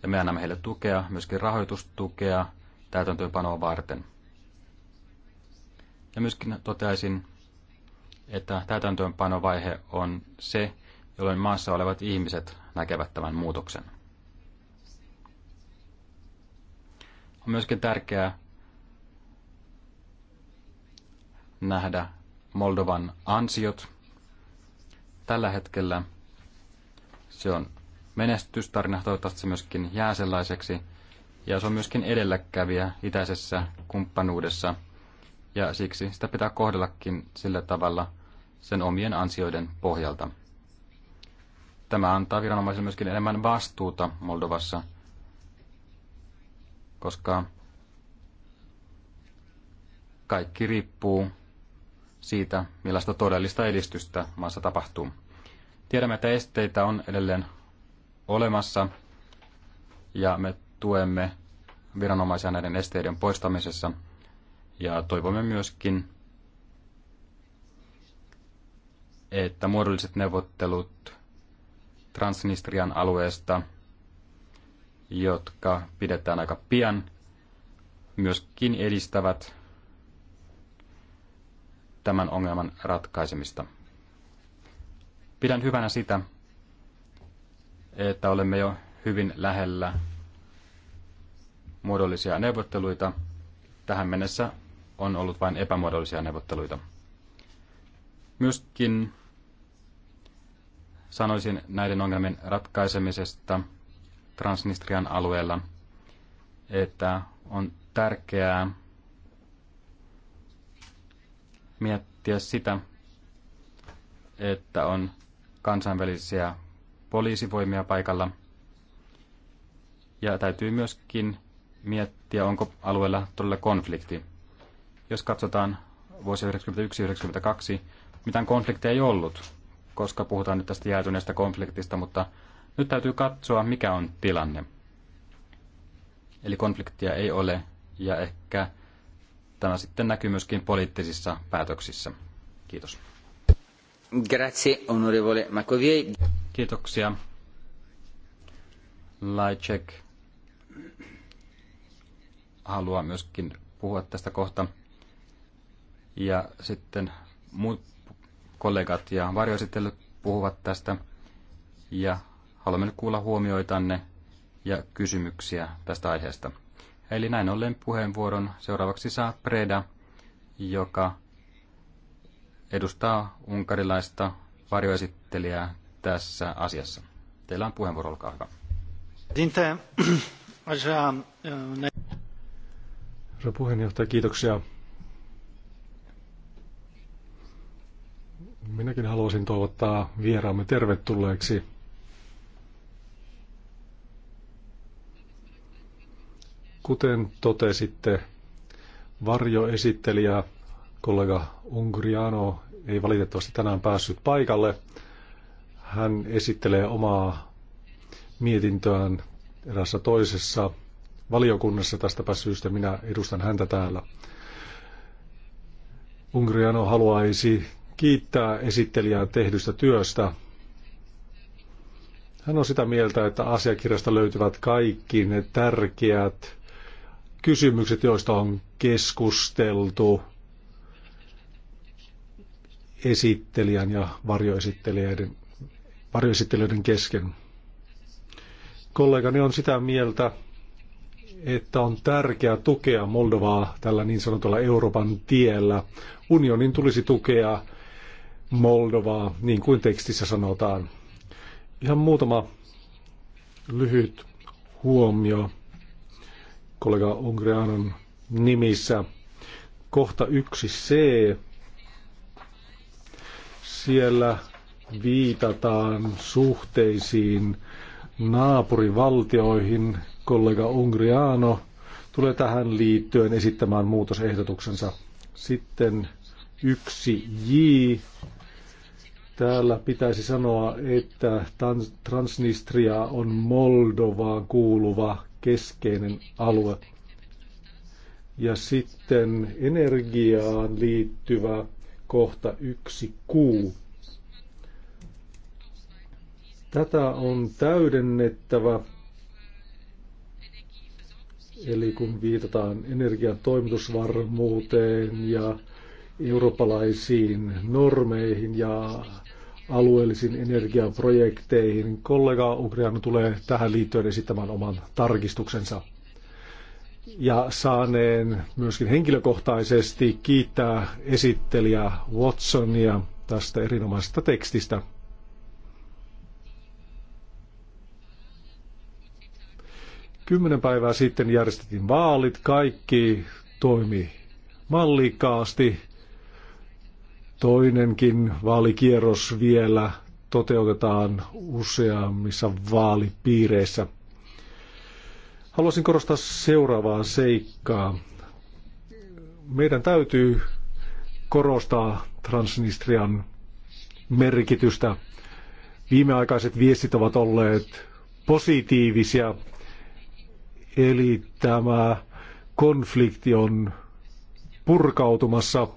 ja me annamme heille tukea, myöskin rahoitustukea täytäntöönpanoa varten. Ja myöskin toteaisin, että täytäntöönpanovaihe on se, jolloin maassa olevat ihmiset näkevät tämän muutoksen. On myöskin tärkeää nähdä Moldovan ansiot. Tällä hetkellä se on menestystarina. Toivottavasti se myöskin jää sellaiseksi. Ja se on myöskin edelläkävijä itäisessä kumppanuudessa. Ja siksi sitä pitää kohdellakin sillä tavalla sen omien ansioiden pohjalta. Tämä antaa viranomaisille myöskin enemmän vastuuta Moldovassa, koska kaikki riippuu siitä, millaista todellista edistystä maassa tapahtuu. Tiedämme, että esteitä on edelleen olemassa ja me tuemme viranomaisia näiden esteiden poistamisessa ja toivomme myöskin, että muodolliset neuvottelut Transnistrian alueesta, jotka pidetään aika pian, myöskin edistävät tämän ongelman ratkaisemista. Pidän hyvänä sitä, että olemme jo hyvin lähellä muodollisia neuvotteluita. Tähän mennessä on ollut vain epämuodollisia neuvotteluita. Myöskin sanoisin näiden ongelmien ratkaisemisesta Transnistrian alueella, että on tärkeää miettiä sitä, että on kansainvälisiä poliisivoimia paikalla. Ja täytyy myöskin miettiä, onko alueella todella konflikti. Jos katsotaan vuosia 1991-1992, mitään konflikteja ei ollut, koska puhutaan nyt tästä jäätyneestä konfliktista, mutta nyt täytyy katsoa, mikä on tilanne. Eli konfliktia ei ole, ja ehkä tämä sitten näkyy myöskin poliittisissa päätöksissä. Kiitos. Grazie, onorevole Kiitoksia. Lajcek haluaa myöskin puhua tästä kohta. Ja sitten muut kollegat ja varjoesittelyt puhuvat tästä. Ja haluamme nyt kuulla huomioitanne ja kysymyksiä tästä aiheesta. Eli näin ollen puheenvuoron seuraavaksi saa Preda, joka edustaa unkarilaista varjoesittelijää tässä asiassa. Teillä on puheenvuoro, olkaa hyvä. Eh, Herra puheenjohtaja, kiitoksia. Minäkin haluaisin toivottaa vieraamme tervetulleeksi. Kuten totesitte, varjoesittelijä kollega Ungriano ei valitettavasti tänään päässyt paikalle – hän esittelee omaa mietintöään erässä toisessa valiokunnassa. Tästäpä syystä minä edustan häntä täällä. Ungriano haluaisi kiittää esittelijää tehdystä työstä. Hän on sitä mieltä, että asiakirjasta löytyvät kaikki ne tärkeät kysymykset, joista on keskusteltu esittelijän ja varjoesittelijöiden varjoesittelyiden kesken. Kollegani on sitä mieltä, että on tärkeää tukea Moldovaa tällä niin sanotulla Euroopan tiellä. Unionin tulisi tukea Moldovaa, niin kuin tekstissä sanotaan. Ihan muutama lyhyt huomio kollega Ungreanon nimissä. Kohta 1c. Siellä viitataan suhteisiin naapurivaltioihin. Kollega Ungriano tulee tähän liittyen esittämään muutosehdotuksensa. Sitten yksi J. Täällä pitäisi sanoa, että Transnistria on Moldovaan kuuluva keskeinen alue. Ja sitten energiaan liittyvä kohta yksi kuu. Tätä on täydennettävä, eli kun viitataan energian toimitusvarmuuteen ja eurooppalaisiin normeihin ja alueellisiin energiaprojekteihin. Kollega Ukraina tulee tähän liittyen esittämään oman tarkistuksensa. Ja saaneen myöskin henkilökohtaisesti kiittää esittelijä Watsonia tästä erinomaisesta tekstistä. Kymmenen päivää sitten järjestettiin vaalit, kaikki toimi mallikaasti. Toinenkin vaalikierros vielä toteutetaan useammissa vaalipiireissä. Haluaisin korostaa seuraavaa seikkaa. Meidän täytyy korostaa Transnistrian merkitystä. Viimeaikaiset viestit ovat olleet positiivisia Eli tämä konflikti on purkautumassa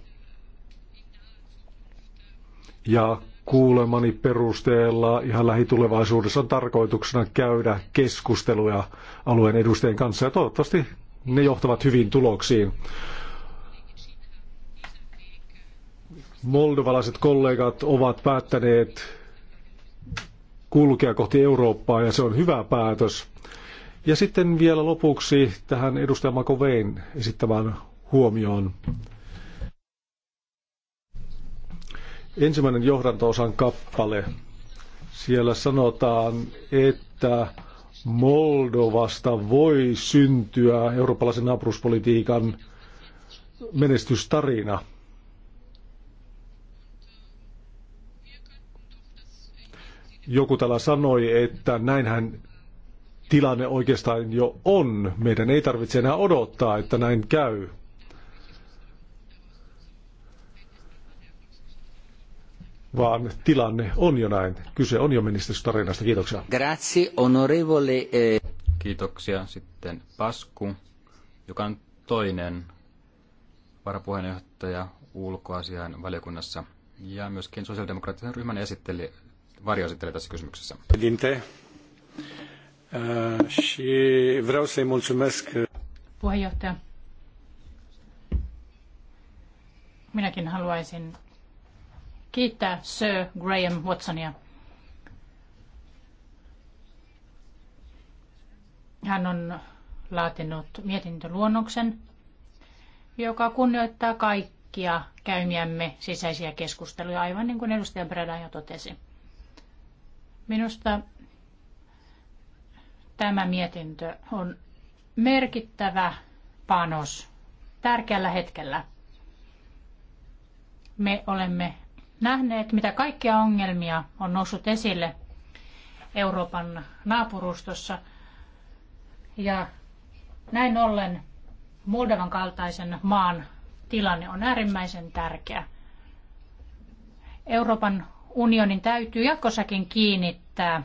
ja kuulemani perusteella ihan lähitulevaisuudessa on tarkoituksena käydä keskusteluja alueen edustajien kanssa ja toivottavasti ne johtavat hyvin tuloksiin. Moldovalaiset kollegat ovat päättäneet kulkea kohti Eurooppaa ja se on hyvä päätös. Ja sitten vielä lopuksi tähän edustaja Mako Vein esittämään huomioon. Ensimmäinen johdantoosan kappale. Siellä sanotaan, että Moldovasta voi syntyä eurooppalaisen naapuruspolitiikan menestystarina. Joku täällä sanoi, että näinhän tilanne oikeastaan jo on. Meidän ei tarvitse enää odottaa, että näin käy. vaan tilanne on jo näin. Kyse on jo ministeristarinasta. Kiitoksia. Grazie, onorevole. Eh. Kiitoksia. Sitten Pasku, joka on toinen varapuheenjohtaja ulkoasian valiokunnassa ja myöskin sosiaalidemokraattisen ryhmän esitteli, varjoesitteli tässä kysymyksessä. Dinte și vreau să-i mulțumesc. Uh, Puheenjohtaja. Minäkin haluaisin kiittää Sir Graham Watsonia. Hän on laatinut mietintöluonnoksen, joka kunnioittaa kaikkia käymiämme sisäisiä keskusteluja, aivan niin kuin edustaja Breda jo totesi. Minusta Tämä mietintö on merkittävä panos tärkeällä hetkellä. Me olemme nähneet, mitä kaikkia ongelmia on noussut esille Euroopan naapurustossa. Ja näin ollen Moldovan kaltaisen maan tilanne on äärimmäisen tärkeä. Euroopan unionin täytyy jatkossakin kiinnittää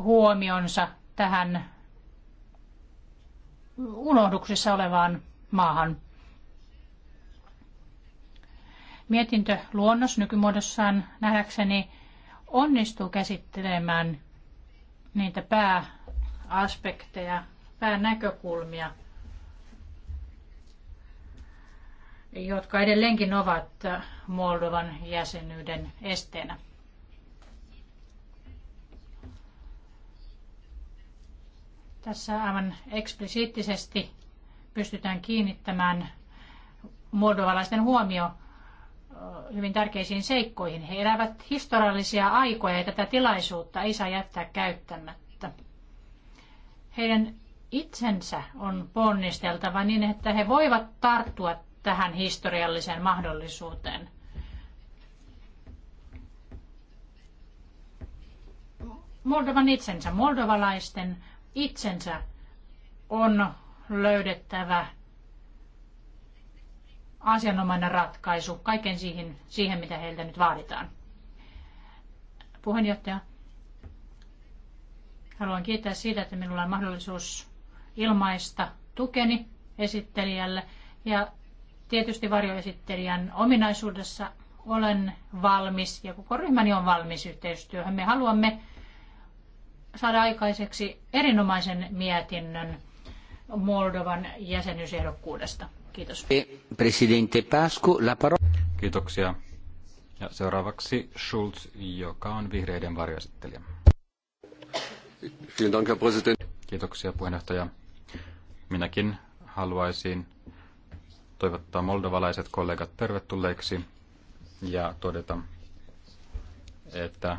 huomionsa tähän unohduksessa olevaan maahan. Mietintö luonnos nykymuodossaan nähdäkseni onnistuu käsittelemään niitä pääaspekteja, päänäkökulmia, jotka edelleenkin ovat Moldovan jäsenyyden esteenä. Tässä aivan eksplisiittisesti pystytään kiinnittämään moldovalaisten huomio hyvin tärkeisiin seikkoihin. He elävät historiallisia aikoja ja tätä tilaisuutta ei saa jättää käyttämättä. Heidän itsensä on ponnisteltava niin, että he voivat tarttua tähän historialliseen mahdollisuuteen. Moldovan itsensä, moldovalaisten itsensä on löydettävä asianomainen ratkaisu kaiken siihen, siihen mitä heiltä nyt vaaditaan. Puheenjohtaja, haluan kiittää siitä, että minulla on mahdollisuus ilmaista tukeni esittelijälle ja tietysti varjoesittelijän ominaisuudessa olen valmis ja koko ryhmäni on valmis yhteistyöhön. Me haluamme saada aikaiseksi erinomaisen mietinnön Moldovan jäsenyysehdokkuudesta. Kiitos. Presidente Pasku, la parola. Kiitoksia. Ja seuraavaksi Schulz, joka on vihreiden varjoesittelijä. Kiitoksia puheenjohtaja. Minäkin haluaisin toivottaa moldovalaiset kollegat tervetulleiksi ja todeta, että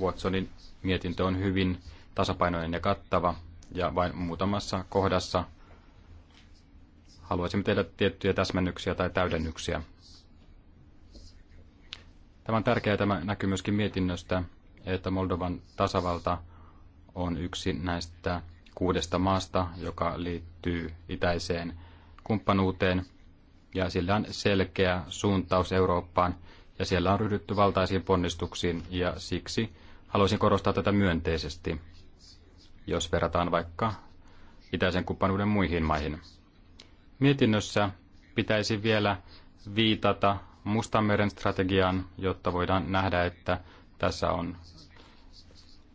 Watsonin mietintö on hyvin tasapainoinen ja kattava, ja vain muutamassa kohdassa haluaisimme tehdä tiettyjä täsmennyksiä tai täydennyksiä. Tämä on tärkeää, tämä näkyy myöskin mietinnöstä, että Moldovan tasavalta on yksi näistä kuudesta maasta, joka liittyy itäiseen kumppanuuteen, ja sillä on selkeä suuntaus Eurooppaan, ja siellä on ryhdytty valtaisiin ponnistuksiin, ja siksi Haluaisin korostaa tätä myönteisesti, jos verrataan vaikka itäisen kumppanuuden muihin maihin. Mietinnössä pitäisi vielä viitata Mustanmeren strategiaan, jotta voidaan nähdä, että tässä on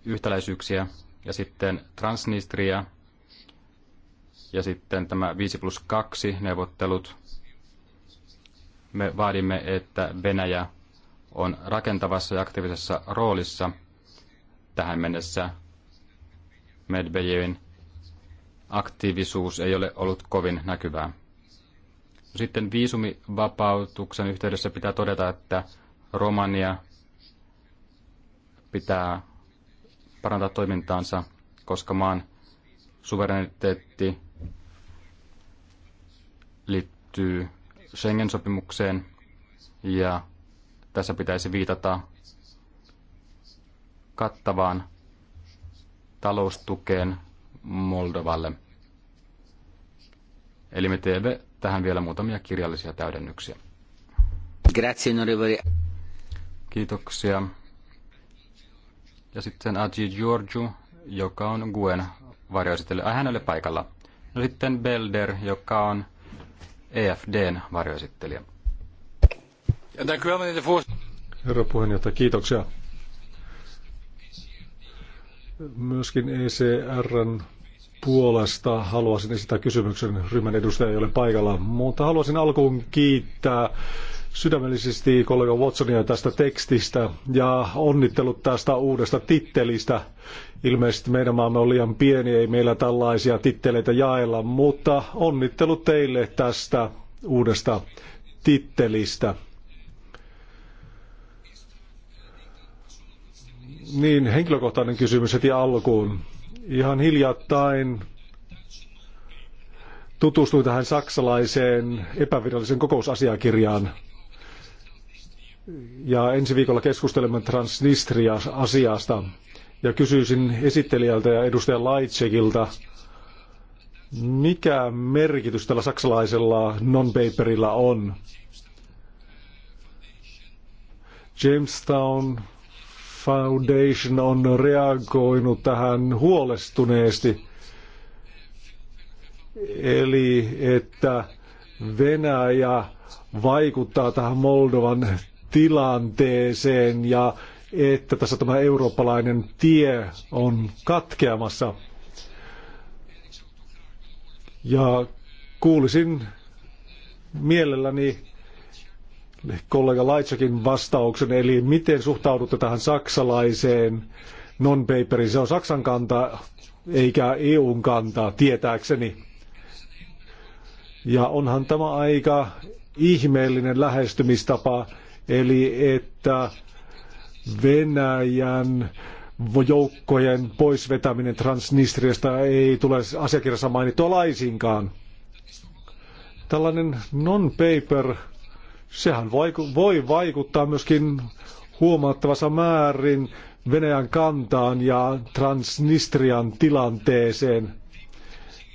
yhtäläisyyksiä. Ja sitten Transnistria ja sitten tämä 5 plus 2 neuvottelut. Me vaadimme, että Venäjä on rakentavassa ja aktiivisessa roolissa – tähän mennessä Medvedevin aktiivisuus ei ole ollut kovin näkyvää. Sitten viisumivapautuksen yhteydessä pitää todeta, että Romania pitää parantaa toimintaansa, koska maan suvereniteetti liittyy Schengen-sopimukseen ja tässä pitäisi viitata kattavaan taloustukeen Moldovalle. Eli me teemme tähän vielä muutamia kirjallisia täydennyksiä. Kiitoksia. Ja sitten Aji Giorgio, joka on Guen varjoesittelijä. Ai, hän oli paikalla. No sitten Belder, joka on EFDn varjoesittelijä. Herra puheenjohtaja, kiitoksia. Myöskin ECRn puolesta haluaisin esittää kysymyksen. Ryhmän edustaja ei ole paikalla, mutta haluaisin alkuun kiittää sydämellisesti kollega Watsonia tästä tekstistä ja onnittelut tästä uudesta tittelistä. Ilmeisesti meidän maamme on liian pieni, ei meillä tällaisia titteleitä jaella, mutta onnittelut teille tästä uudesta tittelistä. Niin, henkilökohtainen kysymys heti alkuun. Ihan hiljattain tutustuin tähän saksalaiseen epävirallisen kokousasiakirjaan. Ja ensi viikolla keskustelemme Transnistria-asiasta. Ja kysyisin esittelijältä ja edustaja Laitsekilta, mikä merkitys tällä saksalaisella non-paperilla on? Jamestown Foundation on reagoinut tähän huolestuneesti. Eli että Venäjä vaikuttaa tähän Moldovan tilanteeseen ja että tässä tämä eurooppalainen tie on katkeamassa. Ja kuulisin mielelläni kollega Laitsakin vastauksen, eli miten suhtaudutte tähän saksalaiseen non-paperiin? Se on Saksan kanta eikä EUn kanta, tietääkseni. Ja onhan tämä aika ihmeellinen lähestymistapa, eli että Venäjän joukkojen poisvetäminen Transnistriasta ei tule asiakirjassa mainittua laisinkaan. Tällainen non-paper Sehän voi vaikuttaa myöskin huomattavassa määrin Venäjän kantaan ja Transnistrian tilanteeseen.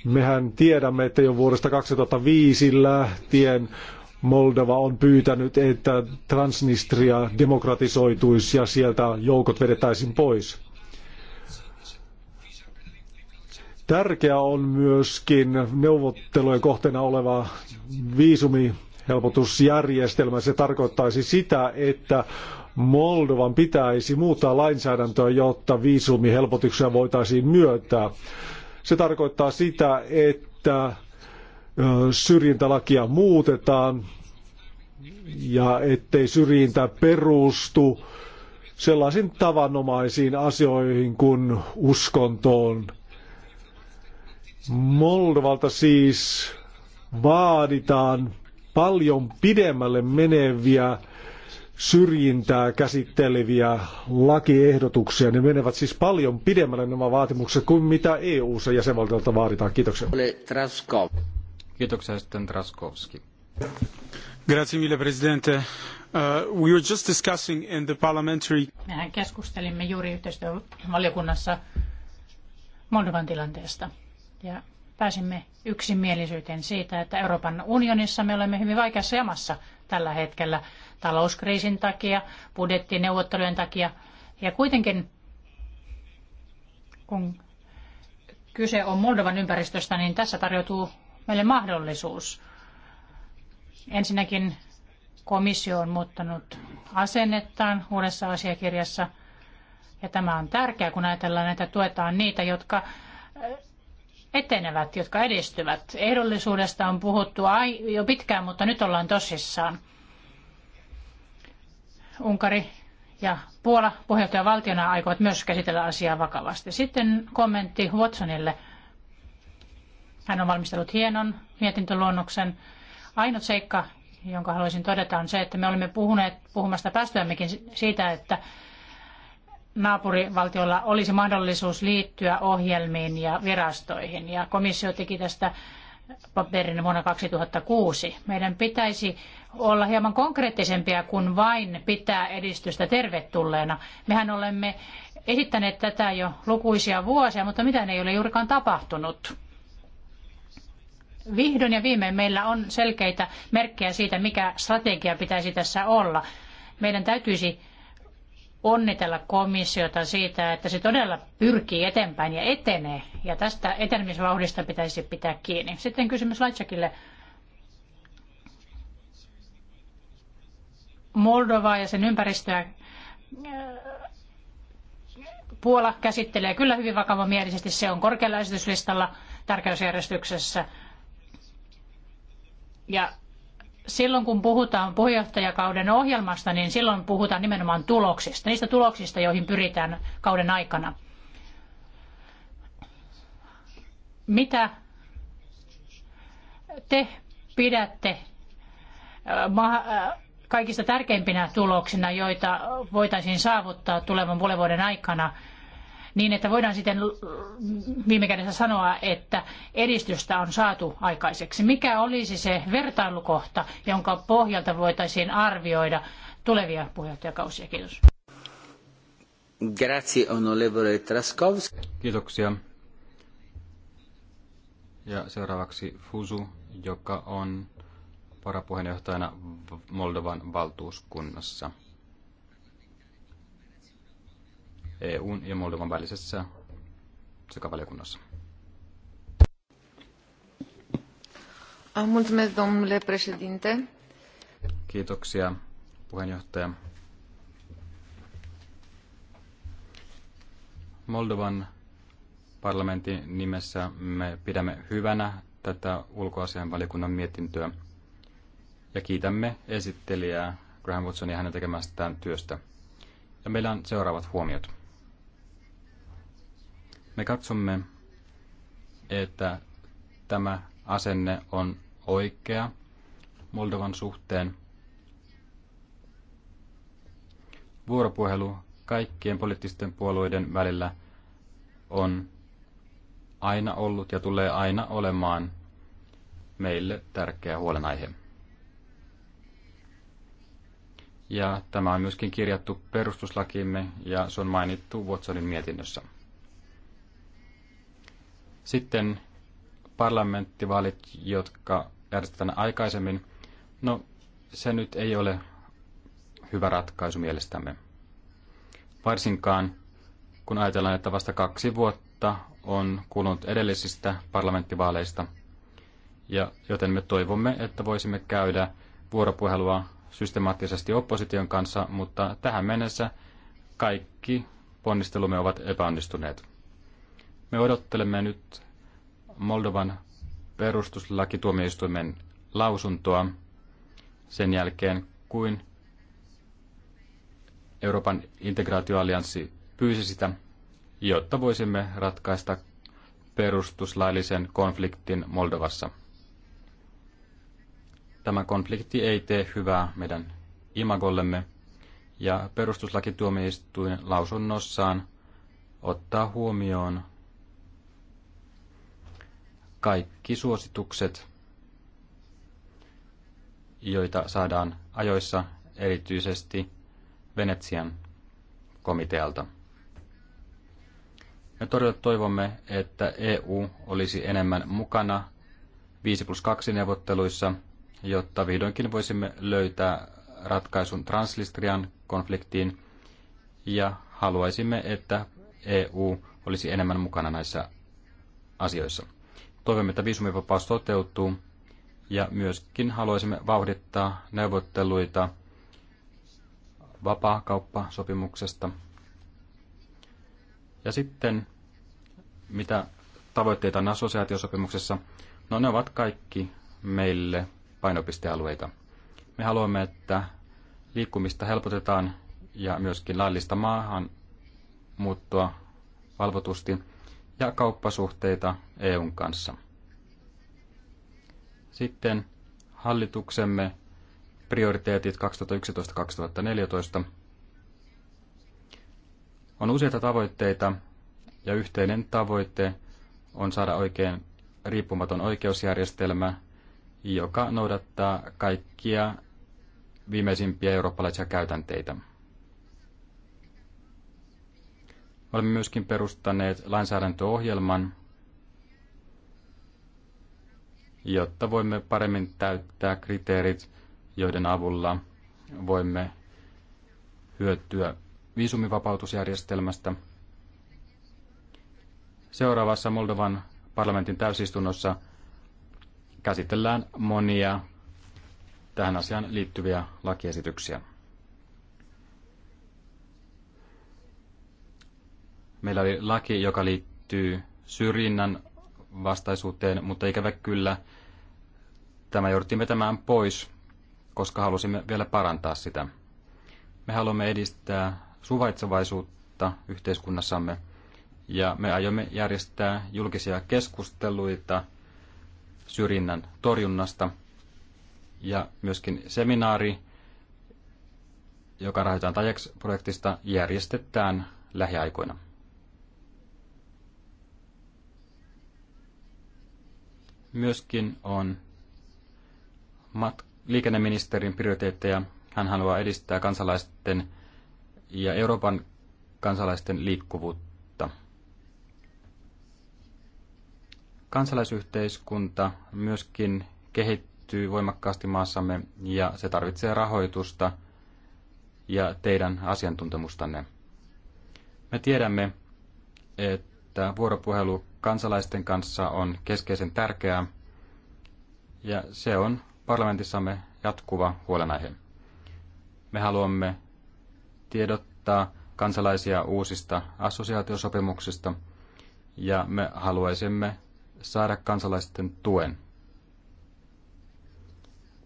Mehän tiedämme, että jo vuodesta 2005 lähtien Moldova on pyytänyt, että Transnistria demokratisoituisi ja sieltä joukot vedettäisiin pois. Tärkeää on myöskin neuvottelujen kohteena oleva viisumi helpotusjärjestelmä. Se tarkoittaisi sitä, että Moldovan pitäisi muuttaa lainsäädäntöä, jotta viisumihelpotuksia voitaisiin myöntää. Se tarkoittaa sitä, että syrjintälakia muutetaan ja ettei syrjintä perustu sellaisiin tavanomaisiin asioihin kuin uskontoon. Moldovalta siis vaaditaan paljon pidemmälle meneviä syrjintää käsitteleviä lakiehdotuksia. Ne menevät siis paljon pidemmälle nämä vaatimukset kuin mitä EU-ssa jäsenvaltiolta vaaditaan. Kiitoksia. Kiitoksia sitten Traskovski. Grazie mille, presidente. Uh, we were just discussing in the parliamentary... Mehän keskustelimme juuri yhteistyövaliokunnassa Moldovan tilanteesta ja pääsimme yksimielisyyteen siitä, että Euroopan unionissa me olemme hyvin vaikeassa jamassa tällä hetkellä talouskriisin takia, budjettineuvottelujen takia. Ja kuitenkin, kun kyse on Moldovan ympäristöstä, niin tässä tarjoutuu meille mahdollisuus. Ensinnäkin komissio on muuttanut asennettaan uudessa asiakirjassa. Ja tämä on tärkeää, kun ajatellaan, että tuetaan niitä, jotka etenevät, jotka edistyvät. Ehdollisuudesta on puhuttu jo pitkään, mutta nyt ollaan tosissaan. Unkari ja Puola puheenjohtajavaltiona aikovat myös käsitellä asiaa vakavasti. Sitten kommentti Watsonille. Hän on valmistellut hienon mietintöluonnoksen. Ainut seikka, jonka haluaisin todeta, on se, että me olemme puhuneet puhumasta päästöämmekin siitä, että naapurivaltiolla olisi mahdollisuus liittyä ohjelmiin ja virastoihin. Ja komissio teki tästä paperin vuonna 2006. Meidän pitäisi olla hieman konkreettisempia kuin vain pitää edistystä tervetulleena. Mehän olemme esittäneet tätä jo lukuisia vuosia, mutta mitään ei ole juurikaan tapahtunut. Vihdoin ja viimein meillä on selkeitä merkkejä siitä, mikä strategia pitäisi tässä olla. Meidän täytyisi onnitella komissiota siitä, että se todella pyrkii eteenpäin ja etenee. Ja tästä etenemisvauhdista pitäisi pitää kiinni. Sitten kysymys Laitsakille. Moldovaa ja sen ympäristöä äh, Puola käsittelee kyllä hyvin vakavamielisesti. Se on korkealla esityslistalla tärkeysjärjestyksessä. Ja silloin kun puhutaan puheenjohtajakauden ohjelmasta, niin silloin puhutaan nimenomaan tuloksista, niistä tuloksista, joihin pyritään kauden aikana. Mitä te pidätte äh, äh, kaikista tärkeimpinä tuloksina, joita voitaisiin saavuttaa tulevan puolen vuoden aikana – niin että voidaan sitten viime kädessä sanoa, että edistystä on saatu aikaiseksi. Mikä olisi se vertailukohta, jonka pohjalta voitaisiin arvioida tulevia puheenjohtajakausia? Kiitos. Grazie, onorevole Traskowski. Kiitoksia. Ja seuraavaksi Fusu, joka on varapuheenjohtajana Moldovan valtuuskunnassa. EUn ja Moldovan välisessä sekavaliokunnassa. Ah, mulțumesc, domnule președinte. Kiitoksia, puheenjohtaja. Moldovan parlamentin nimessä me pidämme hyvänä tätä ulkoasianvaliokunnan mietintöä ja kiitämme esittelijää Graham Woodsonia hänen tekemästään työstä. Ja meillä on seuraavat huomiot. Me katsomme, että tämä asenne on oikea Moldovan suhteen. Vuoropuhelu kaikkien poliittisten puolueiden välillä on aina ollut ja tulee aina olemaan meille tärkeä huolenaihe. Ja tämä on myöskin kirjattu perustuslakiimme ja se on mainittu Watsonin mietinnössä. Sitten parlamenttivaalit, jotka järjestetään aikaisemmin, no se nyt ei ole hyvä ratkaisu mielestämme. Varsinkaan kun ajatellaan, että vasta kaksi vuotta on kulunut edellisistä parlamenttivaaleista, ja joten me toivomme, että voisimme käydä vuoropuhelua systemaattisesti opposition kanssa, mutta tähän mennessä kaikki ponnistelumme ovat epäonnistuneet. Me odottelemme nyt Moldovan perustuslakituomioistuimen lausuntoa sen jälkeen, kuin Euroopan integraatioallianssi pyysi sitä, jotta voisimme ratkaista perustuslaillisen konfliktin Moldovassa. Tämä konflikti ei tee hyvää meidän imagollemme, ja perustuslakituomioistuin lausunnossaan ottaa huomioon kaikki suositukset, joita saadaan ajoissa erityisesti Venetsian komitealta. Me todella toivomme, että EU olisi enemmän mukana 5 plus 2 neuvotteluissa, jotta vihdoinkin voisimme löytää ratkaisun Translistrian konfliktiin ja haluaisimme, että EU olisi enemmän mukana näissä asioissa. Toivomme, että viisumivapaus toteutuu ja myöskin haluaisimme vauhdittaa neuvotteluita vapaakauppasopimuksesta. Ja sitten, mitä tavoitteita on assosiaatiosopimuksessa? No ne ovat kaikki meille painopistealueita. Me haluamme, että liikkumista helpotetaan ja myöskin laillista maahan muuttua valvotusti ja kauppasuhteita EUn kanssa. Sitten hallituksemme prioriteetit 2011-2014. On useita tavoitteita ja yhteinen tavoite on saada oikein riippumaton oikeusjärjestelmä, joka noudattaa kaikkia viimeisimpiä eurooppalaisia käytänteitä. Olemme myöskin perustaneet lainsäädäntöohjelman, jotta voimme paremmin täyttää kriteerit, joiden avulla voimme hyötyä viisumivapautusjärjestelmästä. Seuraavassa Moldovan parlamentin täysistunnossa käsitellään monia tähän asiaan liittyviä lakiesityksiä. Meillä oli laki, joka liittyy syrjinnän vastaisuuteen, mutta ikävä kyllä tämä jouduttiin vetämään pois, koska halusimme vielä parantaa sitä. Me haluamme edistää suvaitsevaisuutta yhteiskunnassamme ja me aiomme järjestää julkisia keskusteluita syrjinnän torjunnasta ja myöskin seminaari, joka rahoitetaan Tajex-projektista, järjestetään lähiaikoina. myöskin on mat- liikenneministerin prioriteetteja. Hän haluaa edistää kansalaisten ja Euroopan kansalaisten liikkuvuutta. Kansalaisyhteiskunta myöskin kehittyy voimakkaasti maassamme ja se tarvitsee rahoitusta ja teidän asiantuntemustanne. Me tiedämme, että vuoropuhelu kansalaisten kanssa on keskeisen tärkeää ja se on parlamentissamme jatkuva huolenaihe. Me haluamme tiedottaa kansalaisia uusista assosiaatiosopimuksista ja me haluaisimme saada kansalaisten tuen.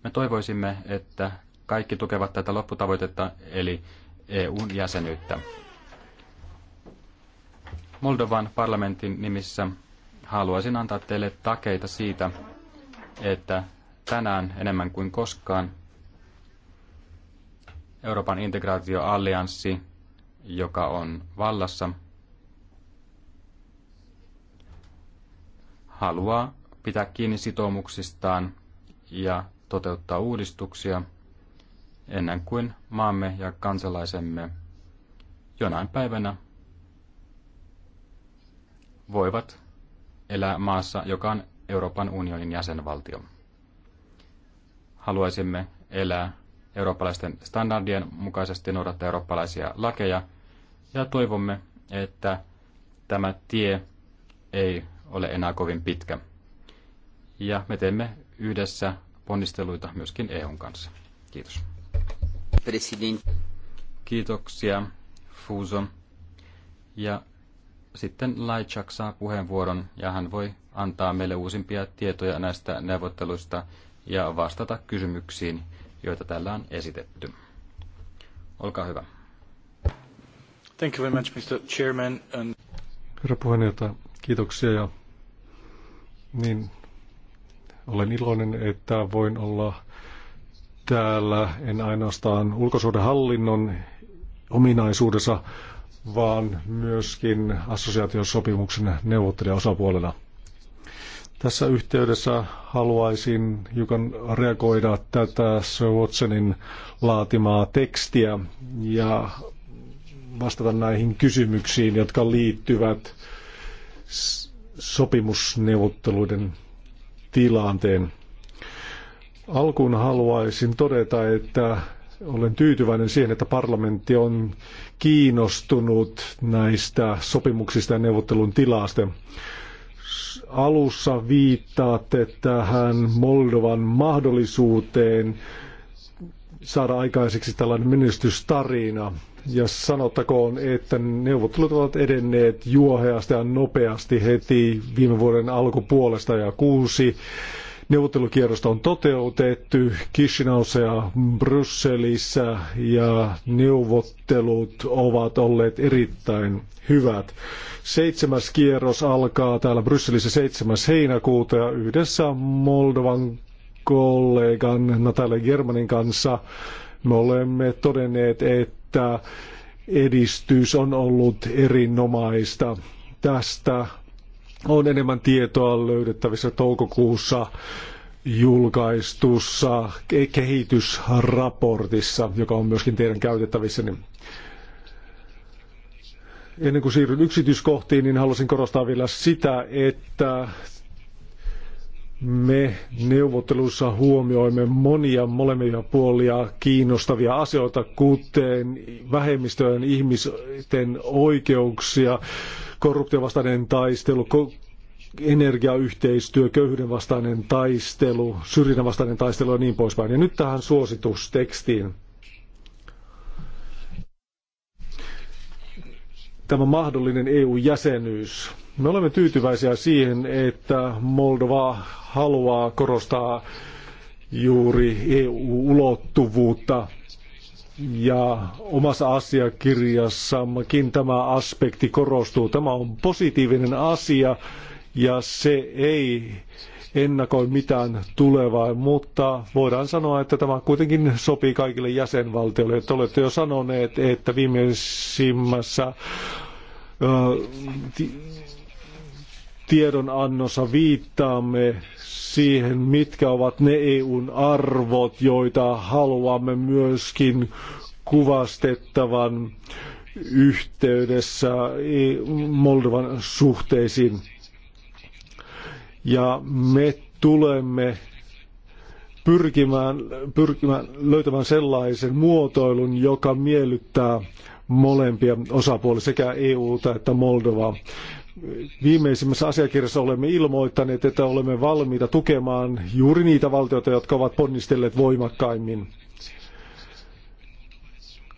Me toivoisimme, että kaikki tukevat tätä lopputavoitetta eli EUn jäsenyyttä. Moldovan parlamentin nimissä haluaisin antaa teille takeita siitä, että tänään enemmän kuin koskaan Euroopan integraatioallianssi, joka on vallassa, haluaa pitää kiinni sitoumuksistaan ja toteuttaa uudistuksia ennen kuin maamme ja kansalaisemme jonain päivänä voivat elää maassa, joka on Euroopan unionin jäsenvaltio. Haluaisimme elää eurooppalaisten standardien mukaisesti noudattaa eurooppalaisia lakeja ja toivomme, että tämä tie ei ole enää kovin pitkä. Ja me teemme yhdessä ponnisteluita myöskin EUn kanssa. Kiitos. President. Kiitoksia, Fuso. Ja sitten Lajczak saa puheenvuoron ja hän voi antaa meille uusimpia tietoja näistä neuvotteluista ja vastata kysymyksiin, joita täällä on esitetty. Olkaa hyvä. Thank you very much, Mr. Chairman. And... Herra puheenjohtaja, kiitoksia ja niin, olen iloinen, että voin olla täällä en ainoastaan ulkosuhdehallinnon ominaisuudessa, vaan myöskin assosiaatiosopimuksen osapuolena. Tässä yhteydessä haluaisin hiukan reagoida tätä Sir Watsonin laatimaa tekstiä ja vastata näihin kysymyksiin, jotka liittyvät sopimusneuvotteluiden tilanteen. Alkuun haluaisin todeta, että olen tyytyväinen siihen, että parlamentti on kiinnostunut näistä sopimuksista ja neuvottelun tilasta. Alussa viittaatte tähän Moldovan mahdollisuuteen saada aikaiseksi tällainen menestystarina. Ja sanottakoon, että neuvottelut ovat edenneet juoheasti ja nopeasti heti viime vuoden alkupuolesta ja kuusi neuvottelukierrosta on toteutettu Kishinaussa Brysselissä ja neuvottelut ovat olleet erittäin hyvät. Seitsemäs kierros alkaa täällä Brysselissä 7. heinäkuuta ja yhdessä Moldovan kollegan Natalia Germanin kanssa me olemme todenneet, että edistys on ollut erinomaista. Tästä on enemmän tietoa löydettävissä toukokuussa julkaistussa kehitysraportissa, joka on myöskin teidän käytettävissä. Niin ennen kuin siirryn yksityiskohtiin, niin haluaisin korostaa vielä sitä, että me neuvotteluissa huomioimme monia molemmia puolia kiinnostavia asioita, kuten vähemmistöjen ihmisten oikeuksia, korruptiovastainen taistelu, energiayhteistyö, köyhyyden vastainen taistelu, syrjinnän vastainen taistelu ja niin poispäin. Ja nyt tähän suositustekstiin. Tämä mahdollinen EU-jäsenyys. Me olemme tyytyväisiä siihen, että Moldova haluaa korostaa juuri EU-ulottuvuutta ja omassa asiakirjassammekin tämä aspekti korostuu. Tämä on positiivinen asia ja se ei ennakoi mitään tulevaa, mutta voidaan sanoa, että tämä kuitenkin sopii kaikille jäsenvaltioille. Te olette jo sanoneet, että viimeisimmässä tiedonannossa viittaamme siihen, mitkä ovat ne EUn arvot, joita haluamme myöskin kuvastettavan yhteydessä e Moldovan suhteisiin. Ja me tulemme pyrkimään, pyrkimään löytämään sellaisen muotoilun, joka miellyttää molempia osapuolia, sekä EUta että Moldovaa viimeisimmässä asiakirjassa olemme ilmoittaneet, että olemme valmiita tukemaan juuri niitä valtioita, jotka ovat ponnistelleet voimakkaimmin.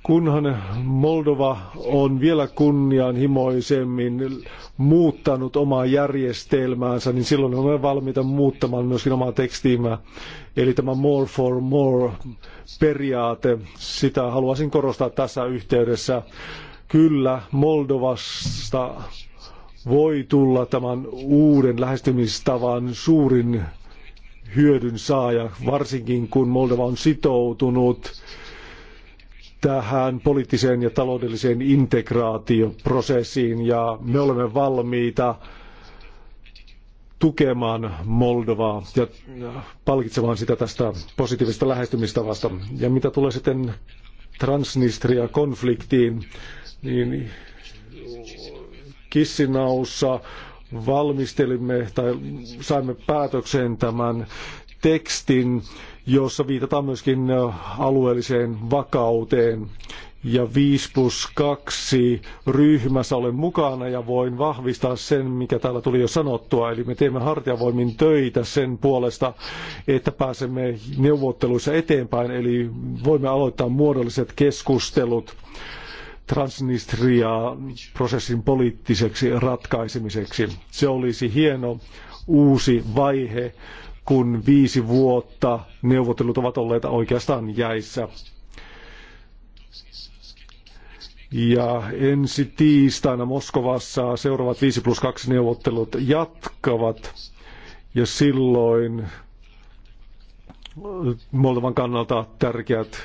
Kunhan Moldova on vielä kunnianhimoisemmin muuttanut omaa järjestelmäänsä, niin silloin olemme valmiita muuttamaan myöskin omaa tekstiimää. Eli tämä more for more periaate, sitä haluaisin korostaa tässä yhteydessä. Kyllä, Moldovasta voi tulla tämän uuden lähestymistavan suurin hyödyn saaja, varsinkin kun Moldova on sitoutunut tähän poliittiseen ja taloudelliseen integraatioprosessiin ja me olemme valmiita tukemaan Moldovaa ja palkitsemaan sitä tästä positiivisesta lähestymistavasta. Ja mitä tulee sitten Transnistria-konfliktiin, niin Kissinaussa valmistelimme tai saimme päätökseen tämän tekstin, jossa viitataan myöskin alueelliseen vakauteen. Ja 5 plus 2 ryhmässä olen mukana ja voin vahvistaa sen, mikä täällä tuli jo sanottua. Eli me teemme hartiavoimin töitä sen puolesta, että pääsemme neuvotteluissa eteenpäin, eli voimme aloittaa muodolliset keskustelut Transnistria-prosessin poliittiseksi ratkaisemiseksi. Se olisi hieno uusi vaihe, kun viisi vuotta neuvottelut ovat olleet oikeastaan jäissä. Ja ensi tiistaina Moskovassa seuraavat 5 plus 2 neuvottelut jatkavat. Ja silloin Moldovan kannalta tärkeät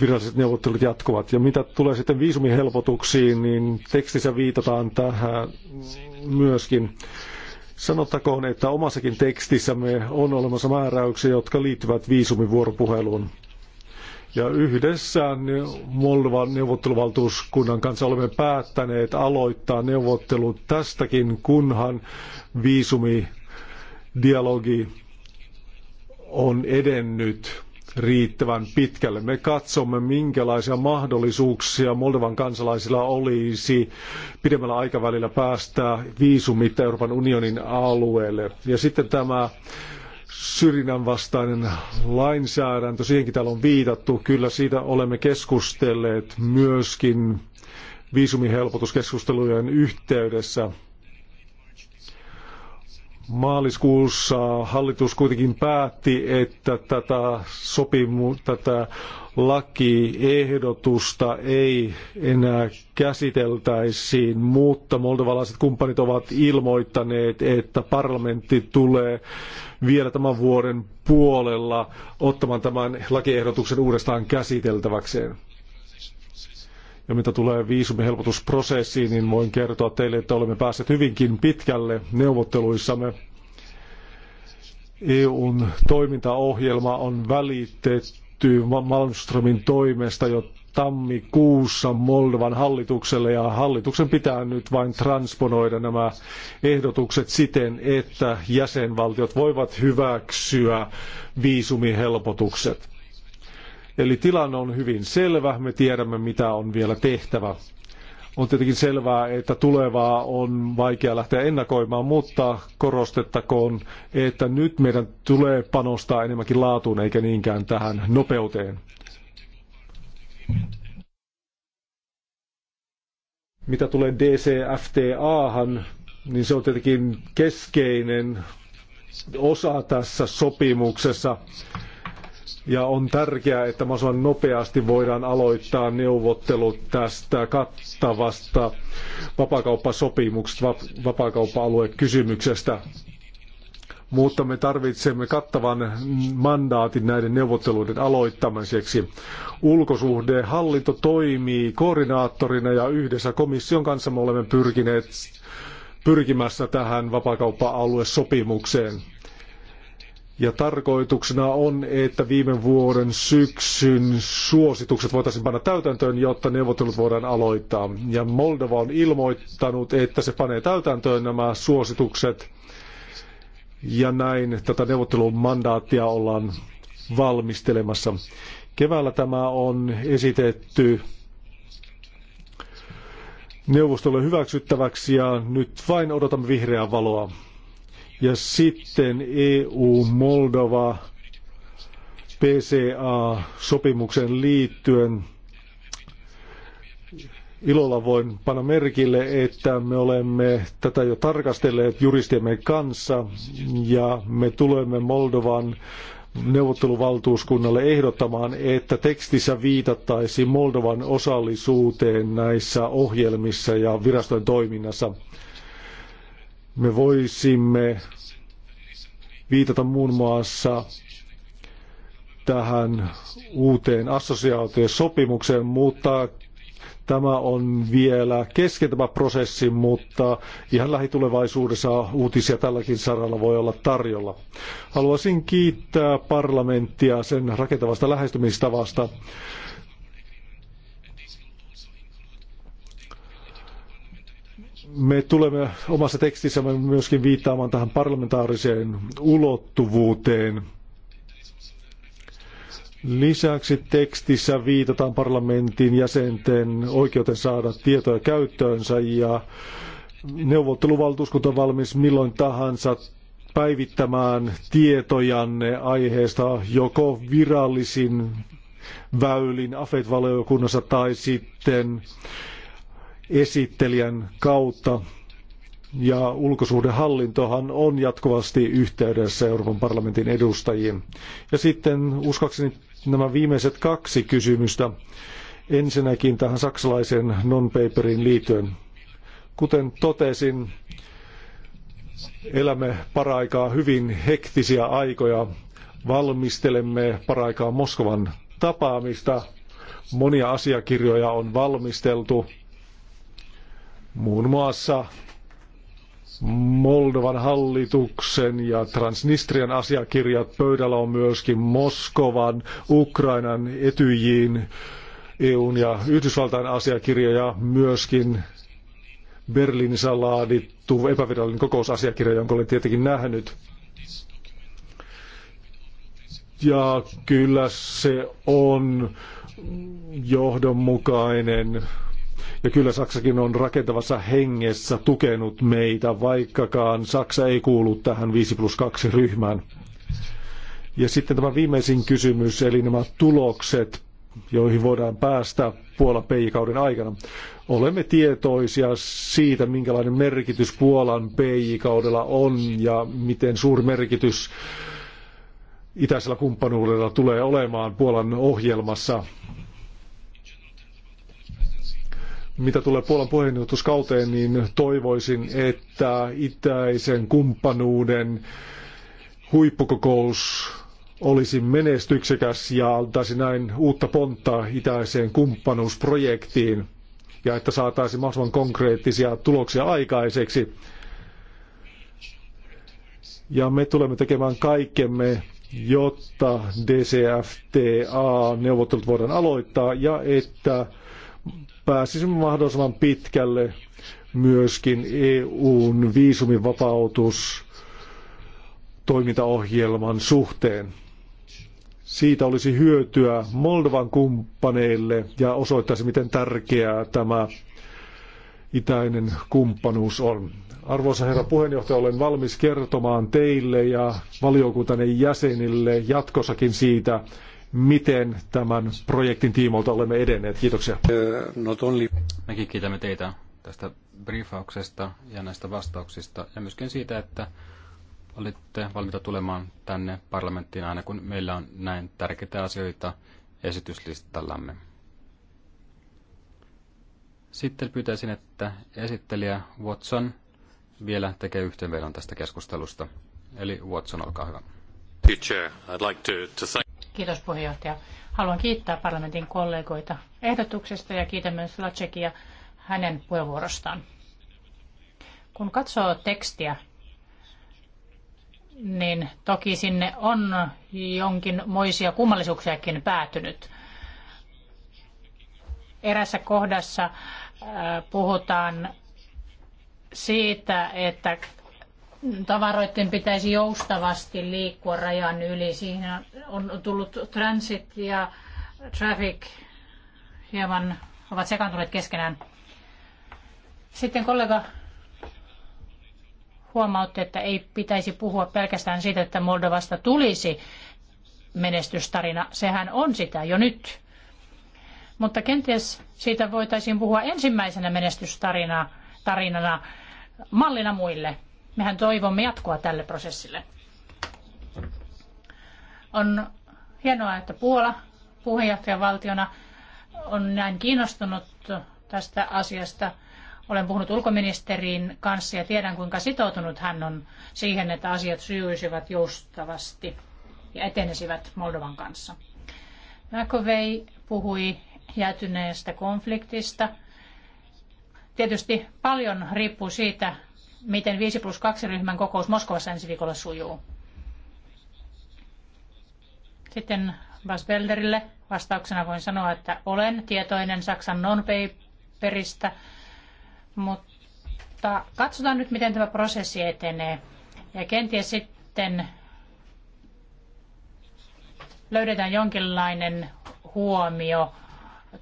viralliset neuvottelut jatkuvat. Ja mitä tulee sitten viisumihelpotuksiin, niin tekstissä viitataan tähän myöskin. Sanottakoon, että omassakin tekstissämme on olemassa määräyksiä, jotka liittyvät viisumivuoropuheluun. Ja yhdessä Moldovan neuvotteluvaltuuskunnan kanssa olemme päättäneet aloittaa neuvottelut tästäkin, kunhan viisumidialogi on edennyt riittävän pitkälle. Me katsomme, minkälaisia mahdollisuuksia Moldovan kansalaisilla olisi pidemmällä aikavälillä päästä viisumitta Euroopan unionin alueelle. Ja sitten tämä syrjinnän vastainen lainsäädäntö, siihenkin täällä on viitattu. Kyllä siitä olemme keskustelleet myöskin viisumihelpotuskeskustelujen yhteydessä. Maaliskuussa hallitus kuitenkin päätti, että tätä, sopimu, tätä lakiehdotusta ei enää käsiteltäisiin, mutta moldovalaiset kumppanit ovat ilmoittaneet, että parlamentti tulee vielä tämän vuoden puolella ottamaan tämän lakiehdotuksen uudestaan käsiteltäväkseen. Ja mitä tulee viisumihelpotusprosessiin, niin voin kertoa teille, että olemme päässeet hyvinkin pitkälle neuvotteluissamme. EUn toimintaohjelma on välitetty Malmströmin toimesta jo tammikuussa Moldovan hallitukselle ja hallituksen pitää nyt vain transponoida nämä ehdotukset siten, että jäsenvaltiot voivat hyväksyä viisumihelpotukset. Eli tilanne on hyvin selvä, me tiedämme mitä on vielä tehtävä. On tietenkin selvää, että tulevaa on vaikea lähteä ennakoimaan, mutta korostettakoon, että nyt meidän tulee panostaa enemmänkin laatuun eikä niinkään tähän nopeuteen. Mitä tulee DCFTAhan, niin se on tietenkin keskeinen osa tässä sopimuksessa. Ja on tärkeää, että mahdollisimman nopeasti voidaan aloittaa neuvottelut tästä kattavasta vapakauppasopimuksesta, vapakauppa aluekysymyksestä Mutta me tarvitsemme kattavan mandaatin näiden neuvotteluiden aloittamiseksi. Ulkosuhdehallinto toimii koordinaattorina ja yhdessä komission kanssa me olemme pyrkineet pyrkimässä tähän vapakauppa aluesopimukseen ja tarkoituksena on, että viime vuoden syksyn suositukset voitaisiin panna täytäntöön, jotta neuvottelut voidaan aloittaa. Ja Moldova on ilmoittanut, että se panee täytäntöön nämä suositukset. Ja näin tätä neuvottelun mandaattia ollaan valmistelemassa. Keväällä tämä on esitetty neuvostolle hyväksyttäväksi ja nyt vain odotamme vihreää valoa. Ja sitten EU-Moldova PCA-sopimuksen liittyen ilolla voin panna merkille, että me olemme tätä jo tarkastelleet juristiemme kanssa ja me tulemme Moldovan neuvotteluvaltuuskunnalle ehdottamaan, että tekstissä viitattaisiin Moldovan osallisuuteen näissä ohjelmissa ja virastojen toiminnassa. Me voisimme viitata muun muassa tähän uuteen assosiaatiosopimukseen, mutta tämä on vielä kesken tämä prosessi, mutta ihan lähitulevaisuudessa uutisia tälläkin saralla voi olla tarjolla. Haluaisin kiittää parlamenttia sen rakentavasta lähestymistavasta. me tulemme omassa tekstissämme myöskin viittaamaan tähän parlamentaariseen ulottuvuuteen. Lisäksi tekstissä viitataan parlamentin jäsenten oikeuteen saada tietoja käyttöönsä ja neuvotteluvaltuuskunta on valmis milloin tahansa päivittämään tietojanne aiheesta joko virallisin väylin AFET-valiokunnassa tai sitten esittelijän kautta. Ja ulkosuhdehallintohan on jatkuvasti yhteydessä Euroopan parlamentin edustajiin. Ja sitten uskakseni nämä viimeiset kaksi kysymystä. Ensinnäkin tähän saksalaiseen non-paperin liittyen. Kuten totesin, elämme paraikaa hyvin hektisiä aikoja. Valmistelemme paraikaa Moskovan tapaamista. Monia asiakirjoja on valmisteltu muun muassa Moldovan hallituksen ja Transnistrian asiakirjat. Pöydällä on myöskin Moskovan, Ukrainan, Etyjiin, EUn ja Yhdysvaltain asiakirja ja myöskin Berliinissä laadittu epävirallinen kokousasiakirja, jonka olen tietenkin nähnyt. Ja kyllä se on johdonmukainen ja kyllä Saksakin on rakentavassa hengessä tukenut meitä, vaikkakaan Saksa ei kuulu tähän 5 plus 2 ryhmään. Ja sitten tämä viimeisin kysymys, eli nämä tulokset, joihin voidaan päästä Puolan PJ-kauden aikana. Olemme tietoisia siitä, minkälainen merkitys Puolan PJ-kaudella on ja miten suuri merkitys itäisellä kumppanuudella tulee olemaan Puolan ohjelmassa. Mitä tulee Puolan puheenjohtajuuskauteen, niin toivoisin, että itäisen kumppanuuden huippukokous olisi menestyksekäs ja antaisi näin uutta pontta itäiseen kumppanuusprojektiin ja että saataisiin mahdollisimman konkreettisia tuloksia aikaiseksi. Ja me tulemme tekemään kaikkemme, jotta DCFTA-neuvottelut voidaan aloittaa ja että pääsisimme mahdollisimman pitkälle myöskin EUn viisumivapautus toimintaohjelman suhteen. Siitä olisi hyötyä Moldovan kumppaneille ja osoittaisi, miten tärkeää tämä itäinen kumppanuus on. Arvoisa herra puheenjohtaja, olen valmis kertomaan teille ja valiokuntanne jäsenille jatkossakin siitä, miten tämän projektin tiimoilta olemme edenneet. Kiitoksia. Eh, not only... Mekin kiitämme teitä tästä briefauksesta ja näistä vastauksista ja myöskin siitä, että olitte valmiita tulemaan tänne parlamenttiin aina kun meillä on näin tärkeitä asioita esityslistallamme. Sitten pyytäisin, että esittelijä Watson vielä tekee yhteenvedon tästä keskustelusta. Eli Watson, olkaa hyvä. Kiitos puheenjohtaja. Haluan kiittää parlamentin kollegoita ehdotuksesta ja kiitän myös Lacekia hänen puheenvuorostaan. Kun katsoo tekstiä, niin toki sinne on jonkinmoisia kummallisuuksiakin päätynyt. Erässä kohdassa äh, puhutaan siitä, että tavaroiden pitäisi joustavasti liikkua rajan yli. Siinä on tullut transit ja traffic hieman ovat sekaantuneet keskenään. Sitten kollega huomautti, että ei pitäisi puhua pelkästään siitä, että Moldovasta tulisi menestystarina. Sehän on sitä jo nyt. Mutta kenties siitä voitaisiin puhua ensimmäisenä menestystarinana, tarinana, mallina muille – Mehän toivomme jatkoa tälle prosessille. On hienoa, että Puola puheenjohtajavaltiona on näin kiinnostunut tästä asiasta. Olen puhunut ulkoministerin kanssa ja tiedän, kuinka sitoutunut hän on siihen, että asiat sujuisivat joustavasti ja etenisivät Moldovan kanssa. McAvey puhui jäätyneestä konfliktista. Tietysti paljon riippuu siitä, miten 5 plus 2 ryhmän kokous Moskovassa ensi viikolla sujuu. Sitten Bas Belderille vastauksena voin sanoa, että olen tietoinen Saksan non-paperista, mutta katsotaan nyt, miten tämä prosessi etenee. Ja kenties sitten löydetään jonkinlainen huomio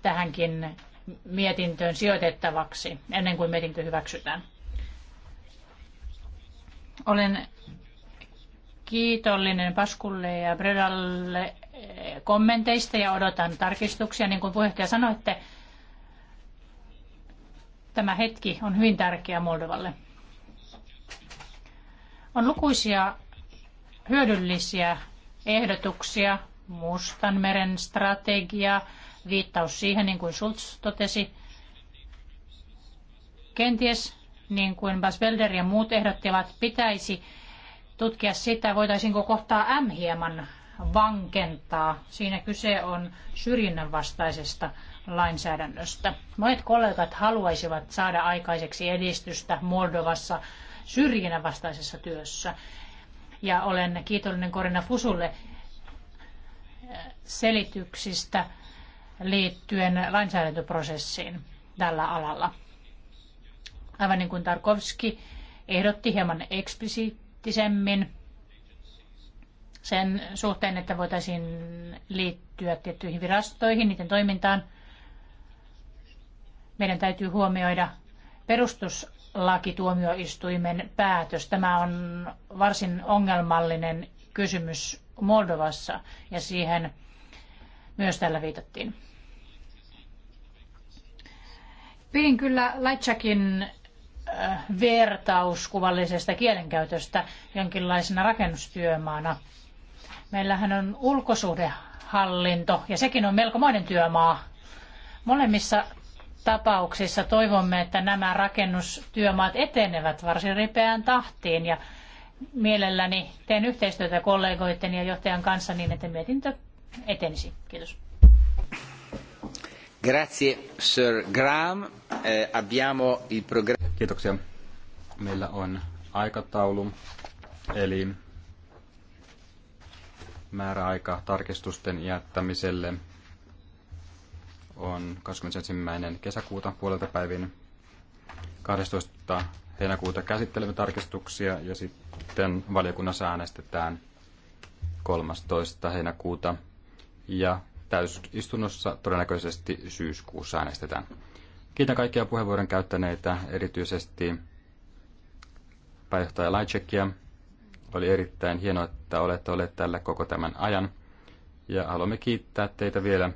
tähänkin mietintöön sijoitettavaksi ennen kuin mietintö hyväksytään. Olen kiitollinen Paskulle ja Bredalle eh, kommenteista ja odotan tarkistuksia. Niin kuin puheenjohtaja että tämä hetki on hyvin tärkeä Moldovalle. On lukuisia hyödyllisiä ehdotuksia, Mustanmeren strategia, viittaus siihen, niin kuin Schulz totesi. Kenties niin kuin Bas Belder ja muut ehdottivat, pitäisi tutkia sitä, voitaisiinko kohtaa M hieman vankentaa. Siinä kyse on syrjinnän vastaisesta lainsäädännöstä. Monet kollegat haluaisivat saada aikaiseksi edistystä Moldovassa syrjinnän vastaisessa työssä. Ja olen kiitollinen Korina Fusulle eh, selityksistä liittyen lainsäädäntöprosessiin tällä alalla aivan niin kuin Tarkovski ehdotti hieman eksplisiittisemmin sen suhteen, että voitaisiin liittyä tiettyihin virastoihin, niiden toimintaan. Meidän täytyy huomioida perustuslakituomioistuimen päätös. Tämä on varsin ongelmallinen kysymys Moldovassa ja siihen myös tällä viitattiin. Pidin kyllä Laitsakin vertaus kuvallisesta kielenkäytöstä jonkinlaisena rakennustyömaana. Meillähän on ulkosuhdehallinto ja sekin on melkomainen työmaa. Molemmissa tapauksissa toivomme, että nämä rakennustyömaat etenevät varsin ripeään tahtiin ja mielelläni teen yhteistyötä kollegoiden ja johtajan kanssa niin, että mietintö etenisi. Kiitos. Eh, Meillä on aikataulu, eli määräaika tarkistusten jättämiselle on 21. kesäkuuta puolelta päivin. 12. heinäkuuta käsittelemme tarkistuksia ja sitten valiokunnassa äänestetään 13. heinäkuuta ja täysistunnossa todennäköisesti syyskuussa äänestetään. Kiitän kaikkia puheenvuoron käyttäneitä, erityisesti pääjohtaja Laitsekia. Oli erittäin hienoa, että olette olleet tällä koko tämän ajan. Ja haluamme kiittää teitä vielä.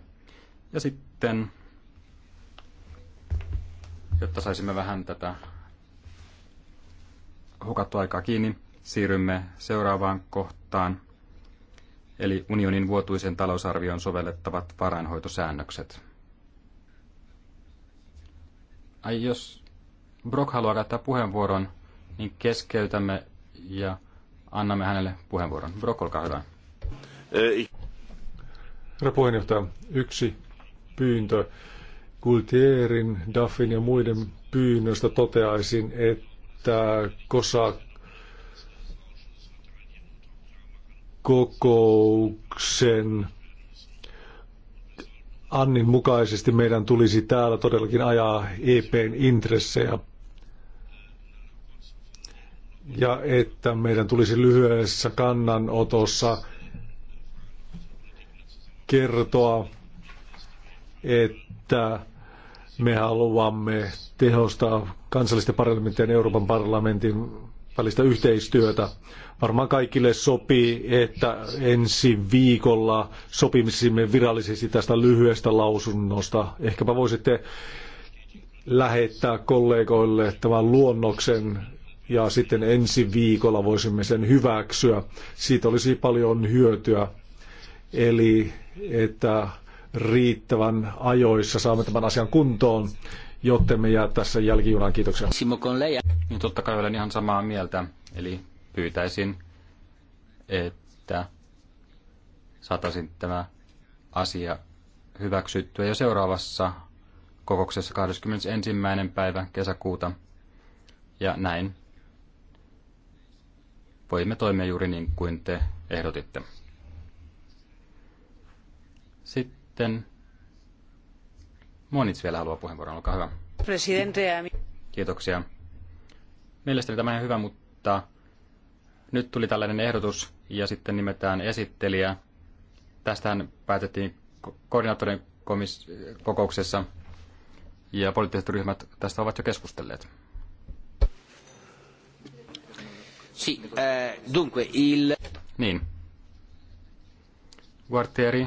Ja sitten, jotta saisimme vähän tätä hukattua aikaa kiinni, siirrymme seuraavaan kohtaan eli unionin vuotuisen talousarvioon sovellettavat varainhoitosäännökset. Ai jos Brock haluaa käyttää puheenvuoron, niin keskeytämme ja annamme hänelle puheenvuoron. Brock, olkaa hyvä. Ei. Herra puheenjohtaja, yksi pyyntö. Gultierin, Duffin ja muiden pyynnöstä toteaisin, että koska kokouksen annin mukaisesti meidän tulisi täällä todellakin ajaa EPn intressejä. Ja että meidän tulisi lyhyessä kannanotossa kertoa, että me haluamme tehostaa kansallisten parlamenttien ja Euroopan parlamentin välistä yhteistyötä. Varmaan kaikille sopii, että ensi viikolla sopimisimme virallisesti tästä lyhyestä lausunnosta. Ehkäpä voisitte lähettää kollegoille tämän luonnoksen ja sitten ensi viikolla voisimme sen hyväksyä. Siitä olisi paljon hyötyä. Eli että riittävän ajoissa saamme tämän asian kuntoon, jotta me jää tässä jälkijunaan. Kiitoksia. Simo Konleja. Niin totta kai olen ihan samaa mieltä. Eli pyytäisin, että saataisiin tämä asia hyväksyttyä jo seuraavassa kokouksessa 21. päivä kesäkuuta. Ja näin voimme toimia juuri niin kuin te ehdotitte. Sitten Monits vielä haluaa puheenvuoron, olkaa hyvä. Presidente. Kiitoksia. Mielestäni tämä on hyvä, mutta nyt tuli tällainen ehdotus ja sitten nimetään esittelijä. Tästähän päätettiin koordinaattorin kokouksessa ja poliittiset ryhmät tästä ovat jo keskustelleet. Sì, äh, dunque il... Niin. Guartieri,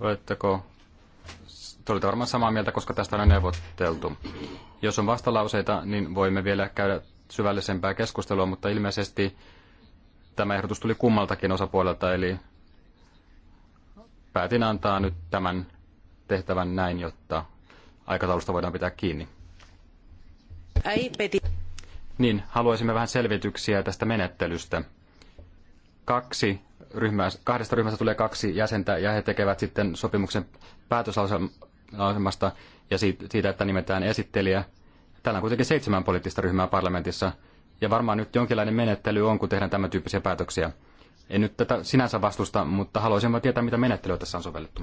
oletteko... Te olette varmaan samaa mieltä, koska tästä on neuvoteltu. Jos on vastalauseita, niin voimme vielä käydä syvällisempää keskustelua, mutta ilmeisesti tämä ehdotus tuli kummaltakin osapuolelta, eli päätin antaa nyt tämän tehtävän näin, jotta aikataulusta voidaan pitää kiinni. Ai, Peti. Niin, haluaisimme vähän selvityksiä tästä menettelystä. Kaksi ryhmää, kahdesta ryhmästä tulee kaksi jäsentä ja he tekevät sitten sopimuksen päätöslausemasta ja siitä, että nimetään esittelijä. Täällä on kuitenkin seitsemän poliittista ryhmää parlamentissa, ja varmaan nyt jonkinlainen menettely on, kun tehdään tämän tyyppisiä päätöksiä. En nyt tätä sinänsä vastusta, mutta haluaisin tietää, mitä menettelyä tässä on sovellettu.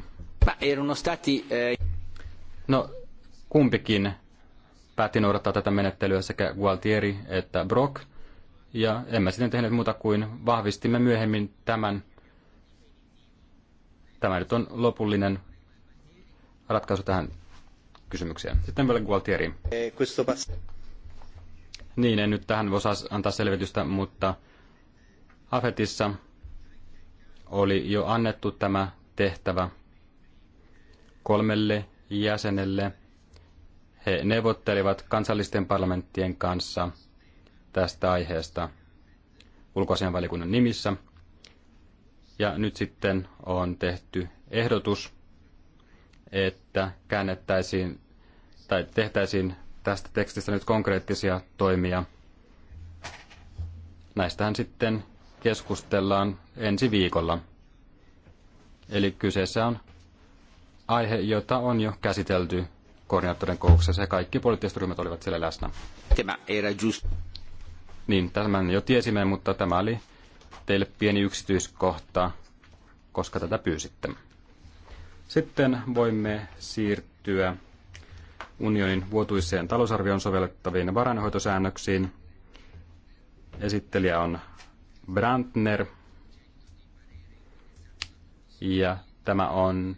Eh, no, kumpikin päätti noudattaa tätä menettelyä sekä Gualtieri että Brock, ja emme sitten tehneet muuta kuin vahvistimme myöhemmin tämän. Tämä nyt on lopullinen ratkaisu tähän kysymykseen. Sitten vielä Gualtieri. Niin, en nyt tähän osaa antaa selvitystä, mutta Afetissa oli jo annettu tämä tehtävä kolmelle jäsenelle. He neuvottelivat kansallisten parlamenttien kanssa tästä aiheesta ulkoasianvalikunnan nimissä. Ja nyt sitten on tehty ehdotus että käännettäisiin tai tehtäisiin tästä tekstistä nyt konkreettisia toimia. Näistähän sitten keskustellaan ensi viikolla. Eli kyseessä on aihe, jota on jo käsitelty koordinaattorin kouksessa ja kaikki poliittiset ryhmät olivat siellä läsnä. Tämä era just... Niin, tämän jo tiesimme, mutta tämä oli teille pieni yksityiskohta, koska tätä pyysitte. Sitten voimme siirtyä unionin vuotuiseen talousarvioon sovellettaviin varainhoitosäännöksiin. Esittelijä on Brandner. Ja tämä on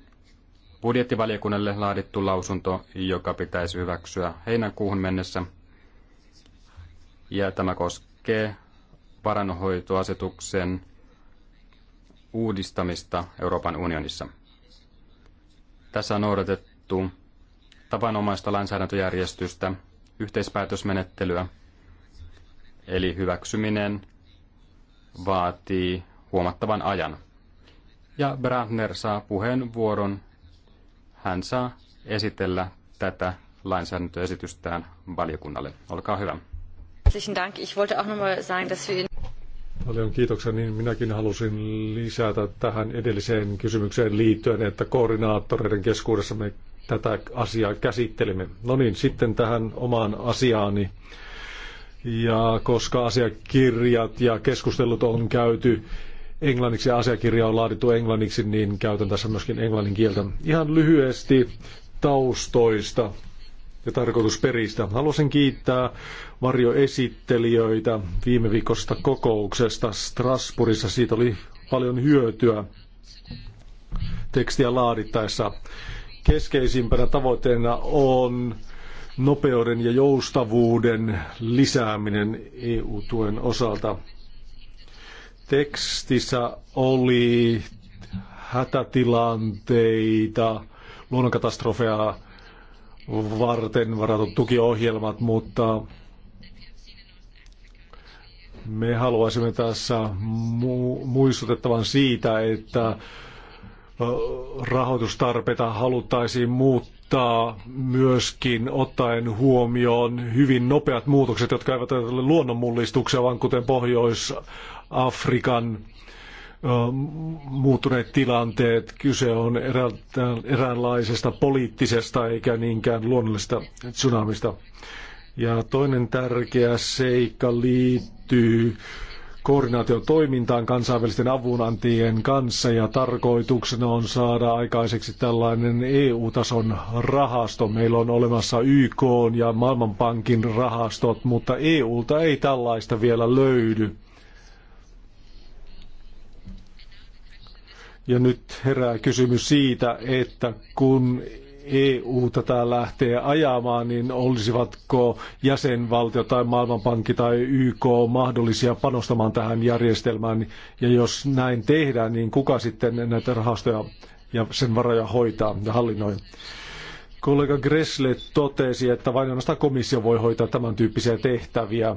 budjettivaliokunnalle laadittu lausunto, joka pitäisi hyväksyä heinäkuuhun mennessä. Ja tämä koskee varanhoitoasetuksen uudistamista Euroopan unionissa. Tässä on noudatettu tavanomaista lainsäädäntöjärjestystä, yhteispäätösmenettelyä, eli hyväksyminen vaatii huomattavan ajan. Ja Brandner saa puheenvuoron. Hän saa esitellä tätä lainsäädäntöesitystään valiokunnalle. Olkaa hyvä. Herzlichen Dank. Ich wollte auch sagen, dass wir Paljon kiitoksia, niin minäkin halusin lisätä tähän edelliseen kysymykseen liittyen, että koordinaattoreiden keskuudessa me tätä asiaa käsittelimme. No niin, sitten tähän omaan asiaani. Ja koska asiakirjat ja keskustelut on käyty englanniksi ja asiakirja on laadittu englanniksi, niin käytän tässä myöskin englannin kieltä. Ihan lyhyesti taustoista ja tarkoitusperistä. Haluaisin kiittää varjoesittelijöitä viime viikosta kokouksesta Strasbourgissa. Siitä oli paljon hyötyä tekstiä laadittaessa. Keskeisimpänä tavoitteena on nopeuden ja joustavuuden lisääminen EU-tuen osalta. Tekstissä oli hätätilanteita, luonnonkatastrofeja varten varatut tukiohjelmat, mutta me haluaisimme tässä mu- muistutettavan siitä, että rahoitustarpeita haluttaisiin muuttaa myöskin ottaen huomioon hyvin nopeat muutokset, jotka eivät ole luonnonmullistuksia, vaan kuten Pohjois-Afrikan muuttuneet tilanteet. Kyse on eräänlaisesta poliittisesta eikä niinkään luonnollisesta tsunamista. Ja toinen tärkeä seikka liittyy koordinaatiotoimintaan kansainvälisten avunantien kanssa ja tarkoituksena on saada aikaiseksi tällainen EU-tason rahasto. Meillä on olemassa YK ja Maailmanpankin rahastot, mutta EUlta ei tällaista vielä löydy. Ja nyt herää kysymys siitä, että kun EU tätä lähtee ajamaan, niin olisivatko jäsenvaltio tai Maailmanpankki tai YK mahdollisia panostamaan tähän järjestelmään? Ja jos näin tehdään, niin kuka sitten näitä rahastoja ja sen varoja hoitaa ja hallinnoi? Kollega Gressle totesi, että vain ainoastaan komissio voi hoitaa tämän tyyppisiä tehtäviä.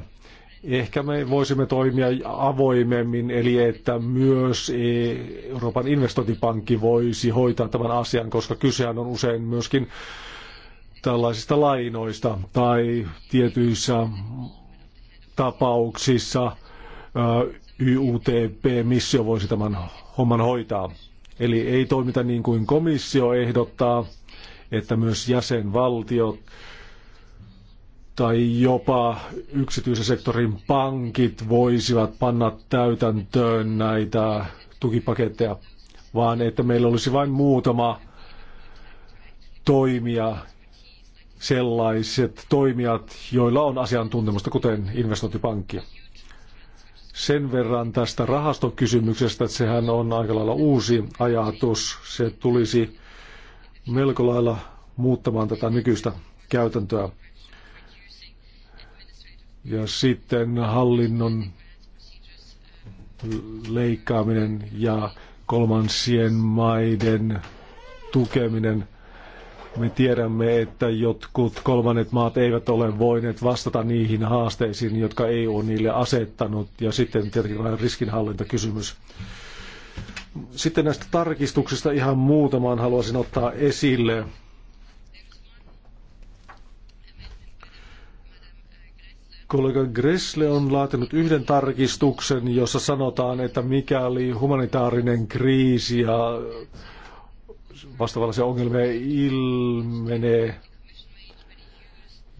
Ehkä me voisimme toimia avoimemmin, eli että myös e- Euroopan investointipankki voisi hoitaa tämän asian, koska kysehän on usein myöskin tällaisista lainoista tai tietyissä tapauksissa YUTP-missio voisi tämän homman hoitaa. Eli ei toimita niin kuin komissio ehdottaa, että myös jäsenvaltiot tai jopa yksityisen sektorin pankit voisivat panna täytäntöön näitä tukipaketteja, vaan että meillä olisi vain muutama toimija, sellaiset toimijat, joilla on asiantuntemusta, kuten investointipankki. Sen verran tästä rahastokysymyksestä, että sehän on aika lailla uusi ajatus. Se tulisi melko lailla muuttamaan tätä nykyistä käytäntöä. Ja sitten hallinnon leikkaaminen ja kolmansien maiden tukeminen. Me tiedämme, että jotkut kolmannet maat eivät ole voineet vastata niihin haasteisiin, jotka EU on niille asettanut. Ja sitten tietenkin riskinhallintakysymys. Sitten näistä tarkistuksista ihan muutamaan haluaisin ottaa esille. Kollega Gressle on laatinut yhden tarkistuksen, jossa sanotaan, että mikäli humanitaarinen kriisi ja vastaavallisia ongelmia ilmenee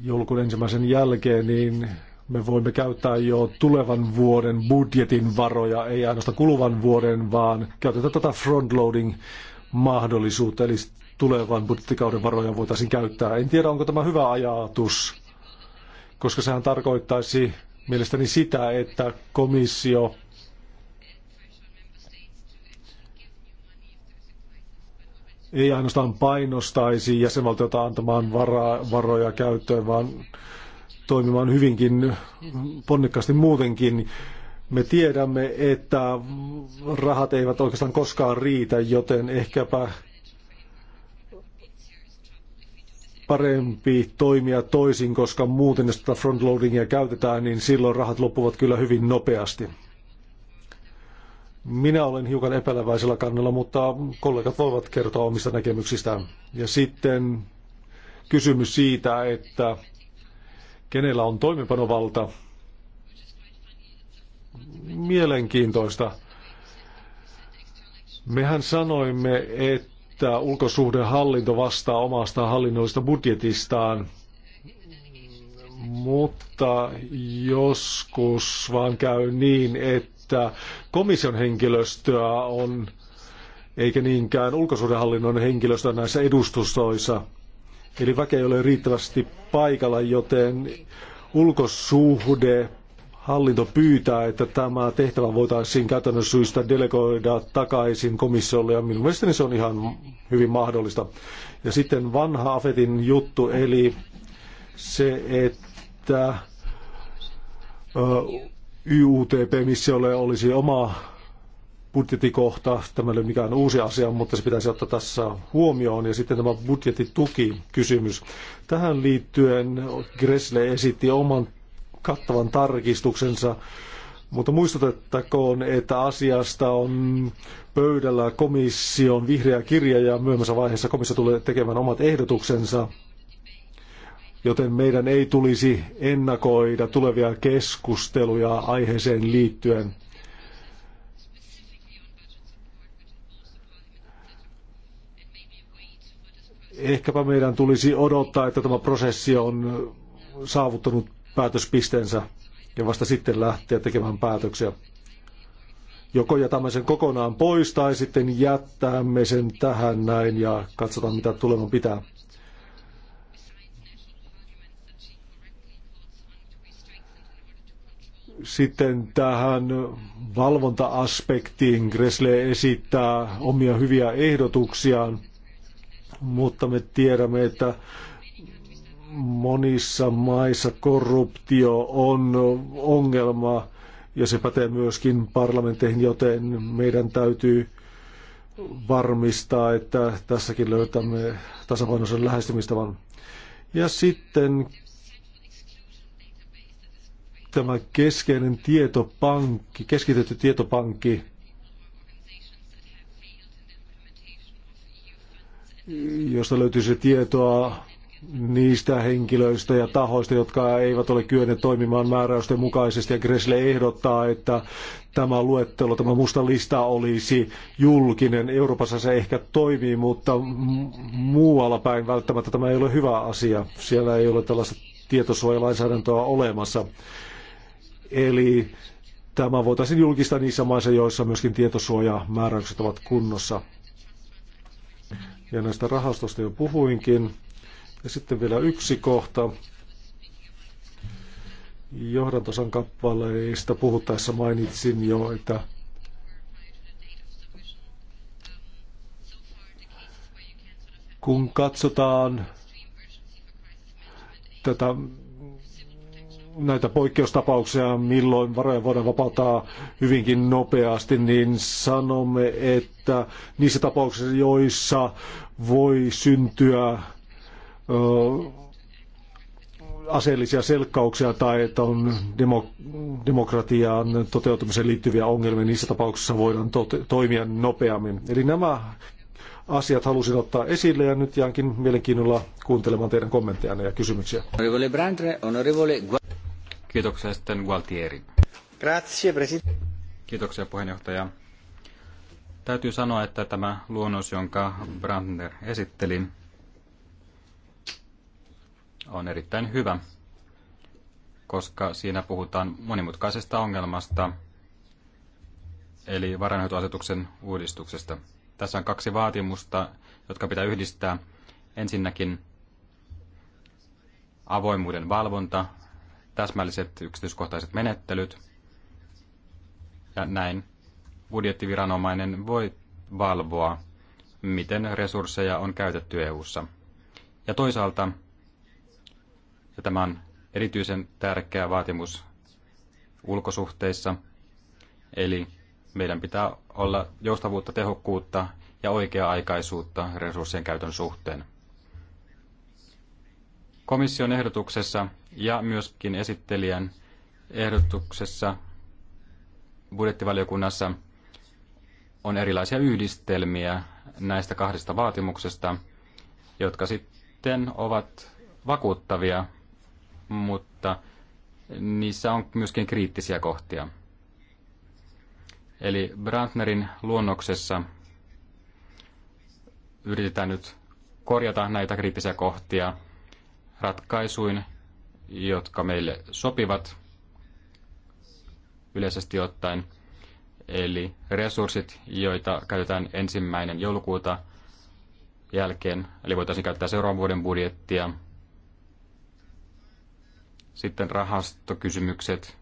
joulukuun ensimmäisen jälkeen, niin me voimme käyttää jo tulevan vuoden budjetin varoja, ei ainoastaan kuluvan vuoden, vaan käytetään tätä frontloading-mahdollisuutta, eli tulevan budjettikauden varoja voitaisiin käyttää. En tiedä, onko tämä hyvä ajatus koska sehän tarkoittaisi mielestäni sitä, että komissio ei ainoastaan painostaisi jäsenvaltiota antamaan varaa, varoja käyttöön, vaan toimimaan hyvinkin ponnekkaasti muutenkin. Me tiedämme, että rahat eivät oikeastaan koskaan riitä, joten ehkäpä parempi toimia toisin, koska muuten jos tätä frontloadingia käytetään, niin silloin rahat loppuvat kyllä hyvin nopeasti. Minä olen hiukan epäileväisellä kannalla, mutta kollegat voivat kertoa omista näkemyksistään. Ja sitten kysymys siitä, että kenellä on toimenpanovalta. Mielenkiintoista. Mehän sanoimme, että että ulkosuhdehallinto vastaa omasta hallinnoista budjetistaan, mutta joskus vaan käy niin, että komission henkilöstöä on eikä niinkään ulkosuhdehallinnon henkilöstöä näissä edustustoissa. Eli väkeä ei ole riittävästi paikalla, joten ulkosuhde hallinto pyytää, että tämä tehtävä voitaisiin käytännön syistä delegoida takaisin komissiolle, ja minun mielestäni se on ihan hyvin mahdollista. Ja sitten vanha Afetin juttu, eli se, että YUTP-missiolle olisi oma budjettikohta, tämä ei ole mikään uusi asia, mutta se pitäisi ottaa tässä huomioon. Ja sitten tämä budjettitukikysymys. kysymys Tähän liittyen Gressle esitti oman kattavan tarkistuksensa, mutta muistutettakoon, että asiasta on pöydällä komission vihreä kirja ja myöhemmässä vaiheessa komissio tulee tekemään omat ehdotuksensa, joten meidän ei tulisi ennakoida tulevia keskusteluja aiheeseen liittyen. ehkäpä meidän tulisi odottaa, että tämä prosessi on saavuttanut päätöspisteensä ja vasta sitten lähteä tekemään päätöksiä. Joko jätämme sen kokonaan pois tai sitten jättämme sen tähän näin ja katsotaan mitä tuleman pitää. sitten tähän valvonta-aspektiin Gresle esittää omia hyviä ehdotuksiaan, mutta me tiedämme, että monissa maissa korruptio on ongelma ja se pätee myöskin parlamentteihin, joten meidän täytyy varmistaa, että tässäkin löytämme tasapainoisen lähestymistavan. Ja sitten tämä keskeinen tietopankki, keskitetty tietopankki, josta löytyisi tietoa niistä henkilöistä ja tahoista, jotka eivät ole kyenneet toimimaan määräysten mukaisesti. Ja Gressle ehdottaa, että tämä luettelo, tämä musta lista olisi julkinen. Euroopassa se ehkä toimii, mutta muualla päin välttämättä tämä ei ole hyvä asia. Siellä ei ole tällaista tietosuojalainsäädäntöä olemassa. Eli tämä voitaisiin julkistaa niissä maissa, joissa myöskin tietosuojamääräykset ovat kunnossa. Ja näistä rahastosta jo puhuinkin. Ja sitten vielä yksi kohta. Johdantosan kappaleista puhuttaessa mainitsin jo, että kun katsotaan tätä, näitä poikkeustapauksia, milloin varoja voidaan vapauttaa hyvinkin nopeasti, niin sanomme, että niissä tapauksissa, joissa voi syntyä aseellisia selkkauksia tai että on demo, demokratiaan toteutumiseen liittyviä ongelmia, niin niissä tapauksissa voidaan toimia nopeammin. Eli nämä asiat halusin ottaa esille ja nyt jäänkin mielenkiinnolla kuuntelemaan teidän kommenttejanne ja kysymyksiä. Kiitoksia sitten Gualtieri. Grazie, Kiitoksia puheenjohtaja. Täytyy sanoa, että tämä luonnos, jonka Brandner esitteli, on erittäin hyvä, koska siinä puhutaan monimutkaisesta ongelmasta, eli varainhoitoasetuksen uudistuksesta. Tässä on kaksi vaatimusta, jotka pitää yhdistää. Ensinnäkin avoimuuden valvonta, täsmälliset yksityiskohtaiset menettelyt, ja näin budjettiviranomainen voi valvoa, miten resursseja on käytetty EU:ssa. Ja toisaalta ja tämä on erityisen tärkeä vaatimus ulkosuhteissa. Eli meidän pitää olla joustavuutta, tehokkuutta ja oikea-aikaisuutta resurssien käytön suhteen. Komission ehdotuksessa ja myöskin esittelijän ehdotuksessa budjettivaliokunnassa on erilaisia yhdistelmiä näistä kahdesta vaatimuksesta, jotka sitten ovat vakuuttavia mutta niissä on myöskin kriittisiä kohtia. Eli Brandnerin luonnoksessa yritetään nyt korjata näitä kriittisiä kohtia ratkaisuin, jotka meille sopivat yleisesti ottaen. Eli resurssit, joita käytetään ensimmäinen joulukuuta jälkeen, eli voitaisiin käyttää seuraavan vuoden budjettia – sitten rahastokysymykset.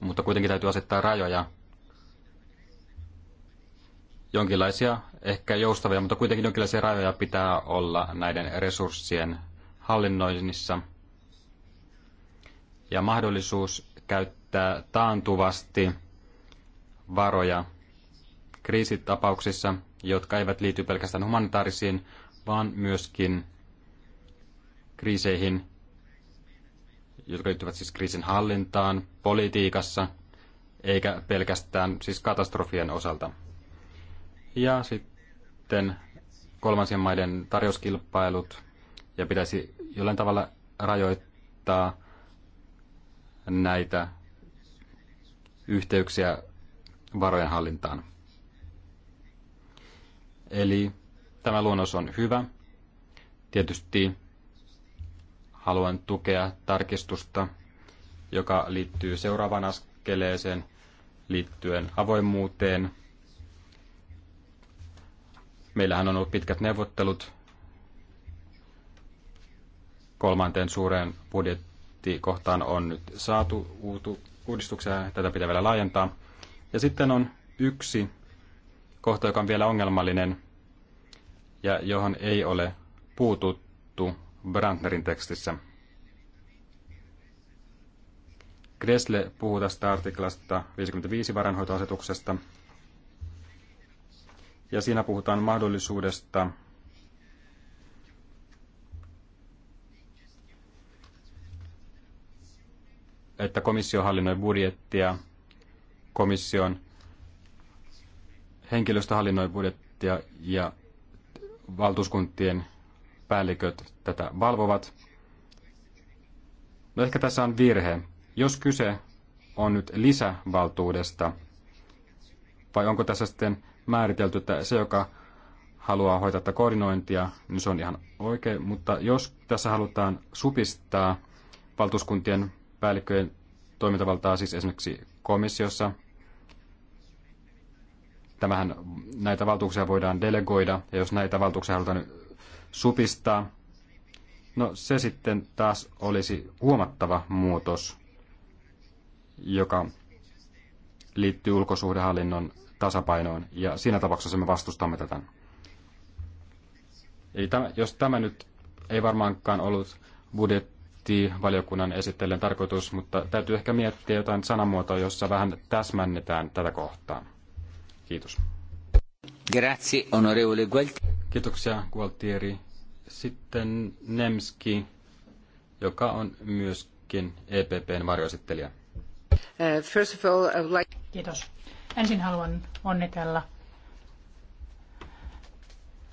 Mutta kuitenkin täytyy asettaa rajoja. Jonkinlaisia, ehkä joustavia, mutta kuitenkin jonkinlaisia rajoja pitää olla näiden resurssien hallinnoinnissa. Ja mahdollisuus käyttää taantuvasti varoja kriisitapauksissa, jotka eivät liity pelkästään humanitaarisiin, vaan myöskin kriiseihin, jotka liittyvät siis kriisin hallintaan, politiikassa, eikä pelkästään siis katastrofien osalta. Ja sitten kolmansien maiden tarjouskilpailut, ja pitäisi jollain tavalla rajoittaa näitä yhteyksiä varojen hallintaan. Eli tämä luonnos on hyvä. Tietysti haluan tukea tarkistusta, joka liittyy seuraavaan askeleeseen liittyen avoimuuteen. Meillähän on ollut pitkät neuvottelut kolmanteen suureen budjettikohtaan on nyt saatu uutu, uudistuksia, tätä pitää vielä laajentaa. Ja sitten on yksi kohta, joka on vielä ongelmallinen ja johon ei ole puututtu Brandnerin tekstissä. Gressle puhuu tästä artiklasta 55 varainhoitoasetuksesta, ja siinä puhutaan mahdollisuudesta että komissio hallinnoi budjettia, komission henkilöstö hallinnoi budjettia ja valtuuskuntien päälliköt tätä valvovat. No ehkä tässä on virhe. Jos kyse on nyt lisävaltuudesta, vai onko tässä sitten määritelty, että se, joka haluaa hoitaa tätä koordinointia, niin se on ihan oikein, mutta jos tässä halutaan supistaa valtuuskuntien päällikköjen toimintavaltaa, siis esimerkiksi komissiossa, tämähän näitä valtuuksia voidaan delegoida, ja jos näitä valtuuksia halutaan supistaa, no se sitten taas olisi huomattava muutos, joka liittyy ulkosuhdehallinnon tasapainoon, ja siinä tapauksessa me vastustamme tätä. Eli tämä, jos tämä nyt ei varmaankaan ollut budjettivaliokunnan esittelijän tarkoitus, mutta täytyy ehkä miettiä jotain sanamuotoa, jossa vähän täsmännetään tätä kohtaa. Kiitos. Grazie, onorevole Gualtieri. Kiitoksia, Gualtieri. Sitten Nemski, joka on myöskin EPPn varjoesittelijä. Uh, first of all, I would like... Kiitos. Ensin haluan onnitella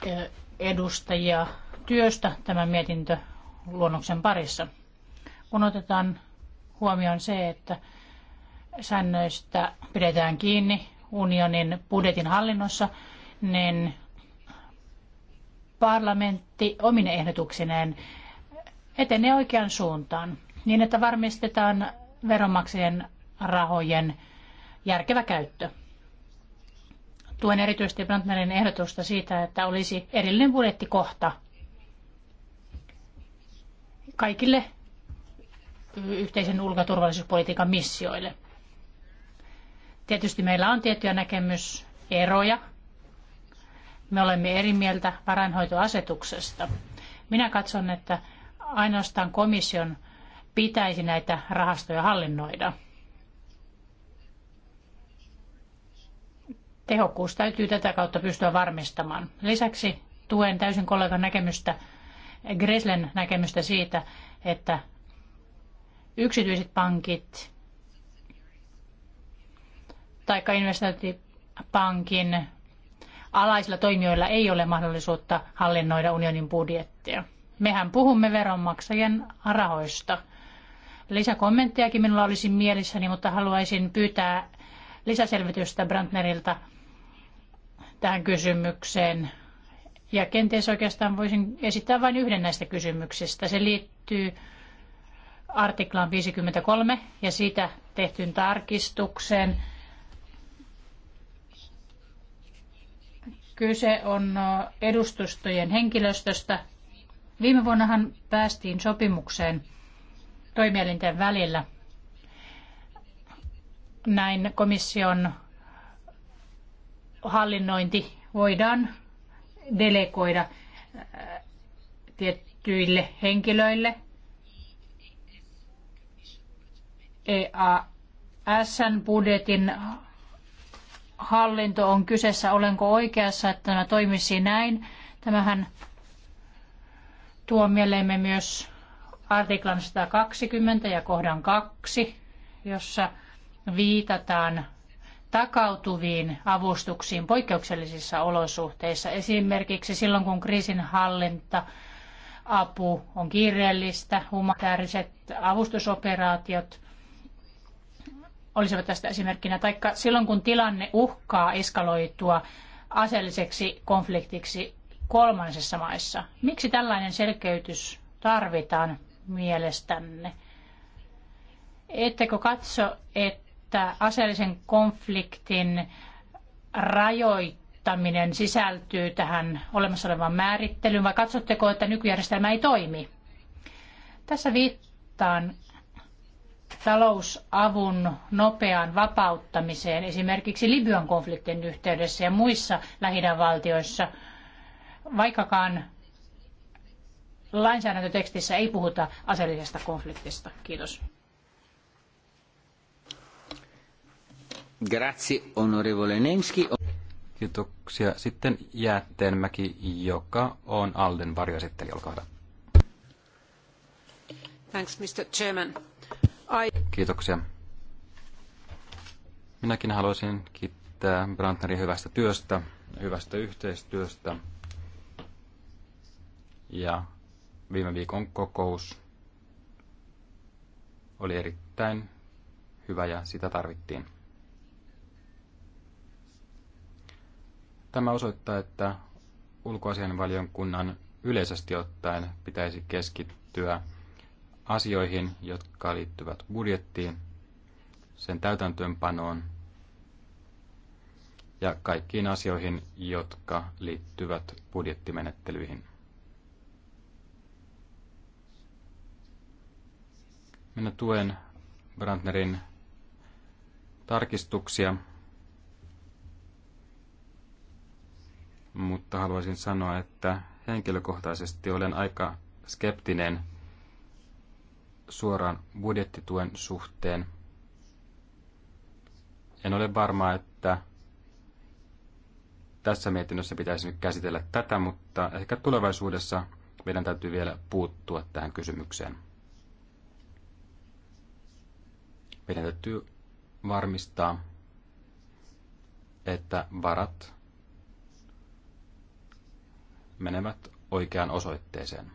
eh, edustajia työstä tämän mietintö luonnoksen parissa. Kun otetaan huomioon se, että säännöistä pidetään kiinni unionin budjetin hallinnossa, niin parlamentti omine ehdotuksineen etenee oikeaan suuntaan niin, että varmistetaan veronmaksajien rahojen järkevä käyttö. Tuen erityisesti Brandnerin ehdotusta siitä, että olisi erillinen budjettikohta kaikille yhteisen ulkoturvallisuuspolitiikan missioille. Tietysti meillä on tiettyjä näkemyseroja me olemme eri mieltä varainhoitoasetuksesta. Minä katson, että ainoastaan komission pitäisi näitä rahastoja hallinnoida. Tehokkuus täytyy tätä kautta pystyä varmistamaan. Lisäksi tuen täysin kollegan näkemystä, Greslen näkemystä siitä, että yksityiset pankit tai investointipankin alaisilla toimijoilla ei ole mahdollisuutta hallinnoida unionin budjettia. Mehän puhumme veronmaksajien rahoista. Lisäkommenttejakin minulla olisi mielessäni, mutta haluaisin pyytää lisäselvitystä Brandnerilta tähän kysymykseen. Ja kenties oikeastaan voisin esittää vain yhden näistä kysymyksistä. Se liittyy artiklaan 53 ja siitä tehtyyn tarkistukseen Kyse on edustustojen henkilöstöstä. Viime vuonnahan päästiin sopimukseen toimielinten välillä. Näin komission hallinnointi voidaan delegoida tiettyille henkilöille. eas budjetin hallinto on kyseessä, olenko oikeassa, että tämä toimisi näin. Tämähän tuo mieleemme myös artiklan 120 ja kohdan 2, jossa viitataan takautuviin avustuksiin poikkeuksellisissa olosuhteissa, esimerkiksi silloin kun kriisinhallinta apu on kiireellistä, humanitaariset avustusoperaatiot olisivat tästä esimerkkinä, taikka silloin kun tilanne uhkaa eskaloitua aseelliseksi konfliktiksi kolmansissa maissa. Miksi tällainen selkeytys tarvitaan mielestänne? Ettekö katso, että aseellisen konfliktin rajoittaminen sisältyy tähän olemassa olevaan määrittelyyn, vai katsotteko, että nykyjärjestelmä ei toimi? Tässä viittaan talousavun nopeaan vapauttamiseen esimerkiksi Libyan konfliktin yhteydessä ja muissa lähidän valtioissa, vaikkakaan lainsäädäntötekstissä ei puhuta aseellisesta konfliktista. Kiitos. Grazie, onorevole Nemski. Kiitoksia. Sitten Jäätteenmäki, joka on Alden varjoesittelijä. Olkaa hyvä. Thanks, Mr. Chairman. Kiitoksia. Minäkin haluaisin kiittää Brantnerin hyvästä työstä, hyvästä yhteistyöstä. Ja viime viikon kokous oli erittäin hyvä ja sitä tarvittiin. Tämä osoittaa, että ulkoasianvaliokunnan yleisesti ottaen pitäisi keskittyä asioihin, jotka liittyvät budjettiin, sen täytäntöönpanoon ja kaikkiin asioihin, jotka liittyvät budjettimenettelyihin. Minä tuen Brandnerin tarkistuksia, mutta haluaisin sanoa, että henkilökohtaisesti olen aika skeptinen – suoraan budjettituen suhteen. En ole varma, että tässä mietinnössä pitäisi nyt käsitellä tätä, mutta ehkä tulevaisuudessa meidän täytyy vielä puuttua tähän kysymykseen. Meidän täytyy varmistaa, että varat menevät oikeaan osoitteeseen.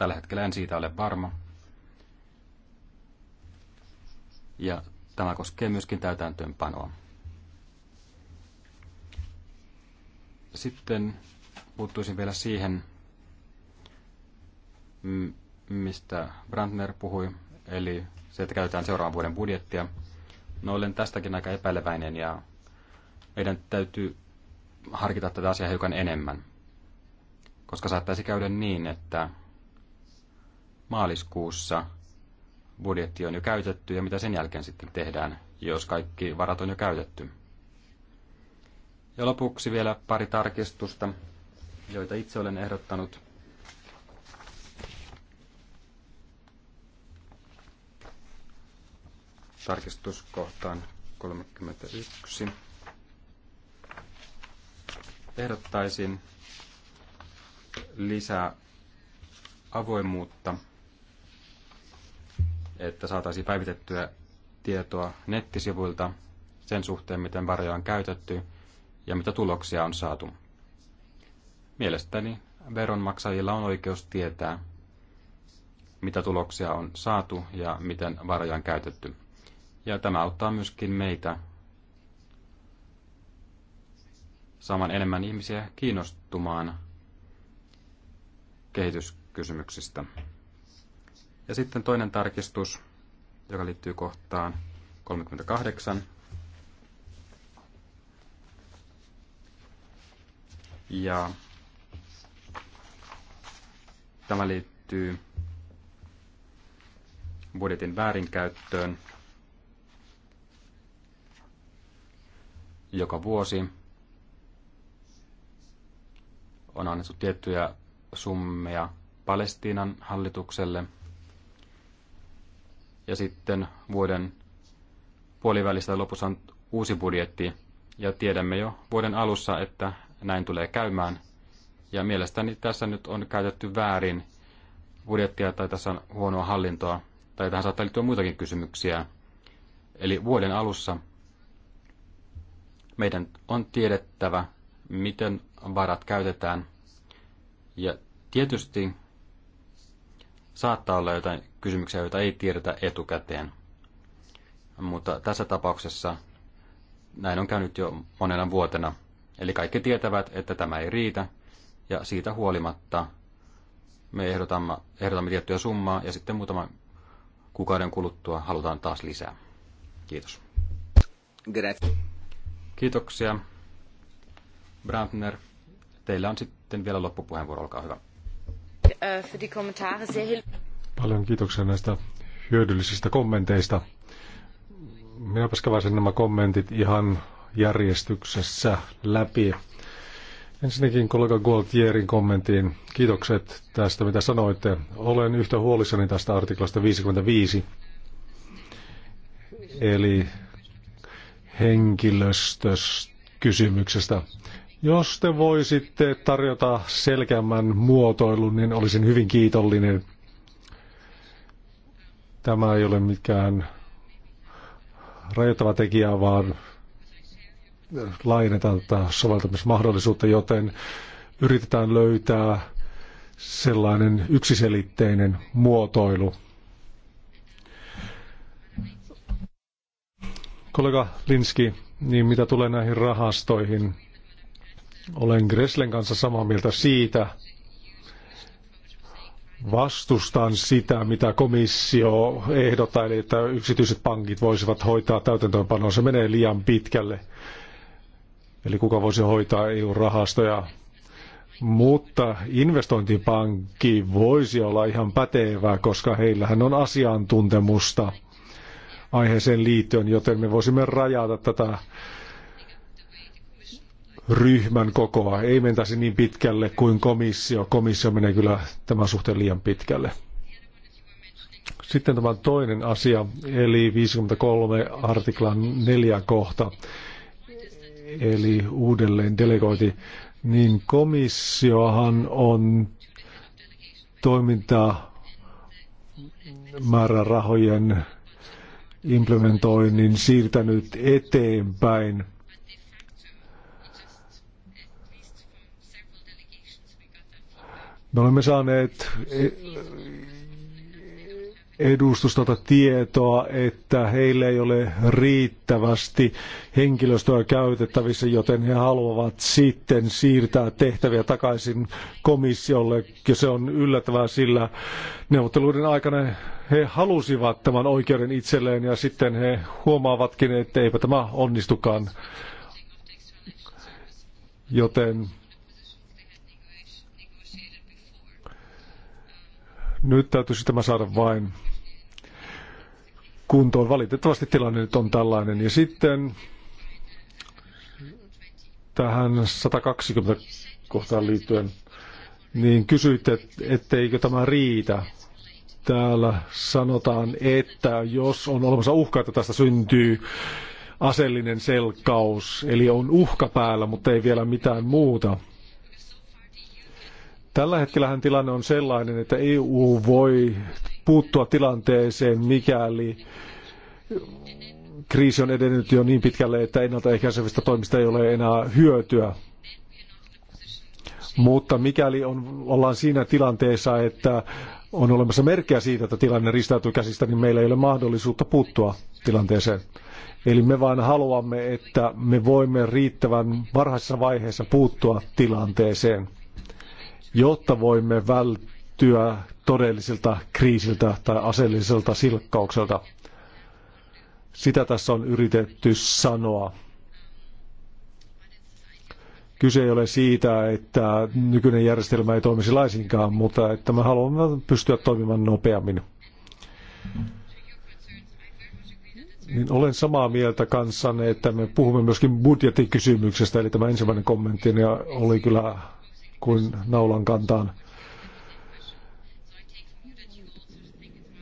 Tällä hetkellä en siitä ole varma. Ja tämä koskee myöskin täytäntöönpanoa. Sitten puuttuisin vielä siihen, mistä Brandner puhui, eli se, että käytetään seuraavan vuoden budjettia. No olen tästäkin aika epäileväinen ja meidän täytyy harkita tätä asiaa hiukan enemmän, koska saattaisi käydä niin, että maaliskuussa budjetti on jo käytetty ja mitä sen jälkeen sitten tehdään, jos kaikki varat on jo käytetty. Ja lopuksi vielä pari tarkistusta, joita itse olen ehdottanut. Tarkistuskohtaan 31. Ehdottaisin lisää avoimuutta – että saataisiin päivitettyä tietoa nettisivuilta sen suhteen, miten varoja on käytetty ja mitä tuloksia on saatu. Mielestäni veronmaksajilla on oikeus tietää, mitä tuloksia on saatu ja miten varjoja on käytetty. Ja tämä auttaa myöskin meitä saamaan enemmän ihmisiä kiinnostumaan kehityskysymyksistä. Ja sitten toinen tarkistus, joka liittyy kohtaan 38. Ja tämä liittyy budjetin väärinkäyttöön joka vuosi on annettu tiettyjä summia Palestiinan hallitukselle – ja sitten vuoden puolivälistä lopussa on uusi budjetti ja tiedämme jo vuoden alussa, että näin tulee käymään. Ja mielestäni tässä nyt on käytetty väärin budjettia tai tässä on huonoa hallintoa tai tähän saattaa liittyä muitakin kysymyksiä. Eli vuoden alussa meidän on tiedettävä, miten varat käytetään. Ja tietysti saattaa olla jotain kysymyksiä, joita ei tiedetä etukäteen. Mutta tässä tapauksessa näin on käynyt jo monena vuotena. Eli kaikki tietävät, että tämä ei riitä, ja siitä huolimatta me ehdotamme, ehdotamme tiettyä summaa, ja sitten muutaman kuukauden kuluttua halutaan taas lisää. Kiitos. Kiitoksia. Brandner, teillä on sitten vielä loppupuheenvuoro, olkaa hyvä. Äh, Paljon kiitoksia näistä hyödyllisistä kommenteista. Minä käväisin nämä kommentit ihan järjestyksessä läpi. Ensinnäkin kollega Gualtierin kommenttiin. Kiitokset tästä, mitä sanoitte. Olen yhtä huolissani tästä artiklasta 55. Eli henkilöstöstä kysymyksestä. Jos te voisitte tarjota selkeämmän muotoilun, niin olisin hyvin kiitollinen. Tämä ei ole mikään rajoittava tekijä, vaan laajennetaan tätä soveltamismahdollisuutta, joten yritetään löytää sellainen yksiselitteinen muotoilu. Kollega Linski, niin mitä tulee näihin rahastoihin, olen Greslen kanssa samaa mieltä siitä. Vastustan sitä, mitä komissio ehdottaa, eli että yksityiset pankit voisivat hoitaa täytäntöönpanoa. Se menee liian pitkälle. Eli kuka voisi hoitaa EU-rahastoja? Mutta investointipankki voisi olla ihan pätevä, koska heillähän on asiantuntemusta aiheeseen liittyen, joten me voisimme rajata tätä ryhmän kokoa. Ei mentäisi niin pitkälle kuin komissio. Komissio menee kyllä tämän suhteen liian pitkälle. Sitten tämä toinen asia, eli 53 artiklan neljä kohta, eli uudelleen delegointi, niin komissiohan on toiminta määrärahojen implementoinnin siirtänyt eteenpäin – Me olemme saaneet e- edustustota tietoa, että heillä ei ole riittävästi henkilöstöä käytettävissä, joten he haluavat sitten siirtää tehtäviä takaisin komissiolle. Ja se on yllättävää, sillä neuvotteluiden aikana he halusivat tämän oikeuden itselleen ja sitten he huomaavatkin, että eipä tämä onnistukaan. Joten Nyt täytyisi tämä saada vain kuntoon. Valitettavasti tilanne nyt on tällainen. Ja sitten tähän 120 kohtaan liittyen, niin kysyitte, etteikö tämä riitä. Täällä sanotaan, että jos on olemassa uhka, että tästä syntyy aseellinen selkkaus, eli on uhka päällä, mutta ei vielä mitään muuta. Tällä hetkellähän tilanne on sellainen, että EU voi puuttua tilanteeseen, mikäli kriisi on edennyt jo niin pitkälle, että ennaltaehkäisevistä toimista ei ole enää hyötyä. Mutta mikäli on, ollaan siinä tilanteessa, että on olemassa merkkejä siitä, että tilanne ristäytyy käsistä, niin meillä ei ole mahdollisuutta puuttua tilanteeseen. Eli me vain haluamme, että me voimme riittävän varhaisessa vaiheessa puuttua tilanteeseen jotta voimme välttyä todellisilta kriisiltä tai aseelliselta silkkaukselta. Sitä tässä on yritetty sanoa. Kyse ei ole siitä, että nykyinen järjestelmä ei toimisi laisinkaan, mutta että me haluamme pystyä toimimaan nopeammin. Niin olen samaa mieltä kanssanne, että me puhumme myöskin budjettikysymyksestä, eli tämä ensimmäinen kommentti oli kyllä kuin naulan kantaan.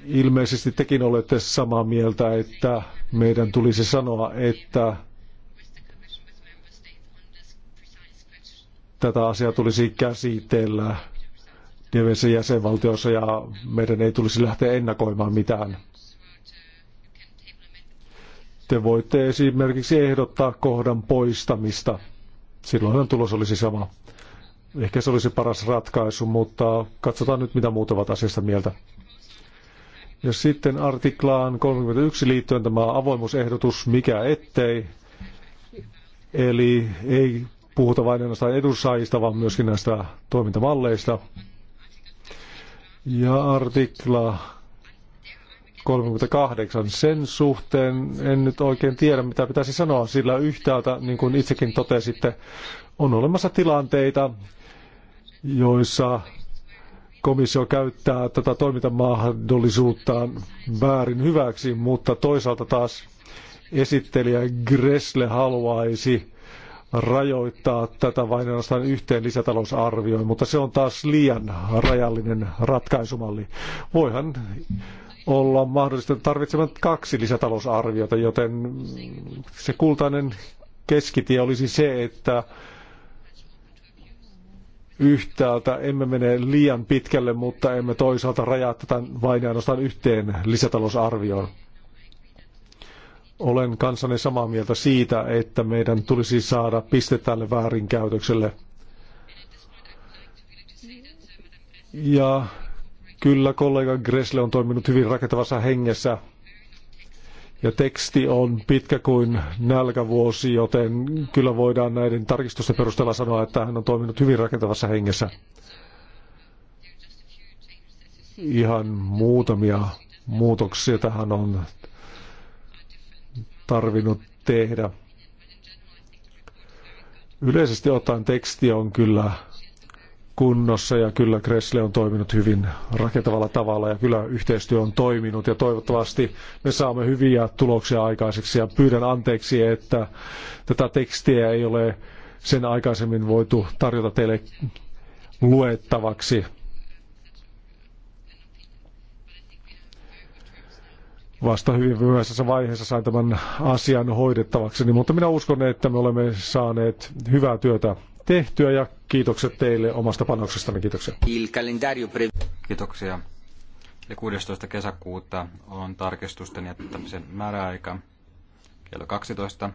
Ilmeisesti tekin olette samaa mieltä, että meidän tulisi sanoa, että tätä asiaa tulisi käsitellä Devesen jäsenvaltiossa ja meidän ei tulisi lähteä ennakoimaan mitään. Te voitte esimerkiksi ehdottaa kohdan poistamista. Silloinhan tulos olisi sama. Ehkä se olisi paras ratkaisu, mutta katsotaan nyt, mitä muut ovat asiasta mieltä. Ja sitten artiklaan 31 liittyen tämä avoimuusehdotus, mikä ettei. Eli ei puhuta vain näistä edunsaajista, vaan myöskin näistä toimintamalleista. Ja artikla 38. Sen suhteen en nyt oikein tiedä, mitä pitäisi sanoa, sillä yhtäältä, niin kuin itsekin totesitte, on olemassa tilanteita, joissa komissio käyttää tätä toimintamahdollisuuttaan väärin hyväksi, mutta toisaalta taas esittelijä Gressle haluaisi rajoittaa tätä vain ainoastaan yhteen lisätalousarvioon, mutta se on taas liian rajallinen ratkaisumalli. Voihan olla mahdollista tarvitsemaan kaksi lisätalousarviota, joten se kultainen keskitie olisi se, että yhtäältä emme mene liian pitkälle, mutta emme toisaalta rajaa tätä vain ainoastaan yhteen lisätalousarvioon. Olen kanssani samaa mieltä siitä, että meidän tulisi saada piste tälle väärinkäytökselle. Ja kyllä kollega Gressle on toiminut hyvin rakentavassa hengessä ja teksti on pitkä kuin nälkävuosi, joten kyllä voidaan näiden tarkistusten perusteella sanoa, että hän on toiminut hyvin rakentavassa hengessä. Ihan muutamia muutoksia tähän on tarvinnut tehdä. Yleisesti ottaen teksti on kyllä kunnossa ja kyllä Kressle on toiminut hyvin rakentavalla tavalla ja kyllä yhteistyö on toiminut ja toivottavasti me saamme hyviä tuloksia aikaiseksi ja pyydän anteeksi, että tätä tekstiä ei ole sen aikaisemmin voitu tarjota teille luettavaksi. Vasta hyvin myöhäisessä vaiheessa sain tämän asian hoidettavaksi, mutta minä uskon, että me olemme saaneet hyvää työtä tehtyä ja kiitokset teille omasta panoksestanne. Kiitoksia. Kiitoksia. Ja 16. kesäkuuta on tarkistusten jättämisen määräaika kello 12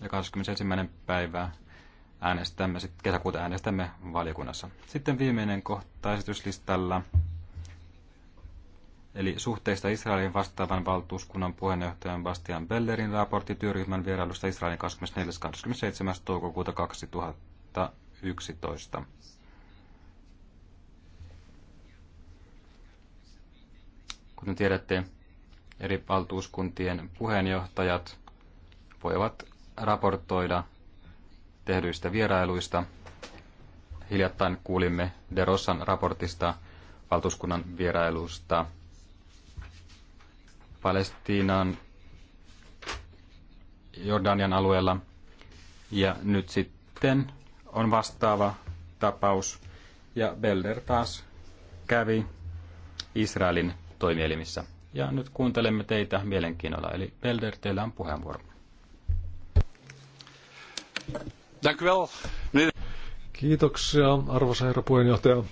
ja 21. päivä äänestämme, sitten kesäkuuta äänestämme valiokunnassa. Sitten viimeinen kohta esityslistalla, eli suhteista Israelin vastaavan valtuuskunnan puheenjohtajan Bastian Bellerin raportti työryhmän vierailusta Israelin 24.–27. toukokuuta 2000. 11. Kuten tiedätte, eri valtuuskuntien puheenjohtajat voivat raportoida tehdyistä vierailuista. Hiljattain kuulimme De Rossan raportista valtuuskunnan vierailusta Palestiinan Jordanian alueella. Ja nyt sitten on vastaava tapaus. Ja Belder taas kävi Israelin toimielimissä. Ja nyt kuuntelemme teitä mielenkiinnolla. Eli Belder, teillä on puheenvuoro. Kiitoksia, arvoisa herra puheenjohtaja.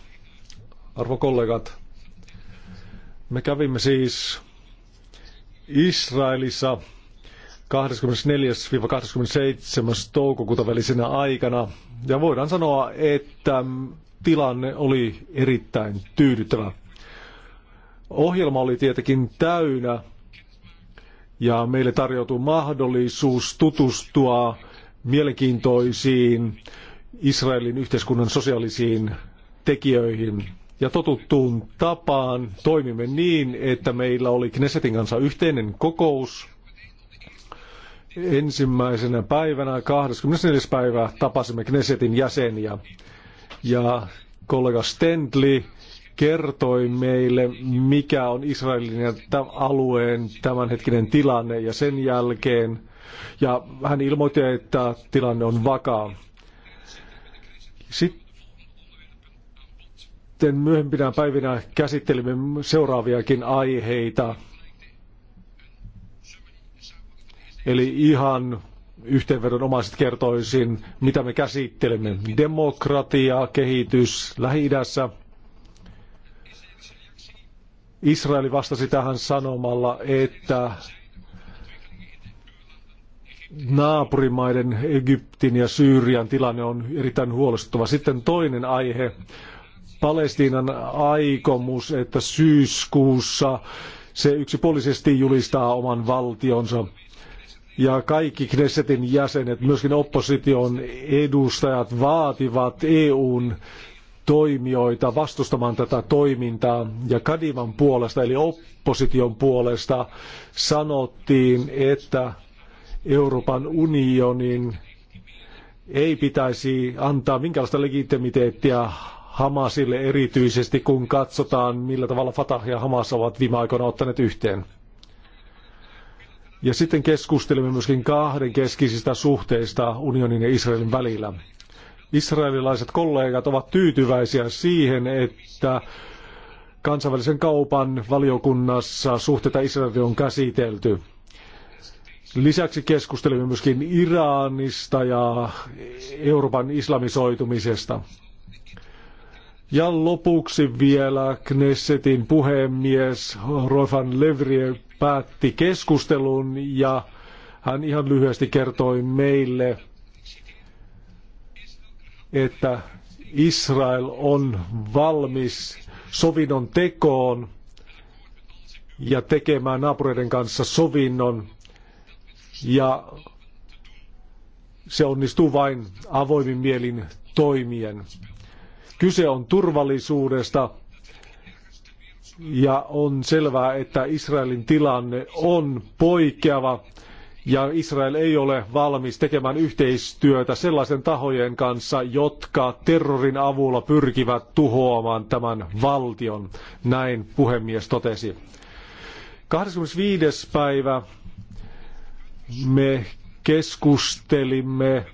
Arvokollegat, me kävimme siis Israelissa 24-27. toukokuuta välisenä aikana. Ja voidaan sanoa, että tilanne oli erittäin tyydyttävä. Ohjelma oli tietenkin täynnä ja meille tarjoutui mahdollisuus tutustua mielenkiintoisiin Israelin yhteiskunnan sosiaalisiin tekijöihin. Ja totuttuun tapaan toimimme niin, että meillä oli Knessetin kanssa yhteinen kokous – ensimmäisenä päivänä, 24. päivä, tapasimme Knesetin jäseniä. Ja kollega Stendli kertoi meille, mikä on Israelin ja tämän alueen tämänhetkinen tilanne ja sen jälkeen. Ja hän ilmoitti, että tilanne on vakaa. Sitten myöhempinä päivinä käsittelimme seuraaviakin aiheita Eli ihan yhteenvedonomaiset kertoisin, mitä me käsittelemme. Demokratia, kehitys Lähi-idässä. Israeli vastasi tähän sanomalla, että naapurimaiden Egyptin ja Syyrian tilanne on erittäin huolestuttava. Sitten toinen aihe, Palestiinan aikomus, että syyskuussa se yksipuolisesti julistaa oman valtionsa ja kaikki Knessetin jäsenet, myöskin opposition edustajat vaativat EUn toimijoita vastustamaan tätä toimintaa. Ja Kadivan puolesta, eli opposition puolesta, sanottiin, että Euroopan unionin ei pitäisi antaa minkälaista legitimiteettiä Hamasille erityisesti, kun katsotaan, millä tavalla Fatah ja Hamas ovat viime aikoina ottaneet yhteen. Ja sitten keskustelemme myöskin kahden keskisistä suhteista unionin ja Israelin välillä. Israelilaiset kollegat ovat tyytyväisiä siihen, että kansainvälisen kaupan valiokunnassa suhteita Israeliin on käsitelty. Lisäksi keskustelimme myöskin Iranista ja Euroopan islamisoitumisesta. Ja lopuksi vielä Knessetin puhemies Rofan Levrie päätti keskustelun ja hän ihan lyhyesti kertoi meille, että Israel on valmis sovinnon tekoon ja tekemään naapureiden kanssa sovinnon. Ja se onnistuu vain avoimin mielin toimien. Kyse on turvallisuudesta, ja on selvää, että Israelin tilanne on poikkeava ja Israel ei ole valmis tekemään yhteistyötä sellaisten tahojen kanssa, jotka terrorin avulla pyrkivät tuhoamaan tämän valtion. Näin puhemies totesi. 25. päivä me keskustelimme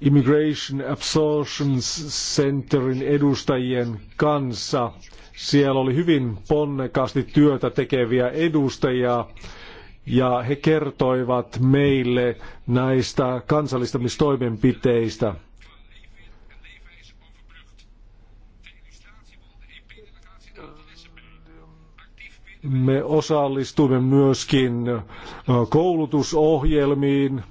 Immigration Absorption Centerin edustajien kanssa siellä oli hyvin ponnekasti työtä tekeviä edustajia ja he kertoivat meille näistä kansallistamistoimenpiteistä. Me osallistuimme myöskin koulutusohjelmiin,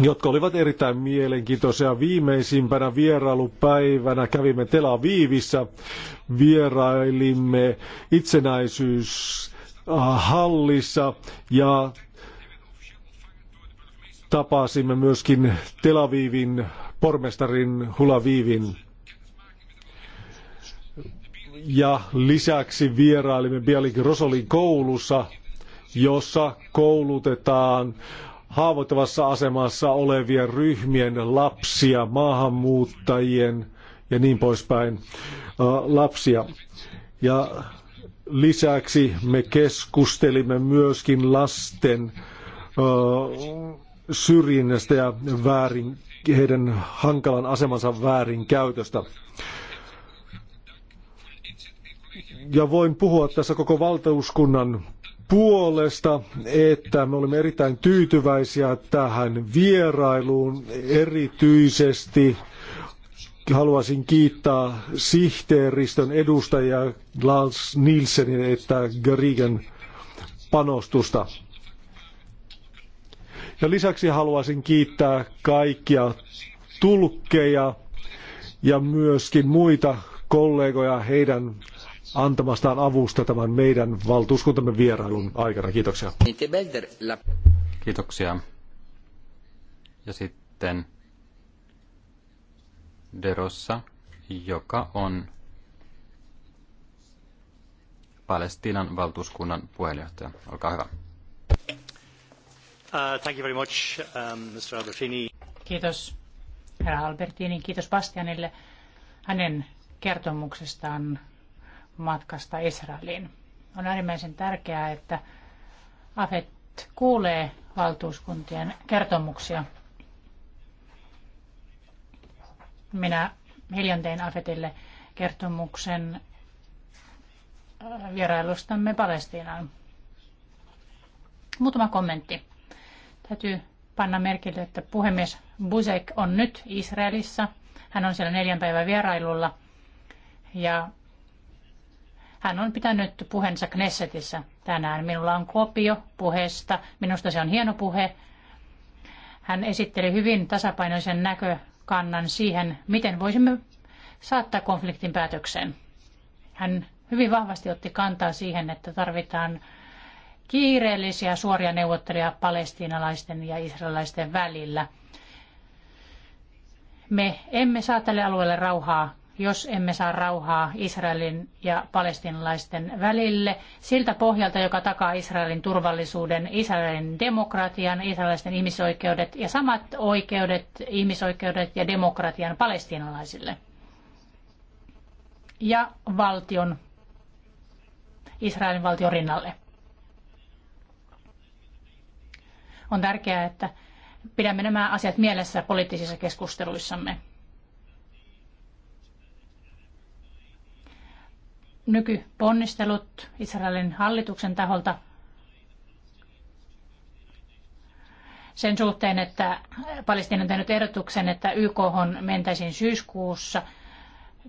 jotka olivat erittäin mielenkiintoisia. Viimeisimpänä vierailupäivänä kävimme Tel Avivissä, vierailimme itsenäisyyshallissa ja tapasimme myöskin Tel Avivin pormestarin Hulaviivin. Ja lisäksi vierailimme Bialik Rosolin koulussa, jossa koulutetaan haavoittuvassa asemassa olevien ryhmien lapsia, maahanmuuttajien ja niin poispäin lapsia. Ja lisäksi me keskustelimme myöskin lasten syrjinnästä ja väärin, heidän hankalan asemansa väärinkäytöstä. Ja voin puhua tässä koko valtauskunnan puolesta, että me olimme erittäin tyytyväisiä tähän vierailuun, erityisesti haluaisin kiittää sihteeristön edustajia Lars Nielsenin että Garigen panostusta. Ja lisäksi haluaisin kiittää kaikkia tulkkeja ja myöskin muita kollegoja heidän antamastaan avusta tämän meidän valtuuskuntamme vierailun aikana. Kiitoksia. Kiitoksia. Ja sitten Derossa, joka on Palestiinan valtuuskunnan puheenjohtaja. Olkaa hyvä. Uh, thank you very much, um, Mr. Albertini. Kiitos herra Albertini, kiitos Bastianille hänen kertomuksestaan matkasta Israeliin. On äärimmäisen tärkeää, että AFET kuulee valtuuskuntien kertomuksia Minä hiljan tein Afetille kertomuksen äh, vierailustamme Palestiinaan. Muutama kommentti. Täytyy panna merkille, että puhemies Buzek on nyt Israelissa. Hän on siellä neljän päivän vierailulla ja hän on pitänyt puheensa Knessetissä tänään. Minulla on kopio puheesta. Minusta se on hieno puhe. Hän esitteli hyvin tasapainoisen näkö kannan siihen, miten voisimme saattaa konfliktin päätökseen. Hän hyvin vahvasti otti kantaa siihen, että tarvitaan kiireellisiä suoria neuvotteluja palestiinalaisten ja israelaisten välillä. Me emme saa tälle alueelle rauhaa jos emme saa rauhaa Israelin ja palestinalaisten välille siltä pohjalta, joka takaa Israelin turvallisuuden, Israelin demokratian, israelilaisten ihmisoikeudet ja samat oikeudet, ihmisoikeudet ja demokratian palestinalaisille. Ja valtion, Israelin valtion rinnalle. On tärkeää, että pidämme nämä asiat mielessä poliittisissa keskusteluissamme. nykyponnistelut Israelin hallituksen taholta sen suhteen, että Palestina on tehnyt ehdotuksen, että YK on mentäisiin syyskuussa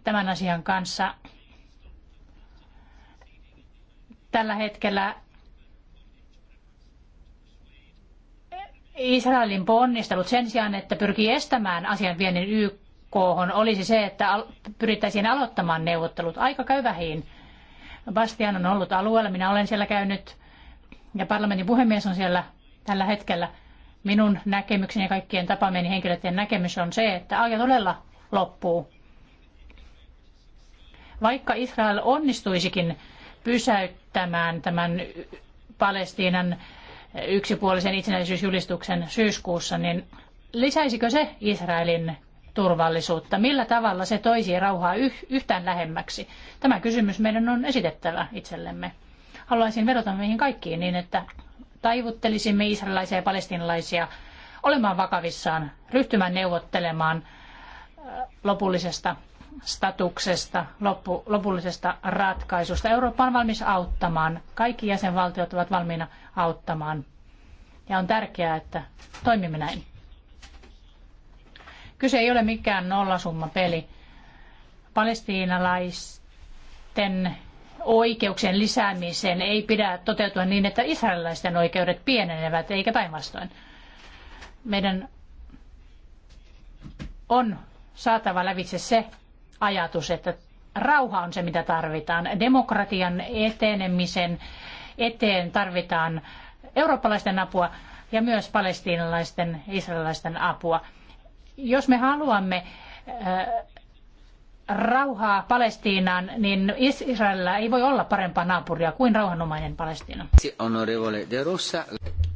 tämän asian kanssa. Tällä hetkellä Israelin ponnistelut sen sijaan, että pyrkii estämään asian viennin YK koohon olisi se, että pyrittäisiin aloittamaan neuvottelut aika käyvähiin. Bastian on ollut alueella, minä olen siellä käynyt ja parlamentin puhemies on siellä tällä hetkellä. Minun näkemykseni ja kaikkien tapaamieni henkilöiden näkemys on se, että aika todella loppuu. Vaikka Israel onnistuisikin pysäyttämään tämän Palestiinan yksipuolisen itsenäisyysjulistuksen syyskuussa, niin lisäisikö se Israelin turvallisuutta? Millä tavalla se toisi rauhaa yhtään lähemmäksi? Tämä kysymys meidän on esitettävä itsellemme. Haluaisin vedota meihin kaikkiin niin, että taivuttelisimme israelaisia ja palestinalaisia olemaan vakavissaan, ryhtymään neuvottelemaan äh, lopullisesta statuksesta, loppu, lopullisesta ratkaisusta. Eurooppa on valmis auttamaan. Kaikki jäsenvaltiot ovat valmiina auttamaan. Ja on tärkeää, että toimimme näin. Kyse ei ole mikään nollasummapeli. Palestiinalaisten oikeuksien lisäämiseen ei pidä toteutua niin, että israelilaisten oikeudet pienenevät, eikä päinvastoin. Meidän on saatava lävitse se ajatus, että rauha on se, mitä tarvitaan. Demokratian etenemisen eteen tarvitaan eurooppalaisten apua ja myös palestiinalaisten ja israelilaisten apua. Jos me haluamme äh, rauhaa Palestiinaan, niin Israelilla ei voi olla parempaa naapuria kuin rauhanomainen Palestiina.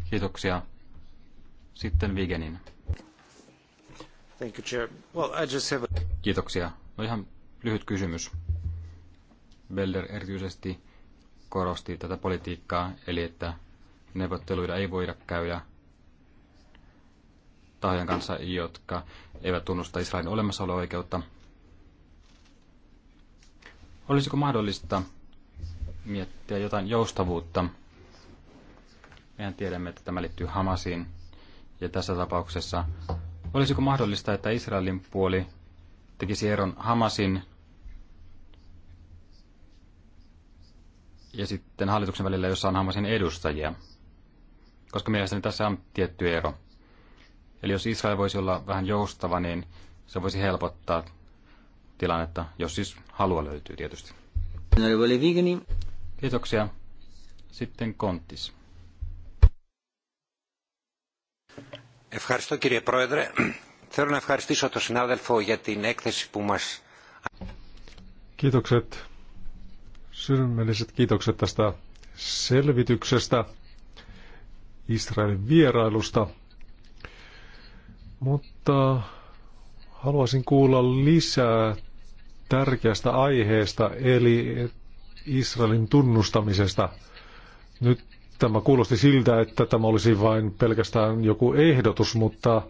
Kiitoksia. Sitten Vigenin. Thank you, Chair. Kiitoksia. No ihan lyhyt kysymys. Belder erityisesti korosti tätä politiikkaa, eli että neuvotteluita ei voida käydä tahojen kanssa, jotka eivät tunnusta Israelin olemassaolo-oikeutta. Olisiko mahdollista miettiä jotain joustavuutta? Mehän tiedämme, että tämä liittyy Hamasiin. Ja tässä tapauksessa, olisiko mahdollista, että Israelin puoli tekisi eron Hamasin ja sitten hallituksen välillä, jossa on Hamasin edustajia? Koska mielestäni tässä on tietty ero. Eli jos Israel voisi olla vähän joustava, niin se voisi helpottaa tilannetta, jos siis halua löytyy tietysti. Kiitoksia. Sitten Konttis. Ευχαριστώ κύριε Πρόεδρε. Θέλω να ευχαριστήσω τον συνάδελφο για την έκθεση που μας... Kiitokset. Sydämelliset kiitokset tästä selvityksestä Israelin vierailusta. Mutta haluaisin kuulla lisää tärkeästä aiheesta, eli Israelin tunnustamisesta. Nyt tämä kuulosti siltä, että tämä olisi vain pelkästään joku ehdotus, mutta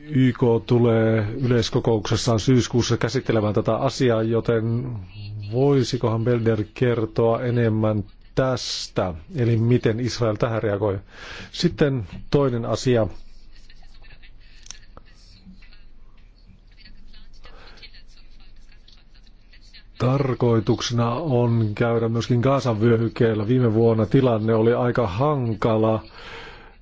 YK tulee yleiskokouksessaan syyskuussa käsittelemään tätä asiaa, joten voisikohan Belder kertoa enemmän tästä, eli miten Israel tähän reagoi. Sitten toinen asia. Tarkoituksena on käydä myöskin Gaasan vyöhykkeellä. Viime vuonna tilanne oli aika hankala.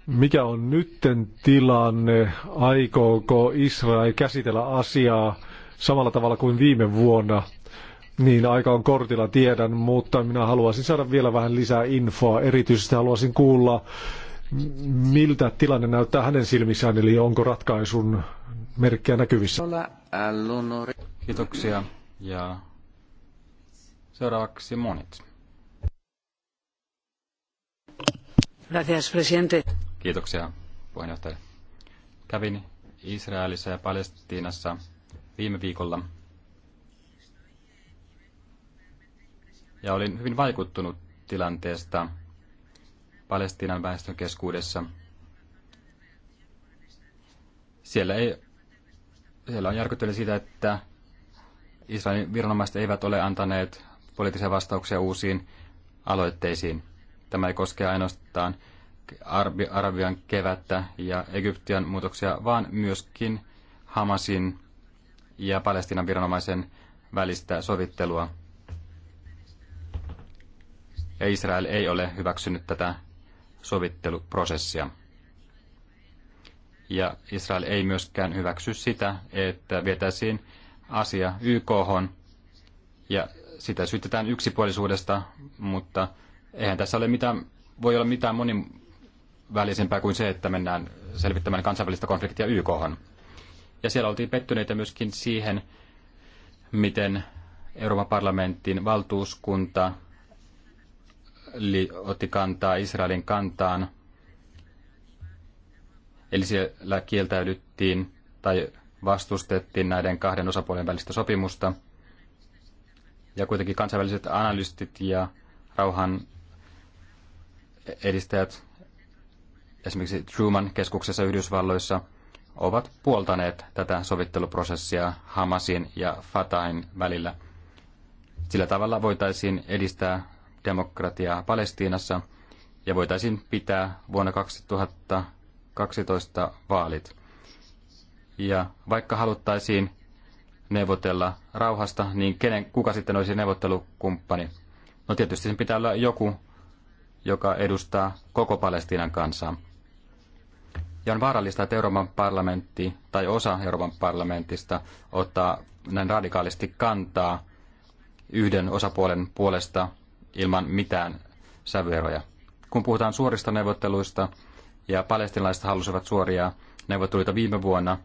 Mikä on nytten tilanne? Aikooko Israel käsitellä asiaa samalla tavalla kuin viime vuonna? Niin, aika on kortilla, tiedän, mutta minä haluaisin saada vielä vähän lisää infoa. Erityisesti haluaisin kuulla, miltä tilanne näyttää hänen silmissään, eli onko ratkaisun merkkejä näkyvissä. Kiitoksia. Ja seuraavaksi Monit. Gracias, presidente. Kiitoksia, puheenjohtaja. Kävin Israelissa ja Palestiinassa viime viikolla – ja olin hyvin vaikuttunut tilanteesta Palestiinan väestön keskuudessa. Siellä, ei, siellä on järkyttely siitä, että Israelin viranomaiset eivät ole antaneet poliittisia vastauksia uusiin aloitteisiin. Tämä ei koske ainoastaan Arabian kevättä ja Egyptian muutoksia, vaan myöskin Hamasin ja Palestinan viranomaisen välistä sovittelua ja Israel ei ole hyväksynyt tätä sovitteluprosessia. Ja Israel ei myöskään hyväksy sitä, että vietäisiin asia YKhon ja sitä syytetään yksipuolisuudesta, mutta eihän tässä ole mitään, voi olla mitään monivälisempää kuin se, että mennään selvittämään kansainvälistä konfliktia YKhon. Ja siellä oltiin pettyneitä myöskin siihen, miten Euroopan parlamentin valtuuskunta otti kantaa Israelin kantaan, eli siellä kieltäydyttiin tai vastustettiin näiden kahden osapuolen välistä sopimusta. Ja kuitenkin kansainväliset analystit ja rauhan edistäjät esimerkiksi Truman-keskuksessa Yhdysvalloissa ovat puoltaneet tätä sovitteluprosessia Hamasin ja Fatahin välillä. Sillä tavalla voitaisiin edistää demokratiaa Palestiinassa ja voitaisiin pitää vuonna 2012 vaalit. Ja vaikka haluttaisiin neuvotella rauhasta, niin kenen, kuka sitten olisi neuvottelukumppani? No tietysti sen pitää olla joku, joka edustaa koko Palestiinan kansaa. Ja on vaarallista, että Euroopan parlamentti tai osa Euroopan parlamentista ottaa näin radikaalisti kantaa yhden osapuolen puolesta ilman mitään sävyeroja. Kun puhutaan suorista neuvotteluista, ja palestinaiset halusivat suoria neuvotteluita viime vuonna,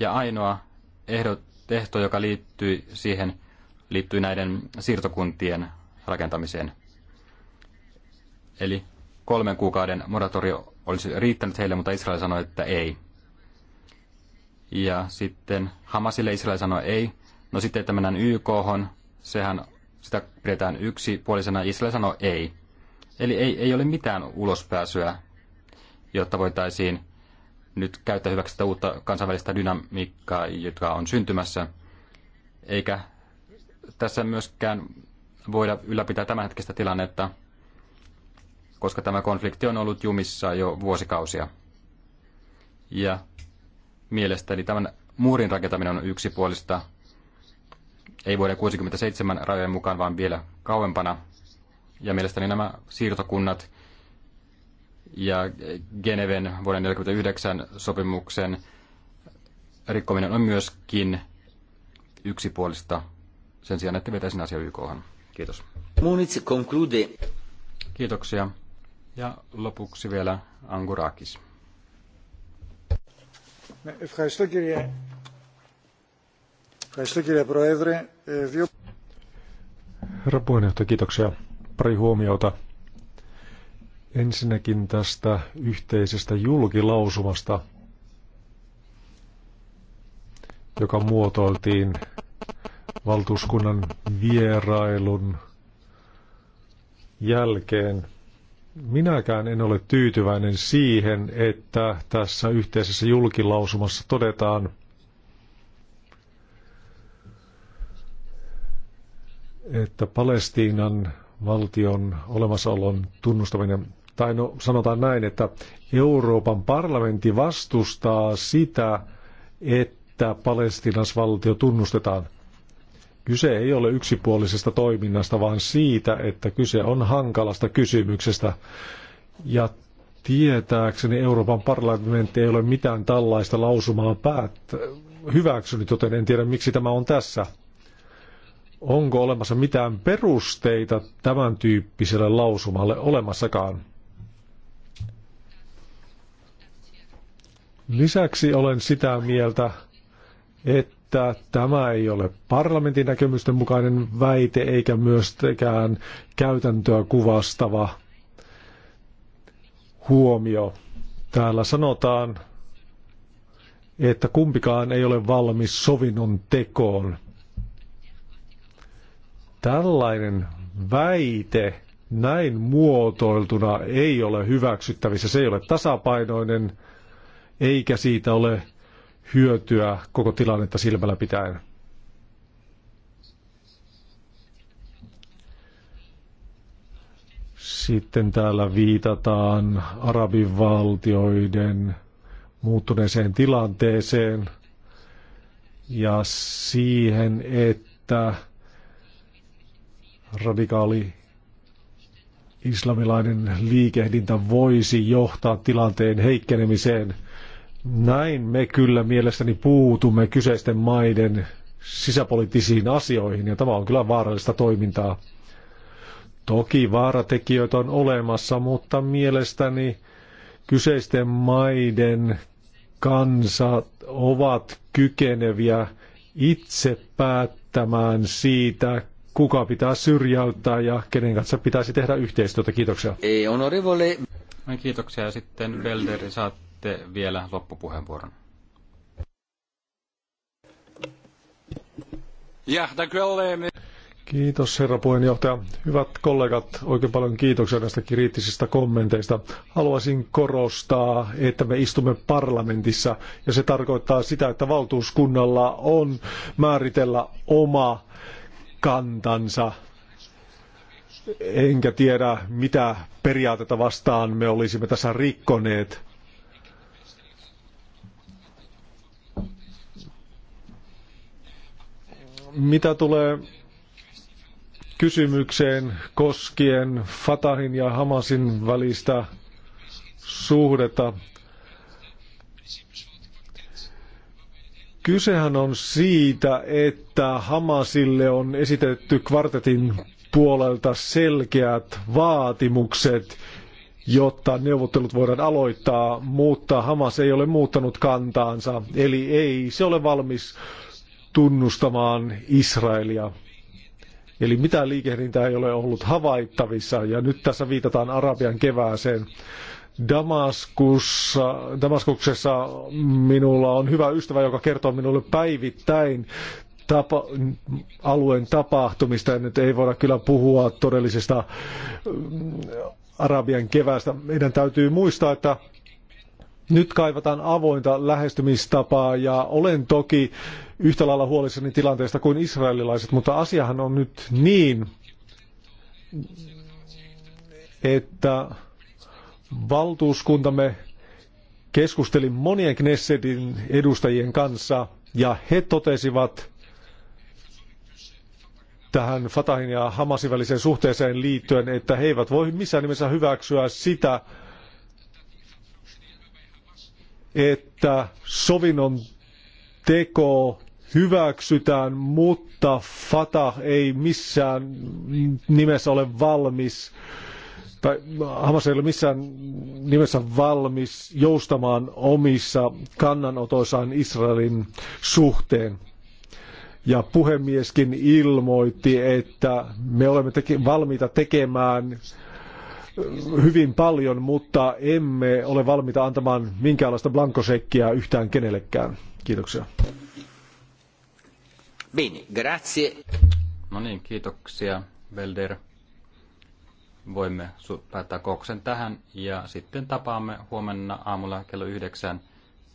ja ainoa ehto, joka liittyi siihen, liittyi näiden siirtokuntien rakentamiseen. Eli kolmen kuukauden moratorio olisi riittänyt heille, mutta Israel sanoi, että ei. Ja sitten Hamasille Israel sanoi ei. No sitten, että mennään YK, sehän sitä pidetään yksipuolisena. Israel sanoo ei. Eli ei, ei ole mitään ulospääsyä, jotta voitaisiin nyt käyttää hyväksi sitä uutta kansainvälistä dynamiikkaa, joka on syntymässä. Eikä tässä myöskään voida ylläpitää tämänhetkistä tilannetta, koska tämä konflikti on ollut jumissa jo vuosikausia. Ja mielestäni tämän muurin rakentaminen on yksipuolista ei vuoden 67 rajojen mukaan, vaan vielä kauempana. Ja mielestäni nämä siirtokunnat ja Geneven vuoden 49 sopimuksen rikkominen on myöskin yksipuolista sen sijaan, että vetäisin asia YKhan. Kiitos. Munitse conclude. Kiitoksia. Ja lopuksi vielä Angurakis. Ευχαριστώ Herra puheenjohtaja, kiitoksia. Pari huomiota. Ensinnäkin tästä yhteisestä julkilausumasta, joka muotoiltiin valtuuskunnan vierailun jälkeen. Minäkään en ole tyytyväinen siihen, että tässä yhteisessä julkilausumassa todetaan että Palestiinan valtion olemassaolon tunnustaminen, tai no sanotaan näin, että Euroopan parlamentti vastustaa sitä, että valtio tunnustetaan. Kyse ei ole yksipuolisesta toiminnasta, vaan siitä, että kyse on hankalasta kysymyksestä. Ja tietääkseni Euroopan parlamentti ei ole mitään tällaista lausumaa päät hyväksynyt, joten en tiedä miksi tämä on tässä. Onko olemassa mitään perusteita tämän tyyppiselle lausumalle olemassakaan? Lisäksi olen sitä mieltä, että tämä ei ole parlamentin näkemysten mukainen väite eikä myöskään käytäntöä kuvastava huomio. Täällä sanotaan, että kumpikaan ei ole valmis sovinnon tekoon. Tällainen väite näin muotoiltuna ei ole hyväksyttävissä. Se ei ole tasapainoinen, eikä siitä ole hyötyä koko tilannetta silmällä pitäen. Sitten täällä viitataan arabivaltioiden muuttuneeseen tilanteeseen ja siihen, että radikaali islamilainen liikehdintä voisi johtaa tilanteen heikkenemiseen. Näin me kyllä mielestäni puutumme kyseisten maiden sisäpoliittisiin asioihin, ja tämä on kyllä vaarallista toimintaa. Toki vaaratekijöitä on olemassa, mutta mielestäni kyseisten maiden kansat ovat kykeneviä itse päättämään siitä, kuka pitää syrjäyttää ja kenen kanssa pitäisi tehdä yhteistyötä. Kiitoksia. Ei honorevole. Kiitoksia ja sitten Belder saatte vielä loppupuheenvuoron. Ja, eh, Kiitos herra puheenjohtaja. Hyvät kollegat, oikein paljon kiitoksia näistä kriittisistä kommenteista. Haluaisin korostaa, että me istumme parlamentissa ja se tarkoittaa sitä, että valtuuskunnalla on määritellä oma kantansa. Enkä tiedä, mitä periaatetta vastaan me olisimme tässä rikkoneet. Mitä tulee kysymykseen koskien Fatahin ja Hamasin välistä suhdetta. Kysehän on siitä, että Hamasille on esitetty kvartetin puolelta selkeät vaatimukset, jotta neuvottelut voidaan aloittaa, mutta Hamas ei ole muuttanut kantaansa, eli ei se ole valmis tunnustamaan Israelia. Eli mitään liikehdintää ei ole ollut havaittavissa, ja nyt tässä viitataan Arabian kevääseen. Damaskussa, Damaskuksessa minulla on hyvä ystävä, joka kertoo minulle päivittäin tapa, alueen tapahtumista. Nyt ei voida kyllä puhua todellisesta mm, Arabian kevästä. Meidän täytyy muistaa, että nyt kaivataan avointa lähestymistapaa ja olen toki yhtä lailla huolissani tilanteesta kuin israelilaiset, mutta asiahan on nyt niin, että valtuuskuntamme keskusteli monien Knessetin edustajien kanssa ja he totesivat tähän Fatahin ja Hamasin väliseen suhteeseen liittyen, että he eivät voi missään nimessä hyväksyä sitä, että sovinnon teko hyväksytään, mutta Fatah ei missään nimessä ole valmis tai äh, Hamas ei ole missään nimessä valmis joustamaan omissa kannanotoissaan Israelin suhteen. Ja puhemieskin ilmoitti, että me olemme teke- valmiita tekemään äh, hyvin paljon, mutta emme ole valmiita antamaan minkäänlaista blankosekkiä yhtään kenellekään. Kiitoksia. Bene, grazie. No niin, kiitoksia, Belder voimme päättää kokouksen tähän ja sitten tapaamme huomenna aamulla kello yhdeksän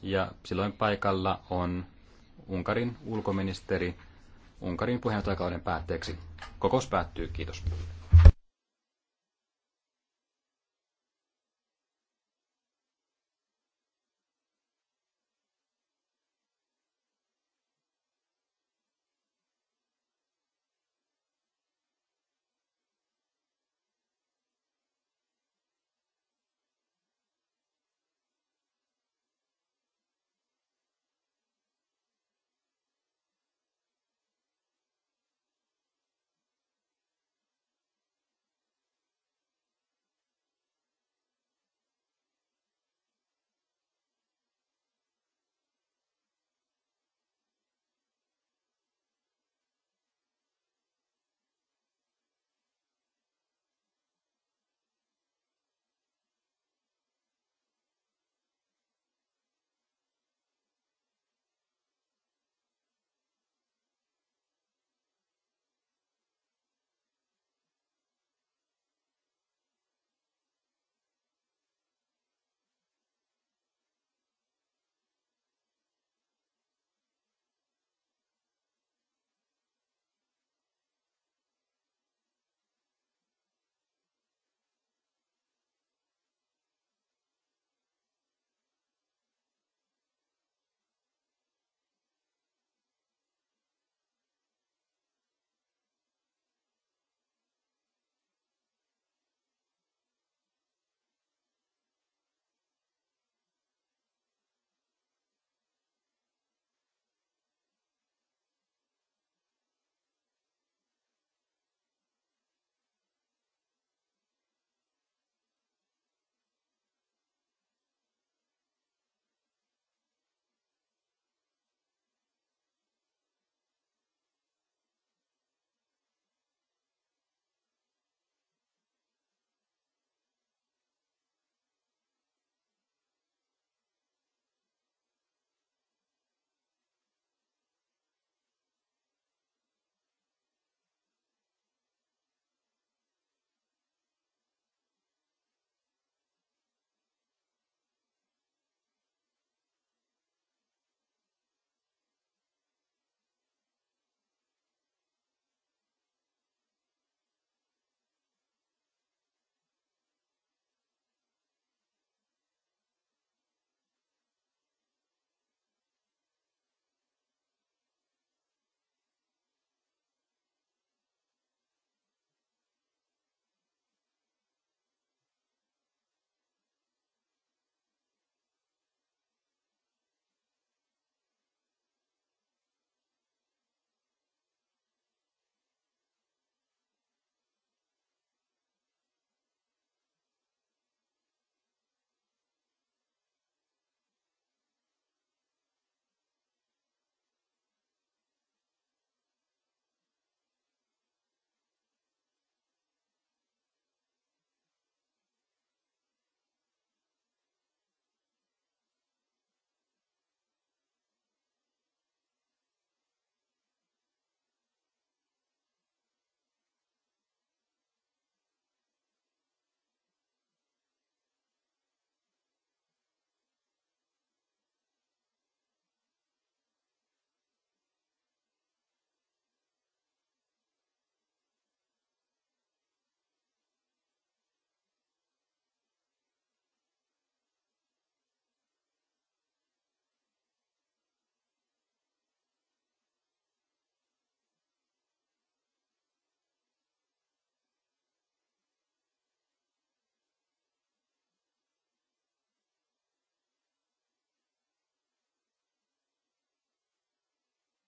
ja silloin paikalla on Unkarin ulkoministeri Unkarin puheenjohtajakauden päätteeksi. Kokous päättyy, kiitos.